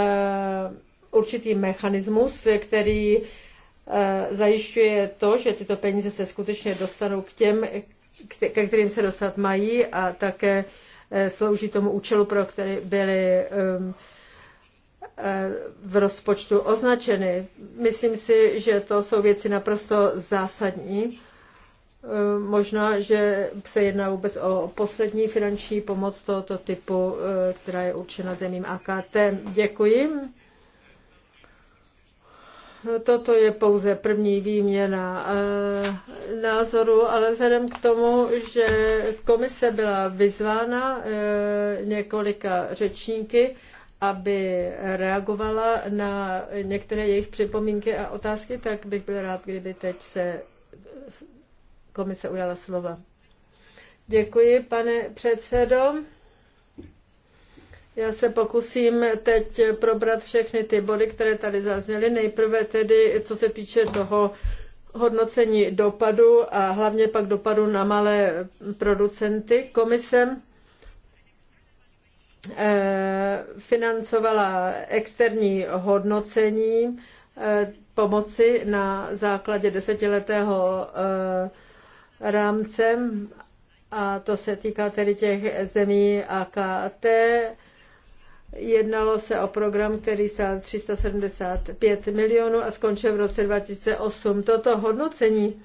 určitý mechanismus, který zajišťuje to, že tyto peníze se skutečně dostanou k těm, ke kterým se dostat mají a také slouží tomu účelu, pro který byly v rozpočtu označeny. Myslím si, že to jsou věci naprosto zásadní. E, možná, že se jedná vůbec o poslední finanční pomoc tohoto typu, e, která je určena zemím AKT. Děkuji. Toto je pouze první výměna e, názoru, ale vzhledem k tomu, že komise byla vyzvána několika řečníky, aby reagovala na některé jejich připomínky a otázky, tak bych byl rád, kdyby teď se komise ujala slova. Děkuji, pane předsedo. Já se pokusím teď probrat všechny ty body, které tady zazněly. Nejprve tedy, co se týče toho hodnocení dopadu a hlavně pak dopadu na malé producenty komisem Eh, financovala externí hodnocení eh, pomoci na základě desetiletého eh, rámce a to se týká tedy těch zemí AKT. Jednalo se o program, který stál 375 milionů a skončil v roce 2008. Toto hodnocení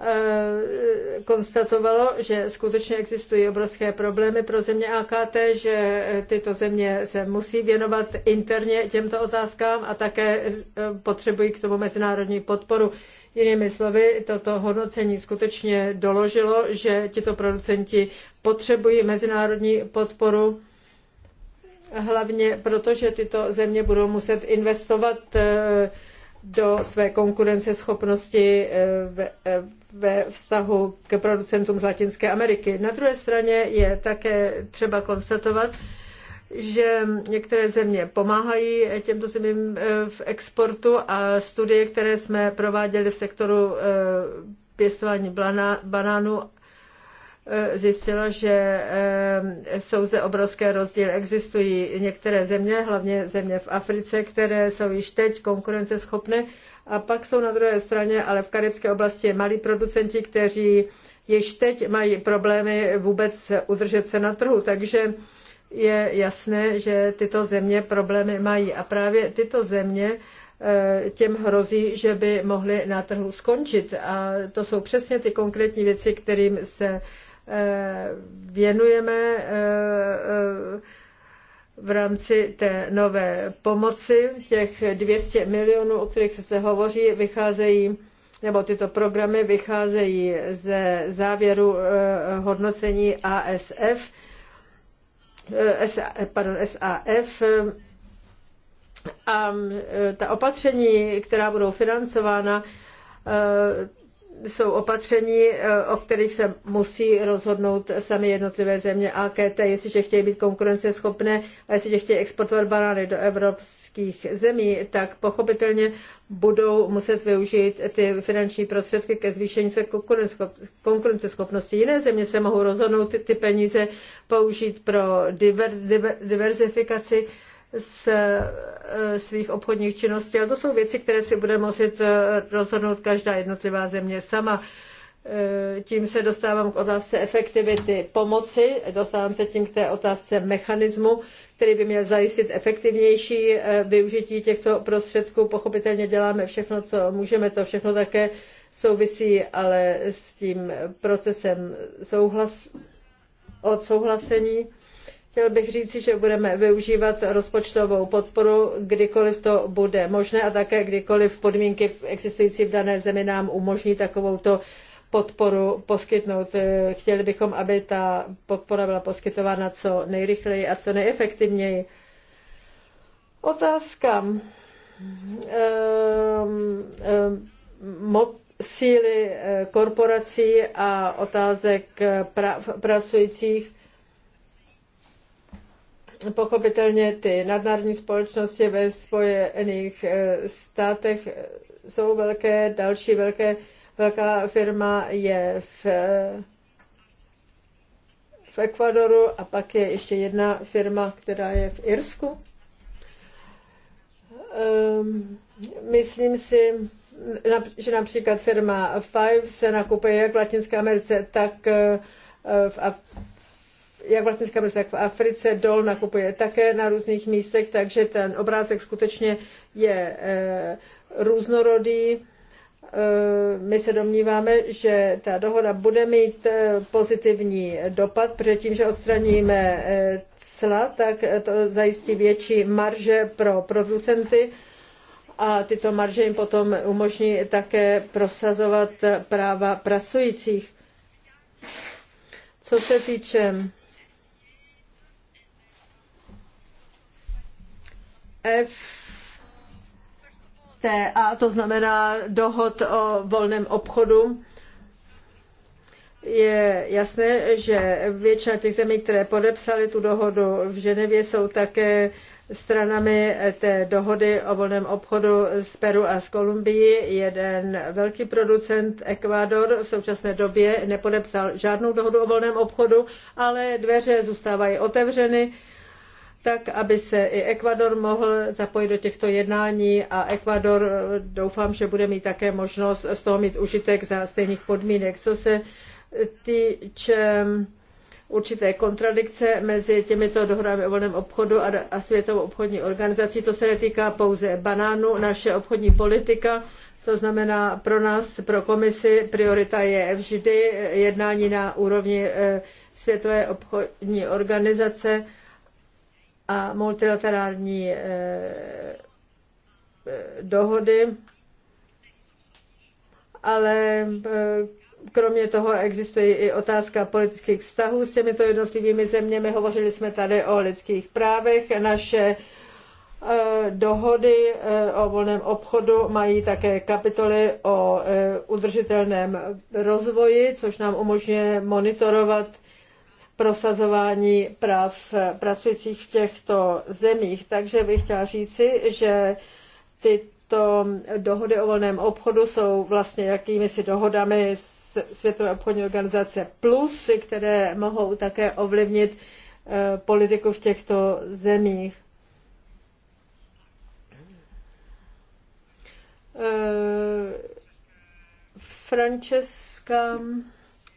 Eh, konstatovalo, že skutečně existují obrovské problémy pro země AKT, že tyto země se musí věnovat interně těmto otázkám a také eh, potřebují k tomu mezinárodní podporu. Jinými slovy, toto hodnocení skutečně doložilo, že tito producenti potřebují mezinárodní podporu, hlavně proto, že tyto země budou muset investovat eh, do své konkurenceschopnosti v ve vztahu k producentům z Latinské Ameriky. Na druhé straně je také třeba konstatovat, že některé země pomáhají těmto zemím eh, v exportu a studie, které jsme prováděli v sektoru eh, pěstování banánu Eh, zjistilo, že eh, jsou zde obrovské rozdíly. Existují některé země, hlavně země v Africe, které jsou již teď konkurenceschopné a pak jsou na druhé straně, ale v karibské oblasti malí producenti, kteří již teď mají problémy vůbec udržet se na trhu, takže je jasné, že tyto země problémy mají a právě tyto země eh, těm hrozí, že by mohly na trhu skončit. A to jsou přesně ty konkrétní věci, kterým se Eh, věnujeme eh, eh, v rámci té nové pomoci. Těch 200 milionů, o kterých se hovoří, vycházejí nebo tyto programy vycházejí ze závěru hodnocení ASF, pardon, SAF a ta opatření, která budou financována, jsou opatření, eh, o kterých se musí rozhodnout sami jednotlivé země A KT, jestliže chtějí být konkurenceschopné a jestliže chtějí exportovat banány do evropských zemí, tak pochopitelně budou muset využít ty finanční prostředky ke zvýšení své konkurenceschopnosti. Jiné země se mohou rozhodnout ty, peníze použít pro diverzifikaci diver, z eh, svých obchodních činností. A to jsou věci, které si bude muset eh, rozhodnout každá jednotlivá země sama. Eh, tím se dostávám k otázce efektivity pomoci, dostávám se tím k té otázce mechanismu, který by měl zajistit efektivnější využití těchto prostředků. Pochopitelně děláme všechno, co můžeme, to všechno také souvisí ale s tím procesem souhlas, odsouhlasení. Chtěl bych říci, že budeme využívat rozpočtovou podporu, kdykoliv to bude možné a také kdykoliv podmínky existující v dané zemi nám umožní takovouto podporu poskytnout. Eh, chtěli bychom, aby ta podpora byla poskytována co nejrychleji a co nejefektivněji. Otázka. Ehm, ehm, mot, síly eh, korporací a otázek eh, pra, pracujících pochopitelně ty nadnárodní společnosti ve Spojených eh, státech eh, jsou velké, další velké, velká firma je v, eh, v Ekvadoru a pak je ještě jedna firma, která je v Irsku. Ehm, myslím si, že například firma Five se nakupuje jak v Latinské Americe, tak v jak vlastně říkáme, tak v Africe dol nakupuje také na různých místech, takže ten obrázek skutečně je eh, různorodý. Eh, my se domníváme, že ta dohoda bude mít eh, pozitivní dopad, protože tím, že odstraníme cla, tak to zajistí větší marže pro producenty a tyto marže jim potom umožní také prosazovat práva pracujících. Co se týče F a to znamená dohod o volném obchodu, je jasné, že většina těch zemí, které podepsaly tu dohodu v Ženevě, jsou také stranami té dohody o volném obchodu z Peru a z Kolumbii. Jeden velký producent Ekvádor v současné době nepodepsal žádnou dohodu o volném obchodu, ale dveře zůstávají otevřeny tak aby se i Ekvador mohl zapojit do těchto jednání a Ekvador eh, doufám, že bude mít také možnost z toho mít užitek za stejných podmínek. Co se týče mm, určité kontradikce mezi těmito dohodami o volném obchodu a, a Světovou obchodní organizací, to se netýká pouze banánu, naše obchodní politika, to znamená pro nás, pro komisi, priorita je vždy jednání na úrovni eh, Světové obchodní organizace, a multilaterální eh, eh, dohody, ale eh, kromě toho existuje i otázka politických vztahů s těmito jednotlivými zeměmi. Hovořili jsme tady o lidských právech. Naše dohody o volném obchodu mají také kapitoly o udržitelném rozvoji, což nám umožňuje monitorovat prosazování práv pracujících v těchto zemích. Takže bych chtěla říci, že tyto dohody o volném obchodu jsou vlastně jakými si dohodami Světové obchodní organizace plus, které mohou také ovlivnit eh, politiku v těchto zemích. Eh, Francesca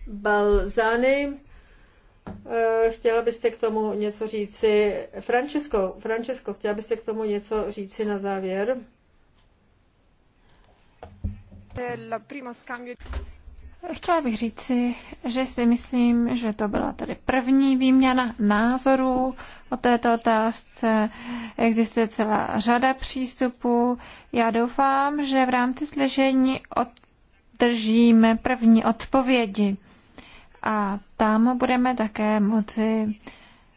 Balzani Eh, chtěla byste k tomu něco říci, Francesco, Francesco, chtěla byste k tomu něco říci na závěr? Chtěla bych říci, že si myslím, že to byla tady první výměna názorů o této otázce. Existuje celá řada přístupů. Já doufám, že v rámci slyšení obdržíme první odpovědi a tam budeme také moci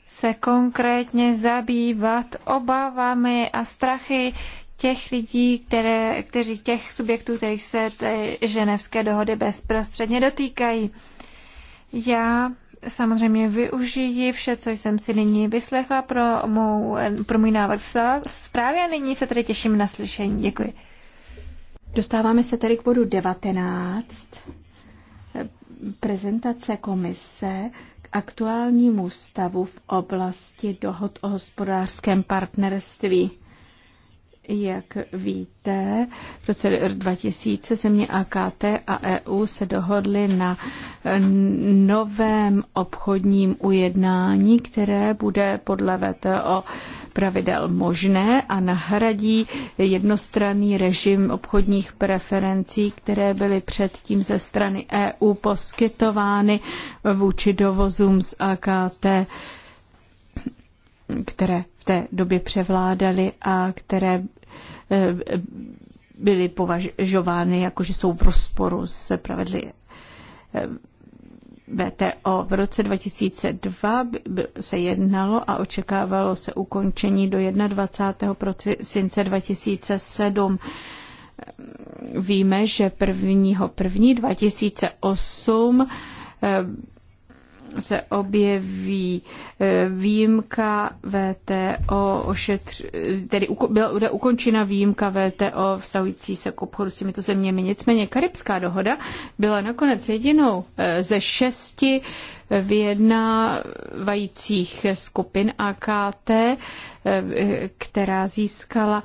se konkrétně zabývat obavami a strachy těch lidí, které, kteří těch subjektů, kterých se ty ženevské dohody bezprostředně dotýkají. Já samozřejmě využiji vše, co jsem si nyní vyslechla pro, mou, pro můj návrh zprávy a nyní se tedy těším na slyšení. Děkuji. Dostáváme se tedy k bodu 19 prezentace komise k aktuálnímu stavu v oblasti dohod o hospodářském partnerství. Jak víte, v roce 2000 země AKT a EU se dohodly na novém obchodním ujednání, které bude podle VTO pravidel možné a nahradí jednostranný režim obchodních preferencí, které byly předtím ze strany EU poskytovány vůči dovozům z AKT, které v té době převládaly a které e, byly považovány jako, že jsou v rozporu s pravidly e, VTO. V roce 2002 se jednalo a očekávalo se ukončení do 21. prosince 2007. Víme, že 1. 1. 2008 se objeví e, výjimka VTO, ošetř, e, tedy byla, bude ukončena výjimka VTO vsahující se k obchodu s těmito zeměmi. Nicméně Karibská dohoda byla nakonec jedinou e, ze šesti vyjednávajících skupin AKT, která získala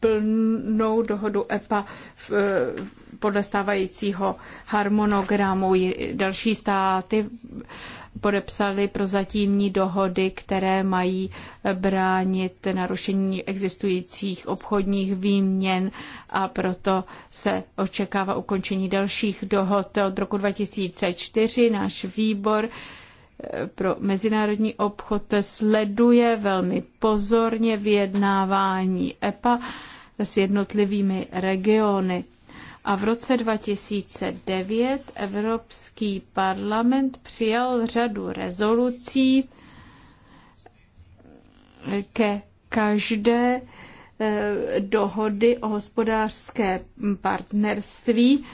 plnou dohodu EPA v, eh, podle stávajícího harmonogramu. Další státy podepsali prozatímní dohody, které mají bránit narušení existujících obchodních výměn a proto se očekává ukončení dalších dohod. Od roku 2004 náš výbor pro mezinárodní obchod sleduje velmi pozorně vyjednávání EPA s jednotlivými regiony. A v roce 2009 Evropský parlament přijal řadu rezolucí ke každé eh, dohody o hospodářské partnerství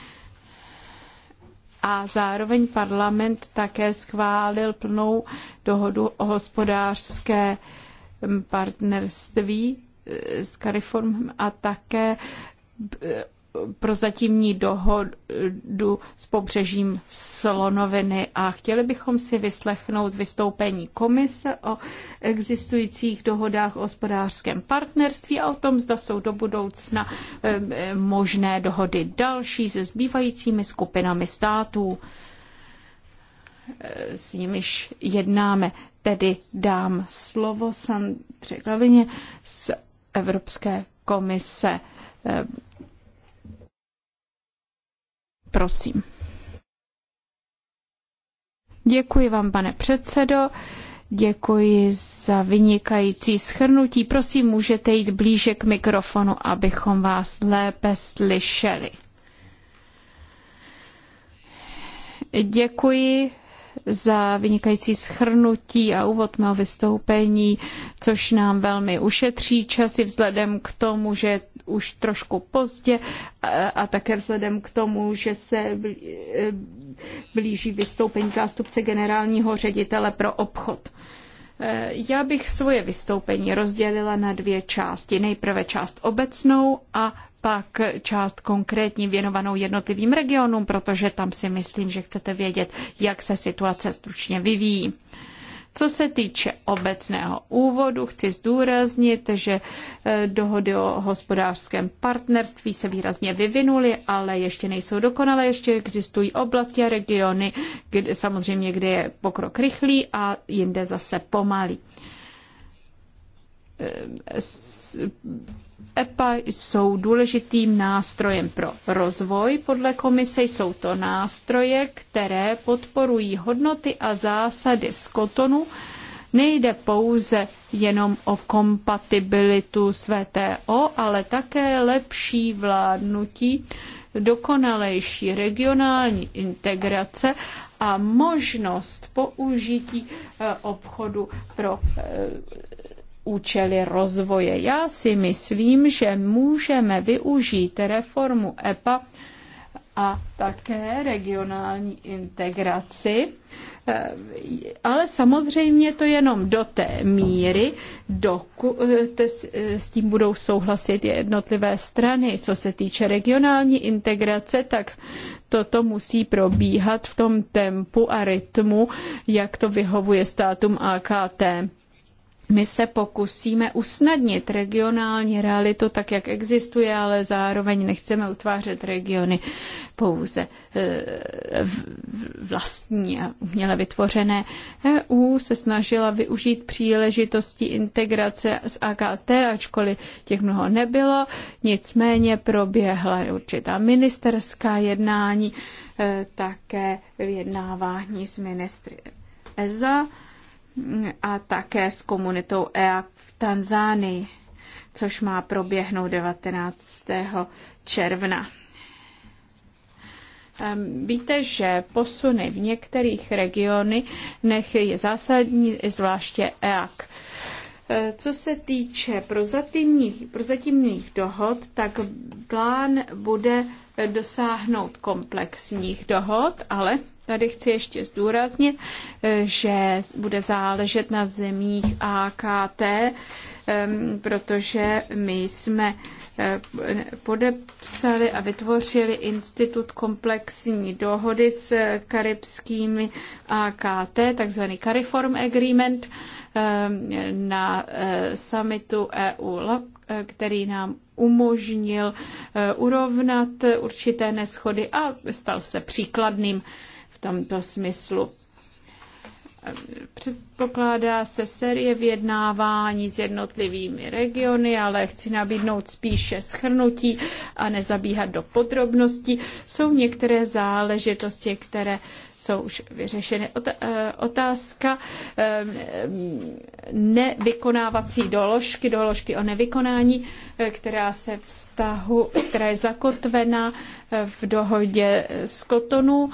a zároveň parlament také schválil plnou dohodu o hospodářské mm, partnerství eh, s Cariformem a také eh, prozatímní dohodu s pobřežím Slonoviny a chtěli bychom si vyslechnout vystoupení komise o existujících dohodách o hospodářském partnerství a o tom, zda jsou do budoucna eh, možné dohody další se zbývajícími skupinami států eh, s nimiž jednáme. Tedy dám slovo Sandře Klavině z Evropské komise eh, prosím. Děkuji vám, pane předsedo. Děkuji za vynikající schrnutí. Prosím, můžete jít blíže k mikrofonu, abychom vás lépe slyšeli. Děkuji za vynikající schrnutí a úvod mého vystoupení, což nám velmi ušetří časy vzhledem k tomu, že už trošku pozdě a, a také vzhledem k tomu, že se e, blíží vystoupení zástupce generálního ředitele pro obchod. E, já bych svoje vystoupení rozdělila na dvě části. Nejprve část obecnou a pak část konkrétní věnovanou jednotlivým regionům, protože tam si myslím, že chcete vědět, jak se situace stručně vyvíjí. Co se týče obecného úvodu, chci zdůraznit, že eh, dohody o hospodářském partnerství se výrazně vyvinuly, ale ještě nejsou dokonalé, ještě existují oblasti a regiony, kde, samozřejmě, kde je pokrok rychlý a jinde zase pomalý eh, EPA jsou důležitým nástrojem pro rozvoj. Podle komise jsou to nástroje, které podporují hodnoty a zásady z kotonu. Nejde pouze jenom o kompatibilitu s VTO, ale také lepší vládnutí, dokonalejší regionální integrace a možnost použití eh, obchodu pro eh, účely rozvoje. Já si myslím, že můžeme využít reformu EPA a také regionální integraci, eh, ale samozřejmě to jenom do té míry, dokud eh, eh, s tím budou souhlasit jednotlivé strany. Co se týče regionální integrace, tak toto musí probíhat v tom tempu a rytmu, jak to vyhovuje státům AKT my se pokusíme usnadnit regionální realitu tak, jak existuje, ale zároveň nechceme utvářet regiony pouze eh, vlastní a uměle vytvořené. EU se snažila využít příležitosti integrace s AKT, ačkoliv těch mnoho nebylo, nicméně proběhla určitá ministerská jednání, eh, také vyjednávání s ministry EZA a také s komunitou EAP v Tanzánii, což má proběhnout 19. června. Ehm, víte, že posuny v některých regionech je zásadní, zvláště EAK. Ehm, co se týče prozatímních, prozatímních dohod, tak plán bude dosáhnout komplexních dohod, ale Tady chci ještě zdůraznit, eh, že bude záležet na zemích AKT, protože my jsme eh, podepsali a vytvořili institut komplexní dohody s karibskými AKT, takzvaný Cariform Agreement, na eh, summitu EU, který nám umožnil urovnat určité neschody a stal se příkladným tomto smyslu. Předpokládá se série vyjednávání s jednotlivými regiony, ale chci nabídnout spíše schrnutí a nezabíhat do podrobností. Jsou některé záležitosti, které jsou už vyřešeny. Eh, otázka eh, nevykonávací doložky, doložky o nevykonání, eh, která se vztahu, která je zakotvena v dohodě s Kotonu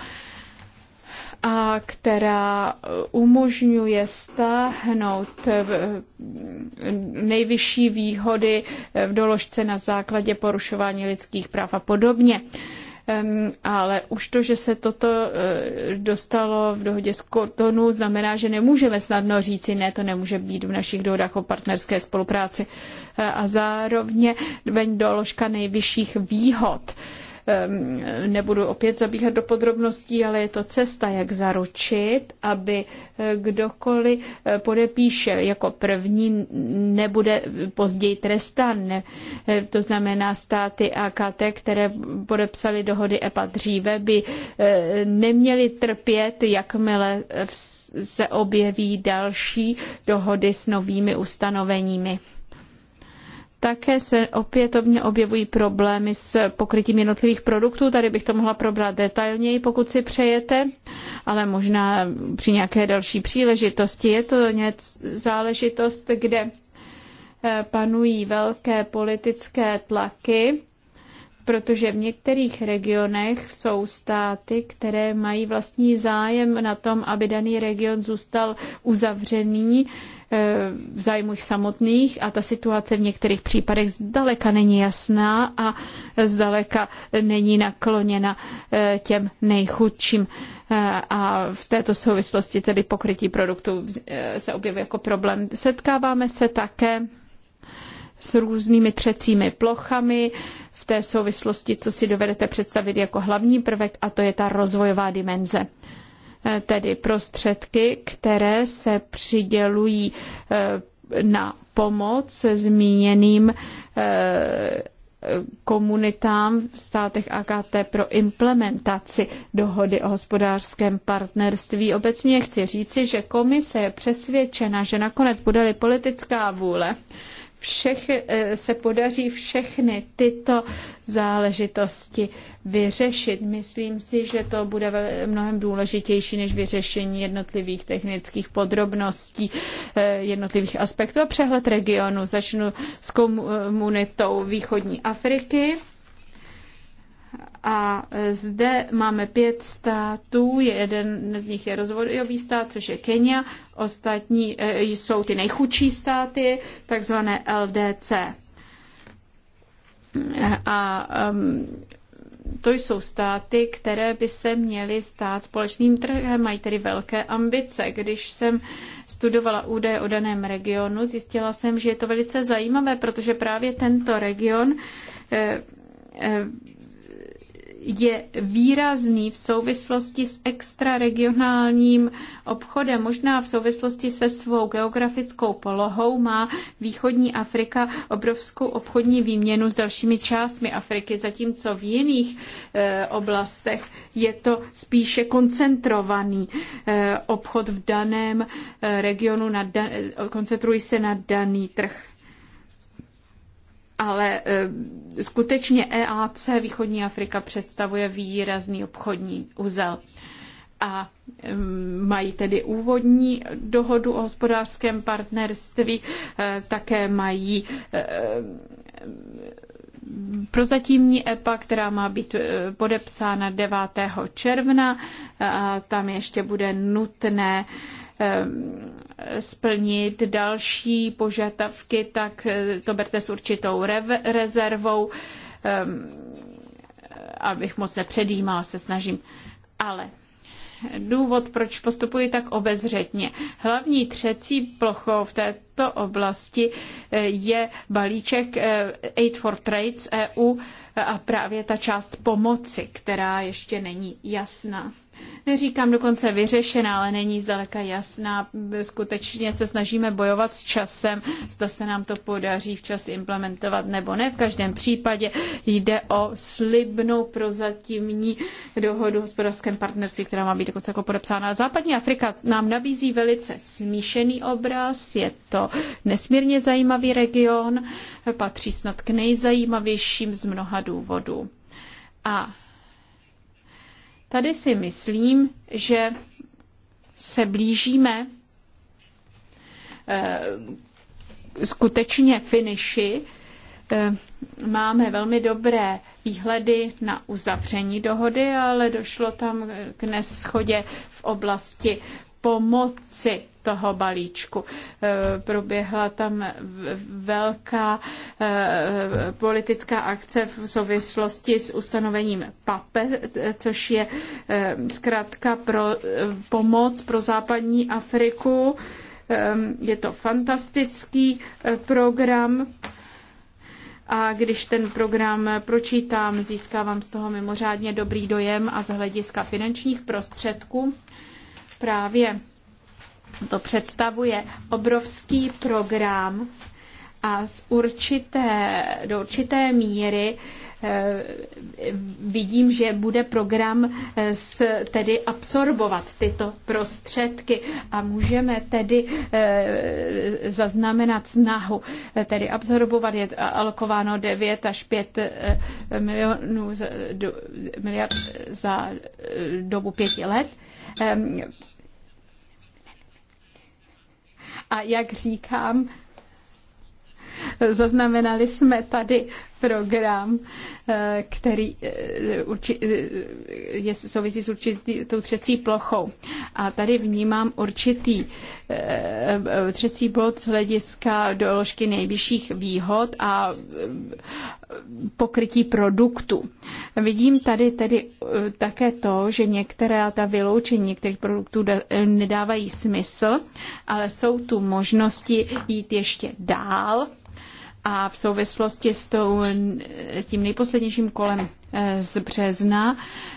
a která umožňuje stáhnout eh, nejvyšší výhody eh, v doložce na základě porušování lidských práv a podobně. Ale už to, že se toto eh, dostalo v dohodě s Kotonu, znamená, že nemůžeme snadno říci, ne, to nemůže být v našich dohodách o partnerské spolupráci. A zároveň doložka nejvyšších výhod Ehm, nebudu opět zabíhat do podrobností, ale je to cesta, jak zaručit, aby eh, kdokoliv eh, podepíše jako první, nebude později trestán. Eh, to znamená, státy AKT, které podepsaly dohody EPA dříve, by neměly trpět, jakmile se objeví další dohody s novými ustanoveními. Také se opětovně objevují problémy s pokrytím jednotlivých produktů. Tady bych to mohla probrat detailněji, pokud si přejete, ale možná při nějaké další příležitosti. Je to něc, záležitost, kde eh, panují velké politické tlaky, protože v některých regionech jsou státy, které mají vlastní zájem na tom, aby daný region zůstal uzavřený E, v zájmu samotných a ta situace v některých případech zdaleka není jasná a zdaleka není nakloněna e, těm nejchudším. E, a v této souvislosti tedy pokrytí produktů se objevuje jako problém. Setkáváme se také s různými třecími plochami, v té souvislosti, co si dovedete představit jako hlavní prvek, a to je ta rozvojová dimenze tedy prostředky, které se přidělují eh, na pomoc zmíněným eh, komunitám v státech AKT pro implementaci dohody o hospodářském partnerství. Obecně chci říci, že komise je přesvědčena, že nakonec bude-li politická vůle, všech, eh, se podaří všechny tyto záležitosti vyřešit. Myslím si, že to bude mnohem důležitější než vyřešení jednotlivých technických podrobností, eh, jednotlivých aspektů a přehled regionu. Začnu s eh, komunitou východní Afriky. A e, zde máme pět států, jeden z nich je rozvojový stát, což je Kenia, ostatní e, jsou ty nejchudší státy, takzvané LDC. A to jsou státy, které by se měly stát společným trhem, mají tedy velké ambice. Když jsem studovala údaje o daném regionu, zjistila jsem, že je to velice zajímavé, protože právě tento region e, je výrazný v souvislosti s extraregionálním obchodem. Možná v souvislosti se svou geografickou polohou má východní Afrika obrovskou obchodní výměnu s dalšími částmi Afriky, zatímco v jiných e, oblastech je to spíše koncentrovaný e, obchod v daném e, regionu, na da, koncentrují se na daný trh ale eh, skutečně EAC Východní Afrika představuje výrazný obchodní uzel a mm, mají tedy úvodní dohodu o hospodářském partnerství, eh, také mají eh, prozatímní EPA, která má být podepsána 9. června. A tam ještě bude nutné splnit další požadavky, tak eh, to berte s určitou rezervou, ehm, abych moc nepředjímala, se snažím. Ale důvod, proč postupuji tak obezřetně. Hlavní třecí plochou v této oblasti eh, je balíček eh, Aid for Trades EU a právě ta část pomoci, která ještě není jasná neříkám dokonce vyřešená, ale není zdaleka jasná. Skutečně se snažíme bojovat s časem, zda se nám to podaří včas implementovat nebo ne. V každém případě jde o slibnou prozatímní dohodu o hospodářském partnerství, která má být dokonce jako podepsána. Západní Afrika nám nabízí velice smíšený obraz, je to nesmírně zajímavý region, patří snad k nejzajímavějším z mnoha důvodů. A Tady si myslím, že se blížíme eh, skutečně finiši. Eh, máme velmi dobré výhledy na uzavření dohody, ale došlo tam k neschodě v oblasti pomoci toho balíčku. E, proběhla tam velká e, politická akce v souvislosti s ustanovením PAPE, e, což je zkrátka pro pomoc pro západní Afriku. Je to fantastický program. A když ten program pročítám, získávám z toho mimořádně dobrý dojem a z hlediska finančních prostředků právě to představuje obrovský program a z určité, do určité míry eh, vidím, že bude program eh, s, tedy absorbovat tyto prostředky a můžeme tedy eh, zaznamenat snahu tedy absorbovat je alokováno 9 až 5 milionů za, do, miliard za dobu pěti let ehm, a jak říkám, zaznamenali jsme tady program, eh, který eh, eh, je souvisí s určitou třecí plochou. A tady vnímám určitý Eh, třecí bod z hlediska doložky nejvyšších výhod a eh, pokrytí produktu. Vidím tady tedy eh, také to, že některé ta vyloučení některých produktů nedávají smysl, ale jsou tu možnosti jít ještě dál a v souvislosti s, tou, s tím nejposlednějším kolem z března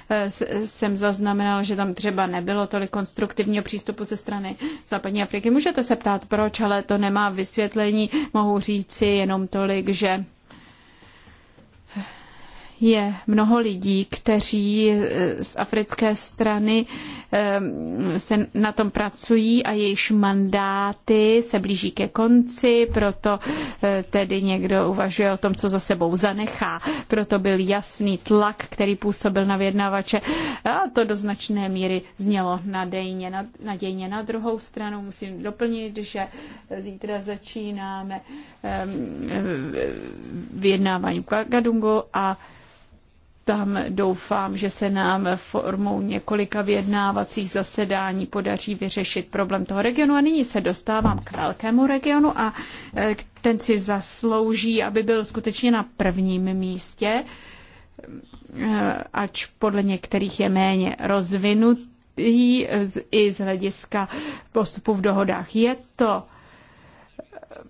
Eh, jsem zaznamenal, že tam třeba nebylo tolik konstruktivního přístupu ze strany západní Afriky. Můžete se ptát, proč, ale to nemá vysvětlení. Mohu říci jenom tolik, že je mnoho lidí, kteří eh, z africké strany Ehm, se na tom pracují a jejichž mandáty se blíží ke konci, proto eh, tedy někdo uvažuje o tom, co za sebou zanechá. Proto byl jasný tlak, který působil na vyjednavače a to do značné míry znělo nadejně na, nadějně. Na druhou stranu musím doplnit, že zítra začínáme ehm, vyjednávání v Kagadungu a tam doufám, že se nám formou několika vyjednávacích zasedání podaří vyřešit problém toho regionu. A nyní se dostávám k velkému regionu a eh, ten si zaslouží, aby byl skutečně na prvním místě, eh, ač podle některých je méně rozvinutý i z hlediska postupu v dohodách. Je to eh,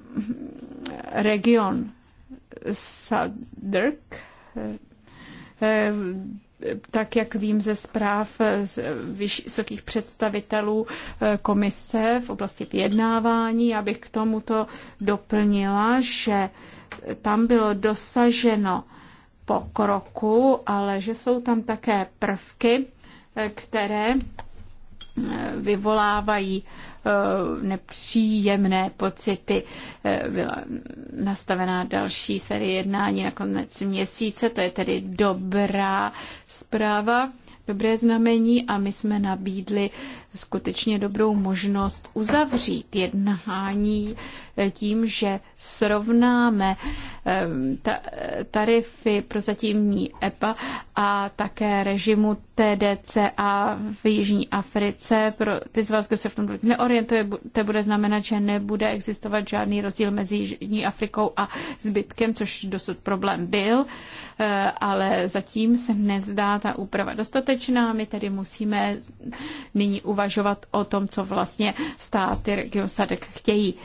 region Sadrk, Eh, tak jak vím ze zpráv eh, z vysokých představitelů eh, komise v oblasti vyjednávání, já bych k tomuto doplnila, že tam bylo dosaženo pokroku, ale že jsou tam také prvky, které vyvolávají Eh, nepříjemné pocity. Eh, byla nastavená další série jednání na konec měsíce, to je tedy dobrá zpráva dobré znamení a my jsme nabídli skutečně dobrou možnost uzavřít jednání eh, tím, že srovnáme eh, eh, tarify pro zatímní EPA a také režimu TDCA v Jižní Africe. Pro ty z vás, kdo se v tom neorientuje, to bude znamenat, že nebude existovat žádný rozdíl mezi Jižní Afrikou a zbytkem, což dosud problém byl, ale zatím se nezdá ta úprava dostatečná. My tedy musíme nyní uvažovat uvažovat o tom, co vlastně státy region Sadek chtějí.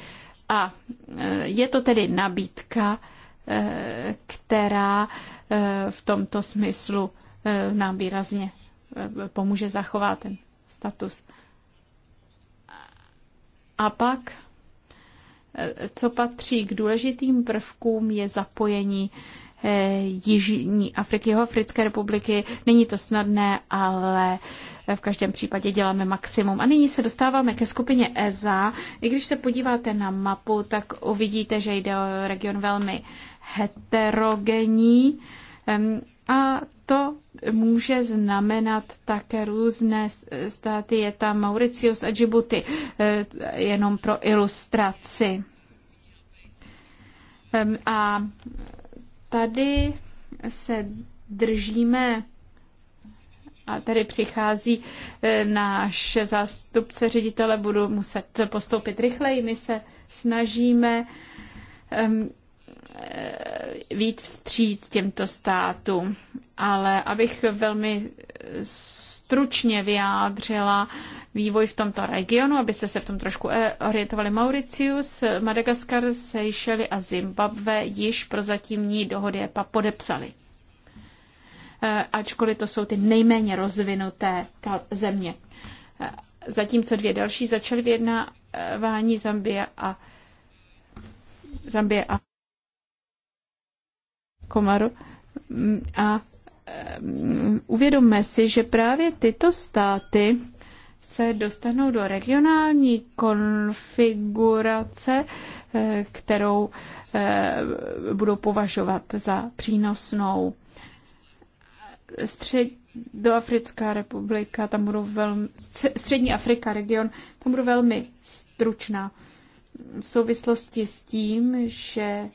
A e, je to tedy nabídka, e, která e, v tomto smyslu nám výrazně pomůže zachovat ten status. A pak, co patří k důležitým prvkům, je zapojení Jižní Afriky, africké republiky. Není to snadné, ale v každém případě děláme maximum. A nyní se dostáváme ke skupině EZA. I když se podíváte na mapu, tak uvidíte, že jde o region velmi heterogenní. A to může znamenat také různé státy. Je tam Mauricius a Djibouti, eh, jenom pro ilustraci. A tady se držíme a tady přichází e, náš zástupce ředitele, budu muset postoupit rychleji. My se snažíme um, e, vít vstříc těmto státům. Ale abych velmi stručně vyjádřila vývoj v tomto regionu, abyste se v tom trošku e, orientovali. Mauricius, Madagaskar, Seychelles a Zimbabwe již prozatímní dohody EPA podepsali. Eh, ačkoliv to jsou ty nejméně rozvinuté země. Eh, zatímco dvě další začaly vyjednávání Zambie a Zambie a Komaru. Mm, a eh, uvědomme si, že právě tyto státy se dostanou do regionální konfigurace, kterou budou považovat za přínosnou. Středoafrická republika, tam budou velmi, Střední Afrika, region, tam budou velmi stručná. V souvislosti s tím, že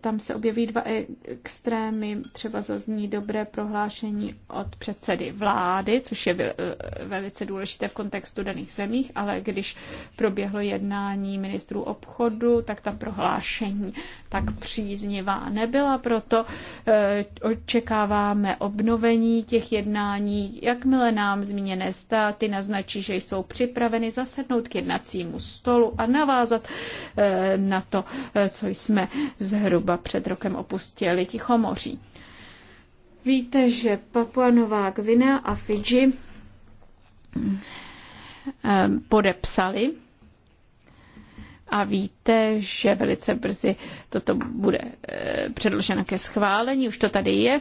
tam se objeví dva extrémy. Třeba zazní dobré prohlášení od předsedy vlády, což je velice důležité v kontextu daných zemích, ale když proběhlo jednání ministrů obchodu, tak ta prohlášení tak příznivá nebyla. Proto eh, očekáváme obnovení těch jednání, jakmile nám zmíněné státy naznačí, že jsou připraveny zasednout k jednacímu stolu a navázat eh, na to, eh, co jsme zhrnuli zhruba před rokem opustili Tichomoří. Víte, že Papua Nová Gvinea a Fidži eh, podepsali a víte, že velice brzy toto bude eh, předloženo ke schválení, už to tady je,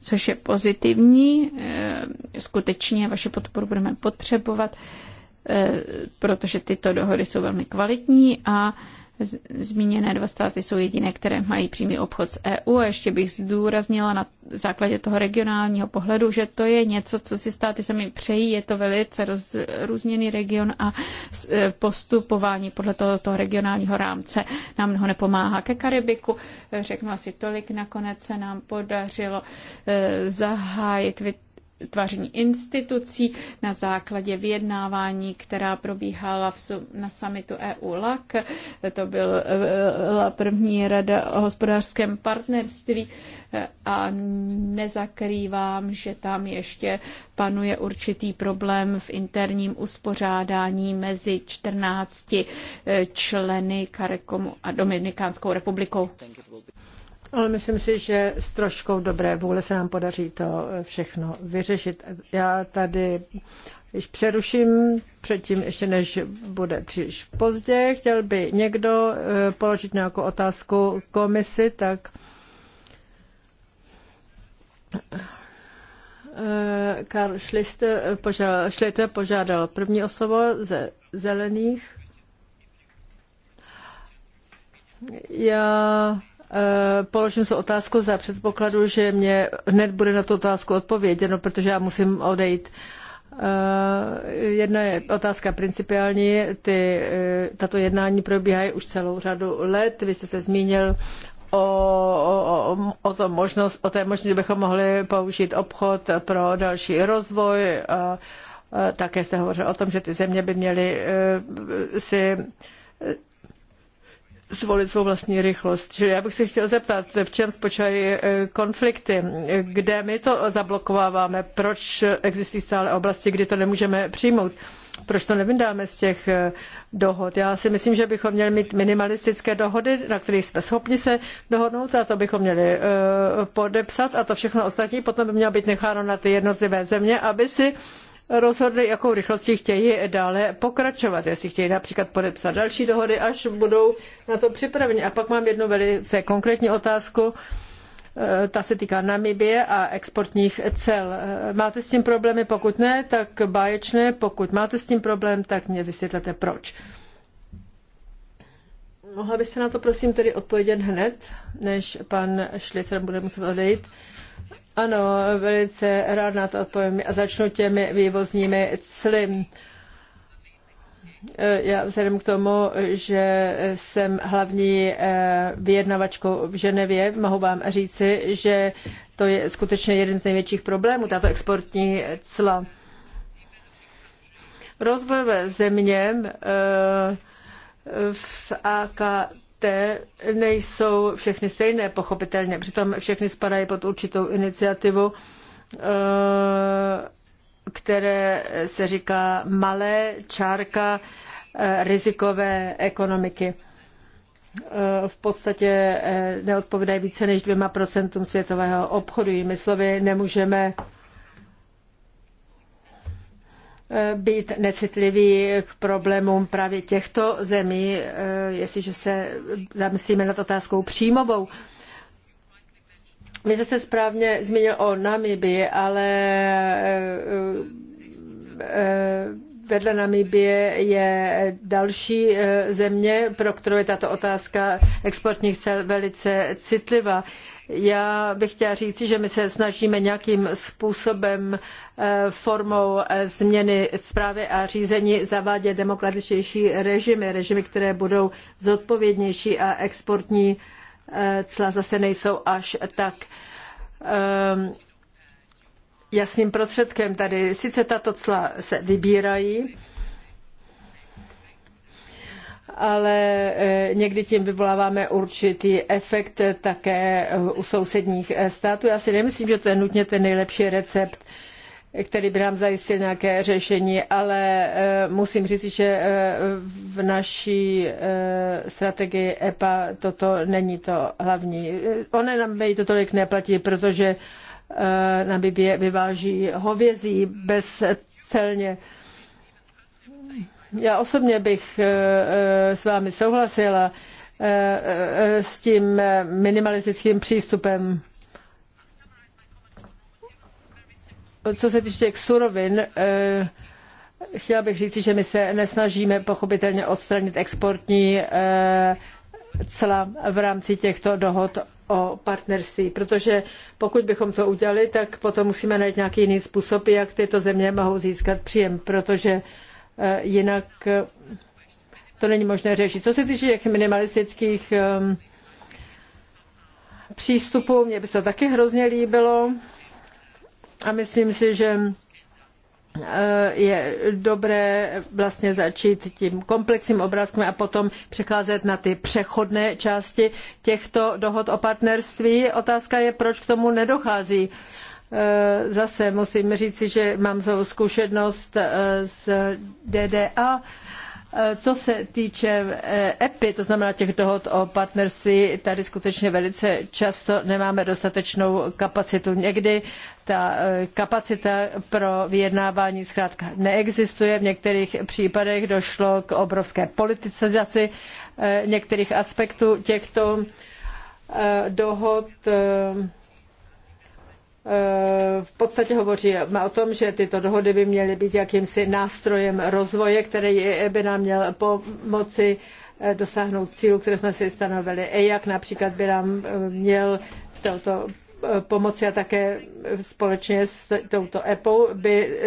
což je pozitivní. Eh, skutečně vaši podporu budeme potřebovat. Eh, protože tyto dohody jsou velmi kvalitní a Zmíněné dva státy jsou jediné, které mají přímý obchod s EU a ještě bych zdůraznila na základě toho regionálního pohledu, že to je něco, co si státy sami přejí, je to velice rozrůzněný region a eh, postupování podle tohoto regionálního rámce nám mnoho nepomáhá. Ke Karibiku eh, řeknu asi tolik, nakonec se nám podařilo zahájit vytvořit vytváření institucí na základě vyjednávání, která probíhala v, na samitu EU-LAC. To byla eh, první rada o hospodářském partnerství eh, a nezakrývám, že tam ještě panuje určitý problém v interním uspořádání mezi 14 eh, členy Karekomu a Dominikánskou republikou. Ale myslím si, že s troškou dobré vůle se nám podaří to eh, všechno vyřešit. Já tady již přeruším předtím, ještě než bude příliš pozdě. Chtěl by někdo eh, položit nějakou otázku komisi, tak eh, Karl Schlitter požádal, Schlitter požádal první osobo ze zelených. Já Eh, položím si otázku za předpokladu, že mě hned bude na tu otázku odpověděno, protože já musím odejít. Eh, jedna je otázka principiální. Ty, eh, tato jednání probíhají už celou řadu let. Vy jste se zmínil o, o, o, možnost, o té možnosti, že bychom mohli použít obchod pro další rozvoj. A také jste hovořil o tom, že ty země by měly si zvolit svou vlastní rychlost. Čili já bych se chtěl zeptat, v čem spočívají eh, konflikty, kde my to zablokováváme, proč existují stále oblasti, kdy to nemůžeme přijmout, proč to nevydáme z těch eh, dohod. Já si myslím, že bychom měli mít minimalistické dohody, na kterých jsme schopni se dohodnout a to bychom měli eh, podepsat a to všechno ostatní potom by mělo být necháno na ty jednotlivé země, aby si rozhodli, jakou rychlostí chtějí dále pokračovat, jestli chtějí například podepsat další dohody, až budou na to připraveni. A pak mám jednu velice konkrétní otázku. Eh, ta se týká Namibie a exportních cel. Eh, máte s tím problémy? Pokud ne, tak báječné. Pokud máte s tím problém, tak mě vysvětlete proč. Mohla byste na to prosím tedy odpovědět hned, než pan Schlitter bude muset odejít. Ano, velice rád na to odpovím a začnu těmi vývozními cly. Já vzhledem k tomu, že jsem hlavní eh, vyjednavačkou v Ženevě, mohu vám říci, že to je skutečně jeden z největších problémů, tato exportní cla. Rozvojové země eh, v AKT té nejsou všechny stejné, pochopitelně. Přitom všechny spadají pod určitou iniciativu, eh, které se říká malé čárka eh, rizikové ekonomiky. Eh, v podstatě neodpovídají více než dvěma procentům světového obchodu. Jinými slovy, nemůžeme Eh, být necitliví k problémům právě těchto zemí, eh, jestliže se zamyslíme nad otázkou příjmovou. Vy jste se správně zmínil o Namibii, ale eh, vedle Namibie je další země, pro kterou je tato otázka exportních cel velice citlivá. Já bych chtěla říci, že my se snažíme nějakým způsobem eh, formou eh, změny zprávy a řízení zavádět demokratičtější režimy, režimy, které budou zodpovědnější a exportní eh, cla zase nejsou až tak ehm, jasným prostředkem tady. Sice tato cla se vybírají, ale eh, někdy tím vyvoláváme určitý efekt také eh, u sousedních eh, států. Já si nemyslím, že to je nutně ten nejlepší recept který by nám zajistil nějaké řešení, ale musím říct, že v naší strategii EPA toto není to hlavní. Ona nám to tolik neplatí, protože Bibě vyváží hovězí bezcelně. celně já osobně bych eh, eh, s vámi souhlasila eh, s tím minimalistickým přístupem. Co se týče těch surovin, chtěla bych říci, že my se nesnažíme pochopitelně odstranit exportní cla v rámci těchto dohod o partnerství, protože pokud bychom to udělali, tak potom musíme najít nějaký jiný způsob, jak tyto země mohou získat příjem, protože Eh, jinak eh, to není možné řešit. Co se týče těch minimalistických ehm, přístupů, mně by se to taky hrozně líbilo a myslím si, že eh, je dobré vlastně začít tím komplexním obrázkem a potom přecházet na ty přechodné části těchto dohod o partnerství. Otázka je, proč k tomu nedochází. Eh, zase musím říci, že mám svou zkušenost eh, z DDA. Eh, co se týče EPI, e to znamená těch dohod o partnerství, tady skutečně velice často nemáme dostatečnou kapacitu. Někdy ta kapacita pro vyjednávání zkrátka neexistuje. V některých případech došlo k obrovské politizaci některých aspektů těchto dohod Eh, v podstatě hovoří o tom, že tyto dohody by měly být jakýmsi nástrojem rozvoje, který by nám měl pomoci eh, dosáhnout cílu, které jsme si stanovili. E jak například by nám eh, měl v této pomoci a také společně s touto EPou by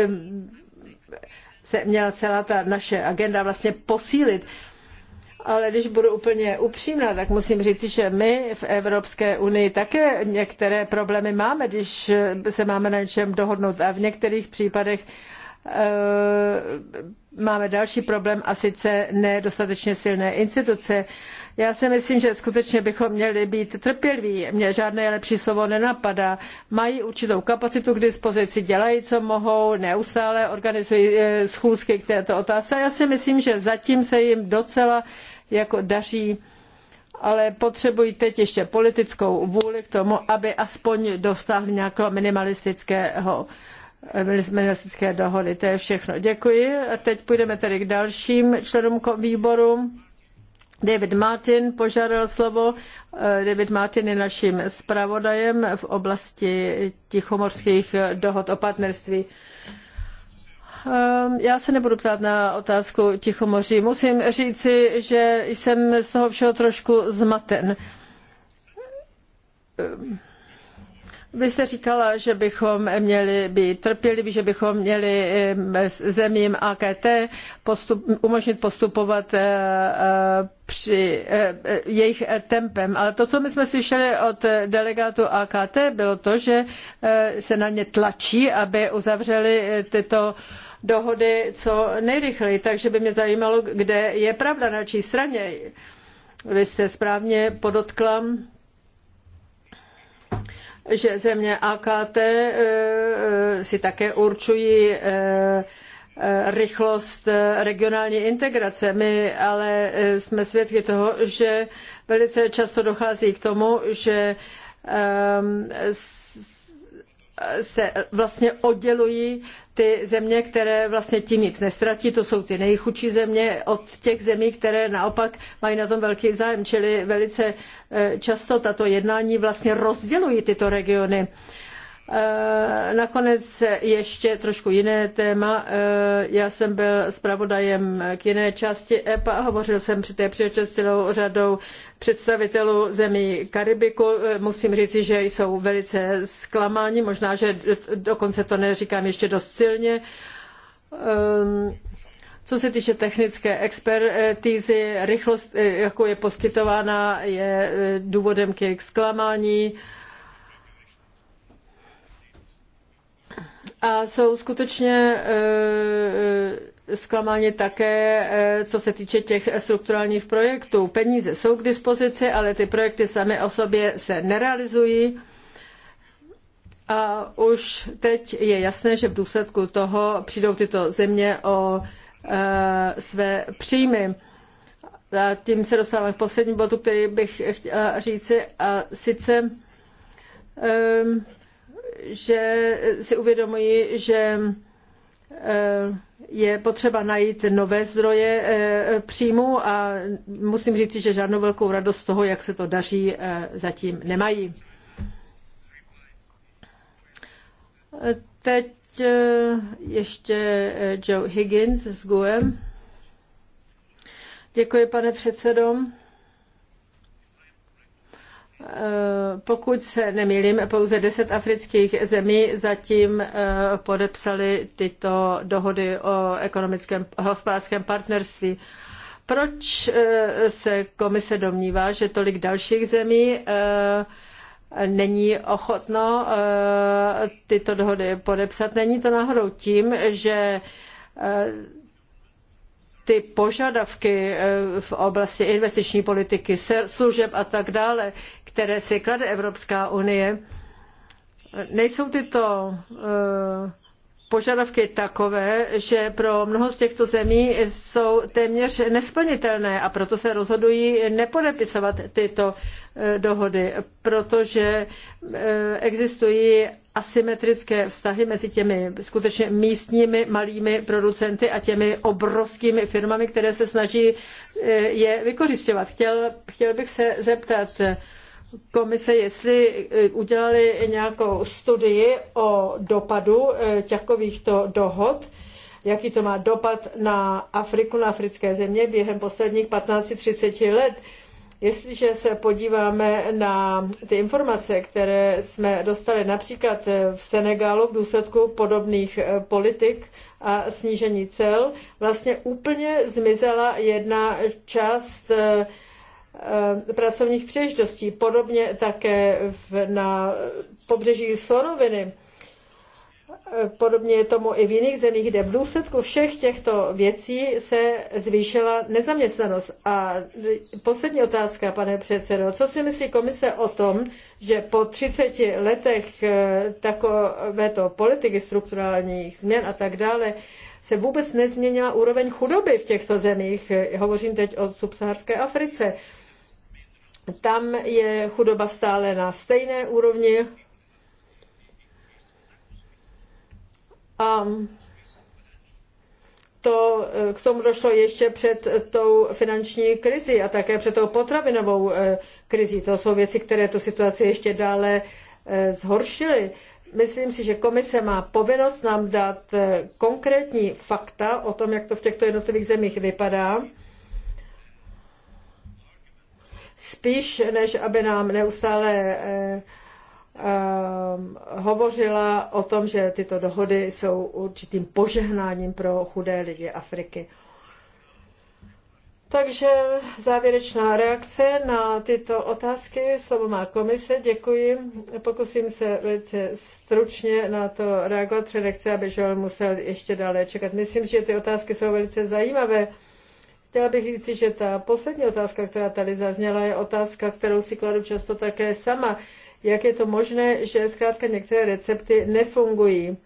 se měla celá ta naše agenda vlastně posílit ale když budu úplně upřímná, tak musím říct, že my v Evropské unii také některé problémy máme, když se máme na něčem dohodnout a v některých případech eh, máme další problém a sice nedostatečně silné instituce. Já si myslím, že skutečně bychom měli být trpěliví. Mě žádné lepší slovo nenapadá. Mají určitou kapacitu k dispozici, dělají, co mohou, neustále organizují eh, schůzky k této otázce. Já si myslím, že zatím se jim docela jako daří ale potřebují teď ještě politickou vůli k tomu, aby aspoň dostali nějakého minimalistického eh, minimalistické dohody. To je všechno. Děkuji. A teď půjdeme tedy k dalším členům výboru. David Martin požádal slovo. Eh, David Martin je naším zpravodajem v oblasti tichomorských dohod o partnerství. Ehm, já se nebudu ptát na otázku Tichomoří. Musím říci, že jsem z toho všeho trošku zmaten. Ehm, vy jste říkala, že bychom měli být trpěliví, že bychom měli zemím AKT postup, umožnit postupovat eh, eh, při eh, jejich tempem. Ale to, co my jsme slyšeli od delegátu AKT, bylo to, že se na ně tlačí, aby uzavřeli tyto dohody co nejrychleji. Takže by mě zajímalo, kde je pravda, na čí straně. Vy jste správně podotkla že země AKT e, e, si také určují e, rychlost regionální integrace. My ale jsme svědky toho, že velice často dochází k tomu, že se vlastně oddělují ty země, které vlastně tím nic nestratí, to jsou ty nejchudší země od těch zemí, které naopak mají na tom velký zájem, čili velice eh, často tato jednání vlastně rozdělují tyto regiony. Eh, nakonec ještě trošku jiné téma. Eh, já jsem byl zpravodajem k jiné části EPA, hovořil jsem při té příležitosti celou řadou představitelů zemí Karibiku. Eh, musím říci, že jsou velice zklamáni, možná, že dokonce to neříkám ještě dost silně. Co se týče technické expertízy, rychlost, jakou je poskytována, je důvodem k jejich zklamání. a jsou skutečně e, e, zklamáni také, e, co se týče těch strukturálních projektů. Peníze jsou k dispozici, ale ty projekty samy o sobě se nerealizují. A už teď je jasné, že v důsledku toho přijdou tyto země o své příjmy. A tím se dostávám k poslednímu bodu, který bych chtěla říci, a sice že si uvědomuji, že eh, je potřeba najít nové zdroje eh, příjmu a musím říct, že žádnou velkou radost z toho, jak se to daří, eh, zatím nemají. Teď ještě Joe Higgins s GUEM. Děkuji, pane předsedo. Eh, pokud se nemýlím, pouze deset afrických zemí zatím eh, podepsali tyto dohody o ekonomickém hospodářském partnerství. Proč eh, se komise domnívá, že tolik dalších zemí není ochotno tyto dohody podepsat? Není to náhodou tím, že ty požadavky eh, v oblasti investiční politiky, služeb a tak dále, které si klade Evropská unie, nejsou tyto eh, požadavky takové, že pro mnoho z těchto zemí jsou téměř nesplnitelné a proto se rozhodují nepodepisovat tyto eh, dohody, protože existují asymetrické vztahy mezi těmi skutečně místními malými producenty a těmi obrovskými firmami, které se snaží e, je vykořišťovat. Chtěl, chtěl bych se zeptat komise, jestli e, udělali nějakou studii o dopadu e, takovýchto dohod, jaký to má dopad na Afriku, na africké země během posledních 15-30 let Jestliže se podíváme na ty informace, které jsme dostali například v Senegalu v důsledku podobných eh, politik a snížení cel, vlastně úplně zmizela jedna část eh, eh, pracovních příležitostí. Podobně také na pobřeží Slonoviny Podobně je tomu i v jiných zemích, kde v důsledku všech těchto věcí se zvýšila nezaměstnanost. A poslední otázka, pane předsedo. Co si myslí komise o tom, že po 30 letech eh, takovéto politiky strukturálních změn a tak dále se vůbec nezměnila úroveň chudoby v těchto zemích? Hovořím teď o subsaharské Africe. Tam je chudoba stále na stejné úrovni, A to eh, k tomu došlo ještě před tou finanční krizi a také před tou potravinovou eh, krizi. To jsou věci, které tu situaci ještě dále eh, zhoršily. Myslím si, že komise má povinnost nám dát konkrétní fakta o tom, jak to v těchto jednotlivých zemích vypadá, spíš než aby nám neustále Ehm, hovořila o tom, že tyto dohody jsou určitým požehnáním pro chudé lidi Afriky. Takže závěrečná reakce na tyto otázky. Slovo má komise, děkuji. Pokusím se velice stručně na to reagovat, protože nechci, aby žel musel ještě dále čekat. Myslím, že ty otázky jsou velice zajímavé. Chtěla bych říct, že ta poslední otázka, která tady zazněla, je otázka, kterou si kladu často také sama jak je to možné, že zkrátka některé recepty nefungují.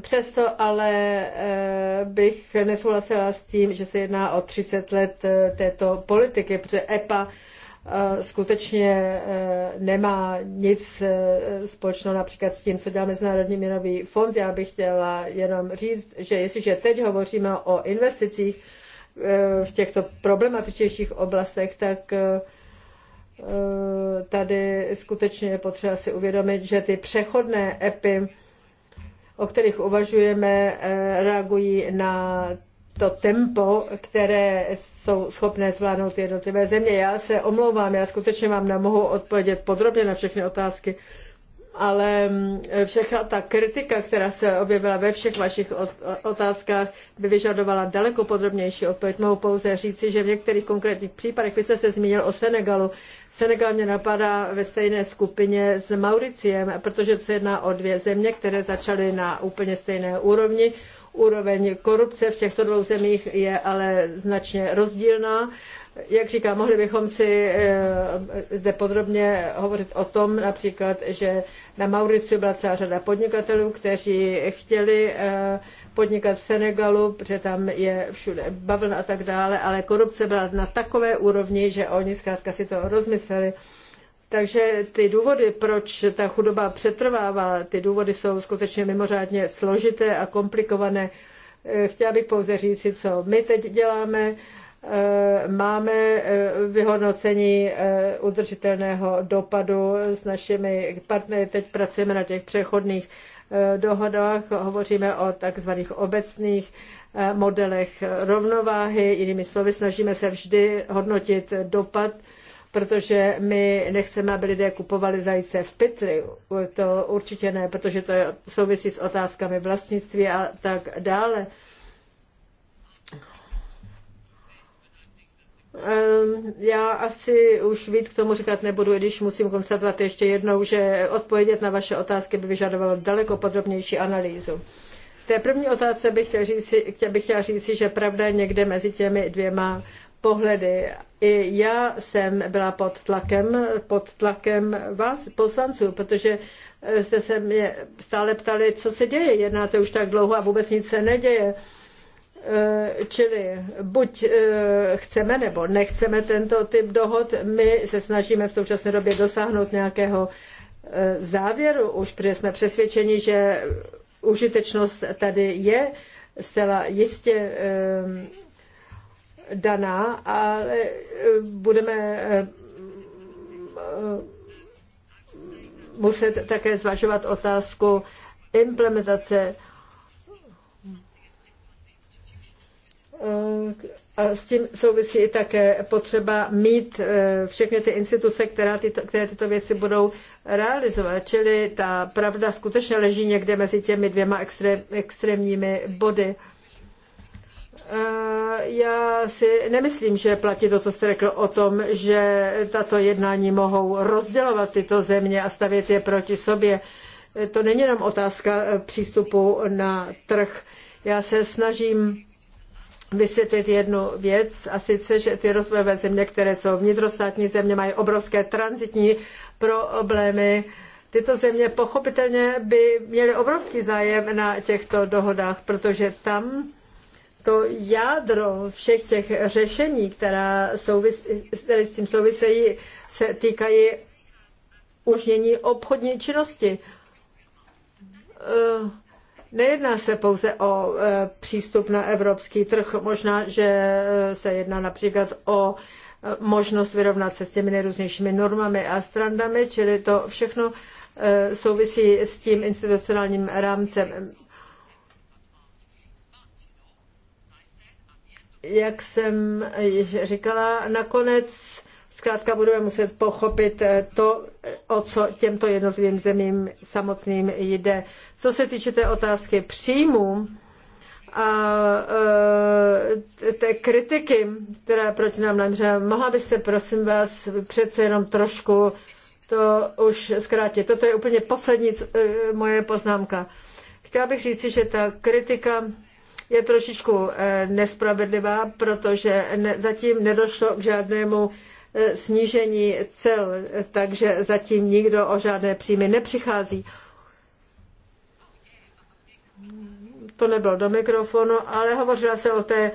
Přesto ale eh, bych nesouhlasila s tím, že se jedná o 30 let eh, této politiky, protože EPA eh, skutečně nemá nic společného například s tím, co dělá Mezinárodní měnový fond. Já bych chtěla jenom říct, že jestliže teď hovoříme o investicích v těchto problematičnějších oblastech, tak Eh, tady skutečně je potřeba si uvědomit, že ty přechodné epy, o kterých uvažujeme, eh, reagují na to tempo, které jsou schopné zvládnout jednotlivé země. Já se omlouvám, já skutečně vám nemohu odpovědět podrobně na všechny otázky, ale mm, všechna ta kritika, která se objevila ve všech vašich otázkách, by vyžadovala daleko podrobnější odpověď. Mohu pouze říci, že v některých konkrétních případech, vy jste se zmínil o Senegalu, Senegal mě napadá ve stejné skupině s Mauriciem, protože se jedná o dvě země, které začaly na úplně stejné úrovni. Úroveň korupce v těchto dvou zemích je ale značně rozdílná. Jak říkám, mohli bychom si eh, zde podrobně hovořit o tom například, že na Mauriciu byla celá řada podnikatelů, kteří chtěli eh, podnikat v Senegalu, protože tam je všude bavlna a tak dále, ale korupce byla na takové úrovni, že oni zkrátka si to rozmysleli. Takže ty důvody, proč ta chudoba přetrvává, ty důvody jsou skutečně mimořádně složité a komplikované. Eh, chtěla bych pouze říct, co my teď děláme. Eh, máme eh, vyhodnocení eh, udržitelného dopadu s našimi partnery. Teď pracujeme na těch přechodných dohodách, hovoříme o takzvaných obecných modelech rovnováhy. Jinými slovy, snažíme se vždy hodnotit dopad, protože my nechceme, aby lidé kupovali zajíce v pytli. To určitě ne, protože to souvisí s otázkami vlastnictví a tak dále. Já asi už víc k tomu říkat nebudu, i když musím konstatovat ještě jednou, že odpovědět na vaše otázky by vyžadovalo daleko podrobnější analýzu. Té první otázce bych chtěla říct, chtěl, chtěl říct, že pravda je někde mezi těmi dvěma pohledy. I já jsem byla pod tlakem, pod tlakem vás, poslanců, protože eh, jste se mě stále ptali, co se děje. Jednáte už tak dlouho a vůbec nic se neděje. Eh, čili buď eh, chceme nebo nechceme tento typ dohod, my se snažíme v současné době dosáhnout nějakého eh, závěru, už protože jsme přesvědčeni, že užitečnost tady je zcela jistě daná, ale budeme muset také zvažovat otázku implementace Eh, a s tím souvisí i také potřeba mít eh, všechny ty instituce, která tyto, které tyto věci budou realizovat. Čili ta pravda skutečně leží někde mezi těmi dvěma extrém, extrémními body. Eh, já si nemyslím, že platí to, co jste řekl o tom, že tato jednání mohou rozdělovat tyto země a stavět je proti sobě. To není jenom otázka přístupu na trh. Já se snažím vysvětlit jednu věc, a sice, že ty rozvojové země, které jsou vnitrostátní země, mají obrovské transitní problémy. Tyto země pochopitelně by měly obrovský zájem na těchto dohodách, protože tam to jádro všech těch řešení, která souvis, které s tím souvisejí, se týkají užnění obchodní činnosti. Uh, Nejedná se pouze o e, přístup na evropský trh, možná, že e, se jedná například o e, možnost vyrovnat se s těmi nejrůznějšími normami a strandami, čili to všechno souvisí s tím institucionálním rámcem. Jak jsem již říkala, nakonec zkrátka budeme muset pochopit eh, to, eh, o co těmto jednotlivým zemím samotným jde. Co se týče té otázky příjmů, a eh, té kritiky, která je proti nám namře, mohla byste, prosím vás, přece jenom trošku to už zkrátit. Toto je úplně poslední moje poznámka. Chtěla bych říci, že ta kritika je trošičku nespravedlivá, protože zatím nedošlo k žádnému snížení cel, takže zatím nikdo o žádné příjmy nepřichází. To nebylo do mikrofonu, ale hovořila se o té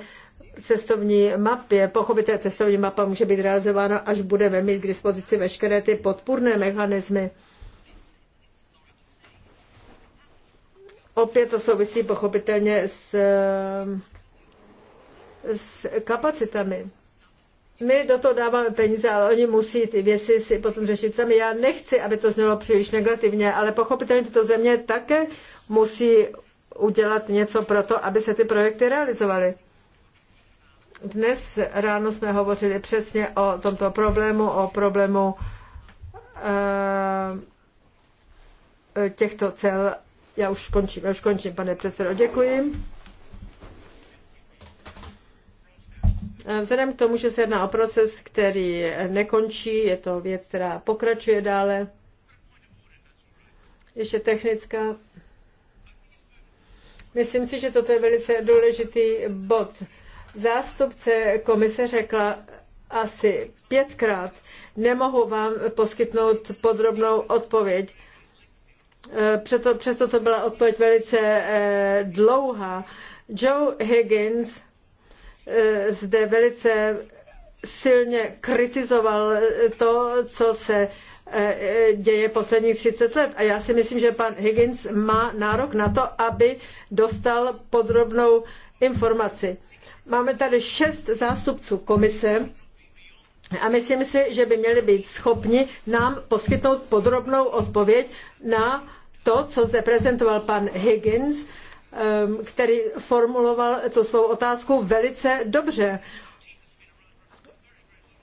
cestovní mapě. Pochopitelně cestovní mapa může být realizována, až budeme mít k dispozici veškeré ty podpůrné mechanismy. Opět to souvisí pochopitelně s, s kapacitami my do toho dáváme peníze, ale oni musí ty věci si potom řešit sami. Já nechci, aby to znělo příliš negativně, ale pochopitelně tyto země také musí udělat něco pro to, aby se ty projekty realizovaly. Dnes ráno jsme hovořili přesně o tomto problému, o problému eh, těchto cel. Já už končím, já už končím, pane předsedo, děkuji. Vzhledem k tomu, že se jedná o proces, který nekončí, je to věc, která pokračuje dále. Ještě technická. Myslím si, že toto je velice důležitý bod. Zástupce komise řekla asi pětkrát, nemohu vám poskytnout podrobnou odpověď. Eh, přesto, to byla odpověď velice eh, dlouhá. Joe Higgins Eh, zde velice silně kritizoval to, co se eh, eh, děje posledních 30 let. A já si myslím, že pan Higgins má nárok na to, aby dostal podrobnou informaci. Máme tady šest zástupců komise a myslím si, že by měli být schopni nám poskytnout podrobnou odpověď na to, co zde prezentoval pan Higgins Ehm, který formuloval tu svou otázku velice dobře.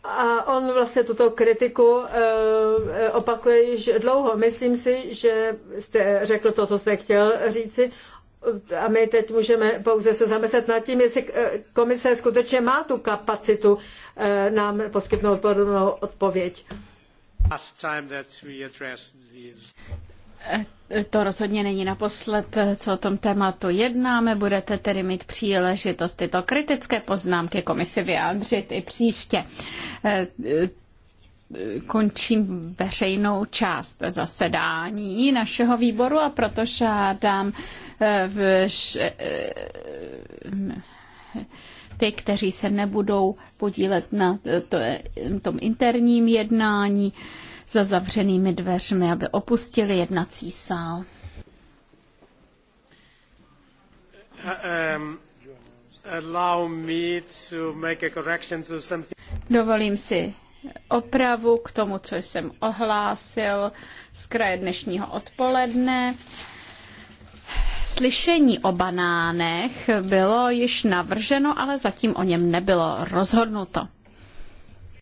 A on vlastně tuto kritiku ehm, opakuje již dlouho. Myslím si, že jste řekl to, co jste chtěl říci. A my teď můžeme pouze se zamyslet nad tím, jestli eh, komise skutečně má tu kapacitu eh, nám poskytnout podobnou odpověď to rozhodně není naposled, co o tom tématu jednáme. Budete tedy mít příležitost tyto kritické poznámky komisi vyjádřit i příště. Eh, eh, končím veřejnou část zasedání našeho výboru a proto žádám eh, v ty, kteří se nebudou podílet na tom interním jednání, za zavřenými dveřmi, aby opustili jednací sál. Dovolím si opravu k tomu, co jsem ohlásil z kraje dnešního odpoledne. Slyšení o banánech bylo již navrženo, ale zatím o něm nebylo rozhodnuto.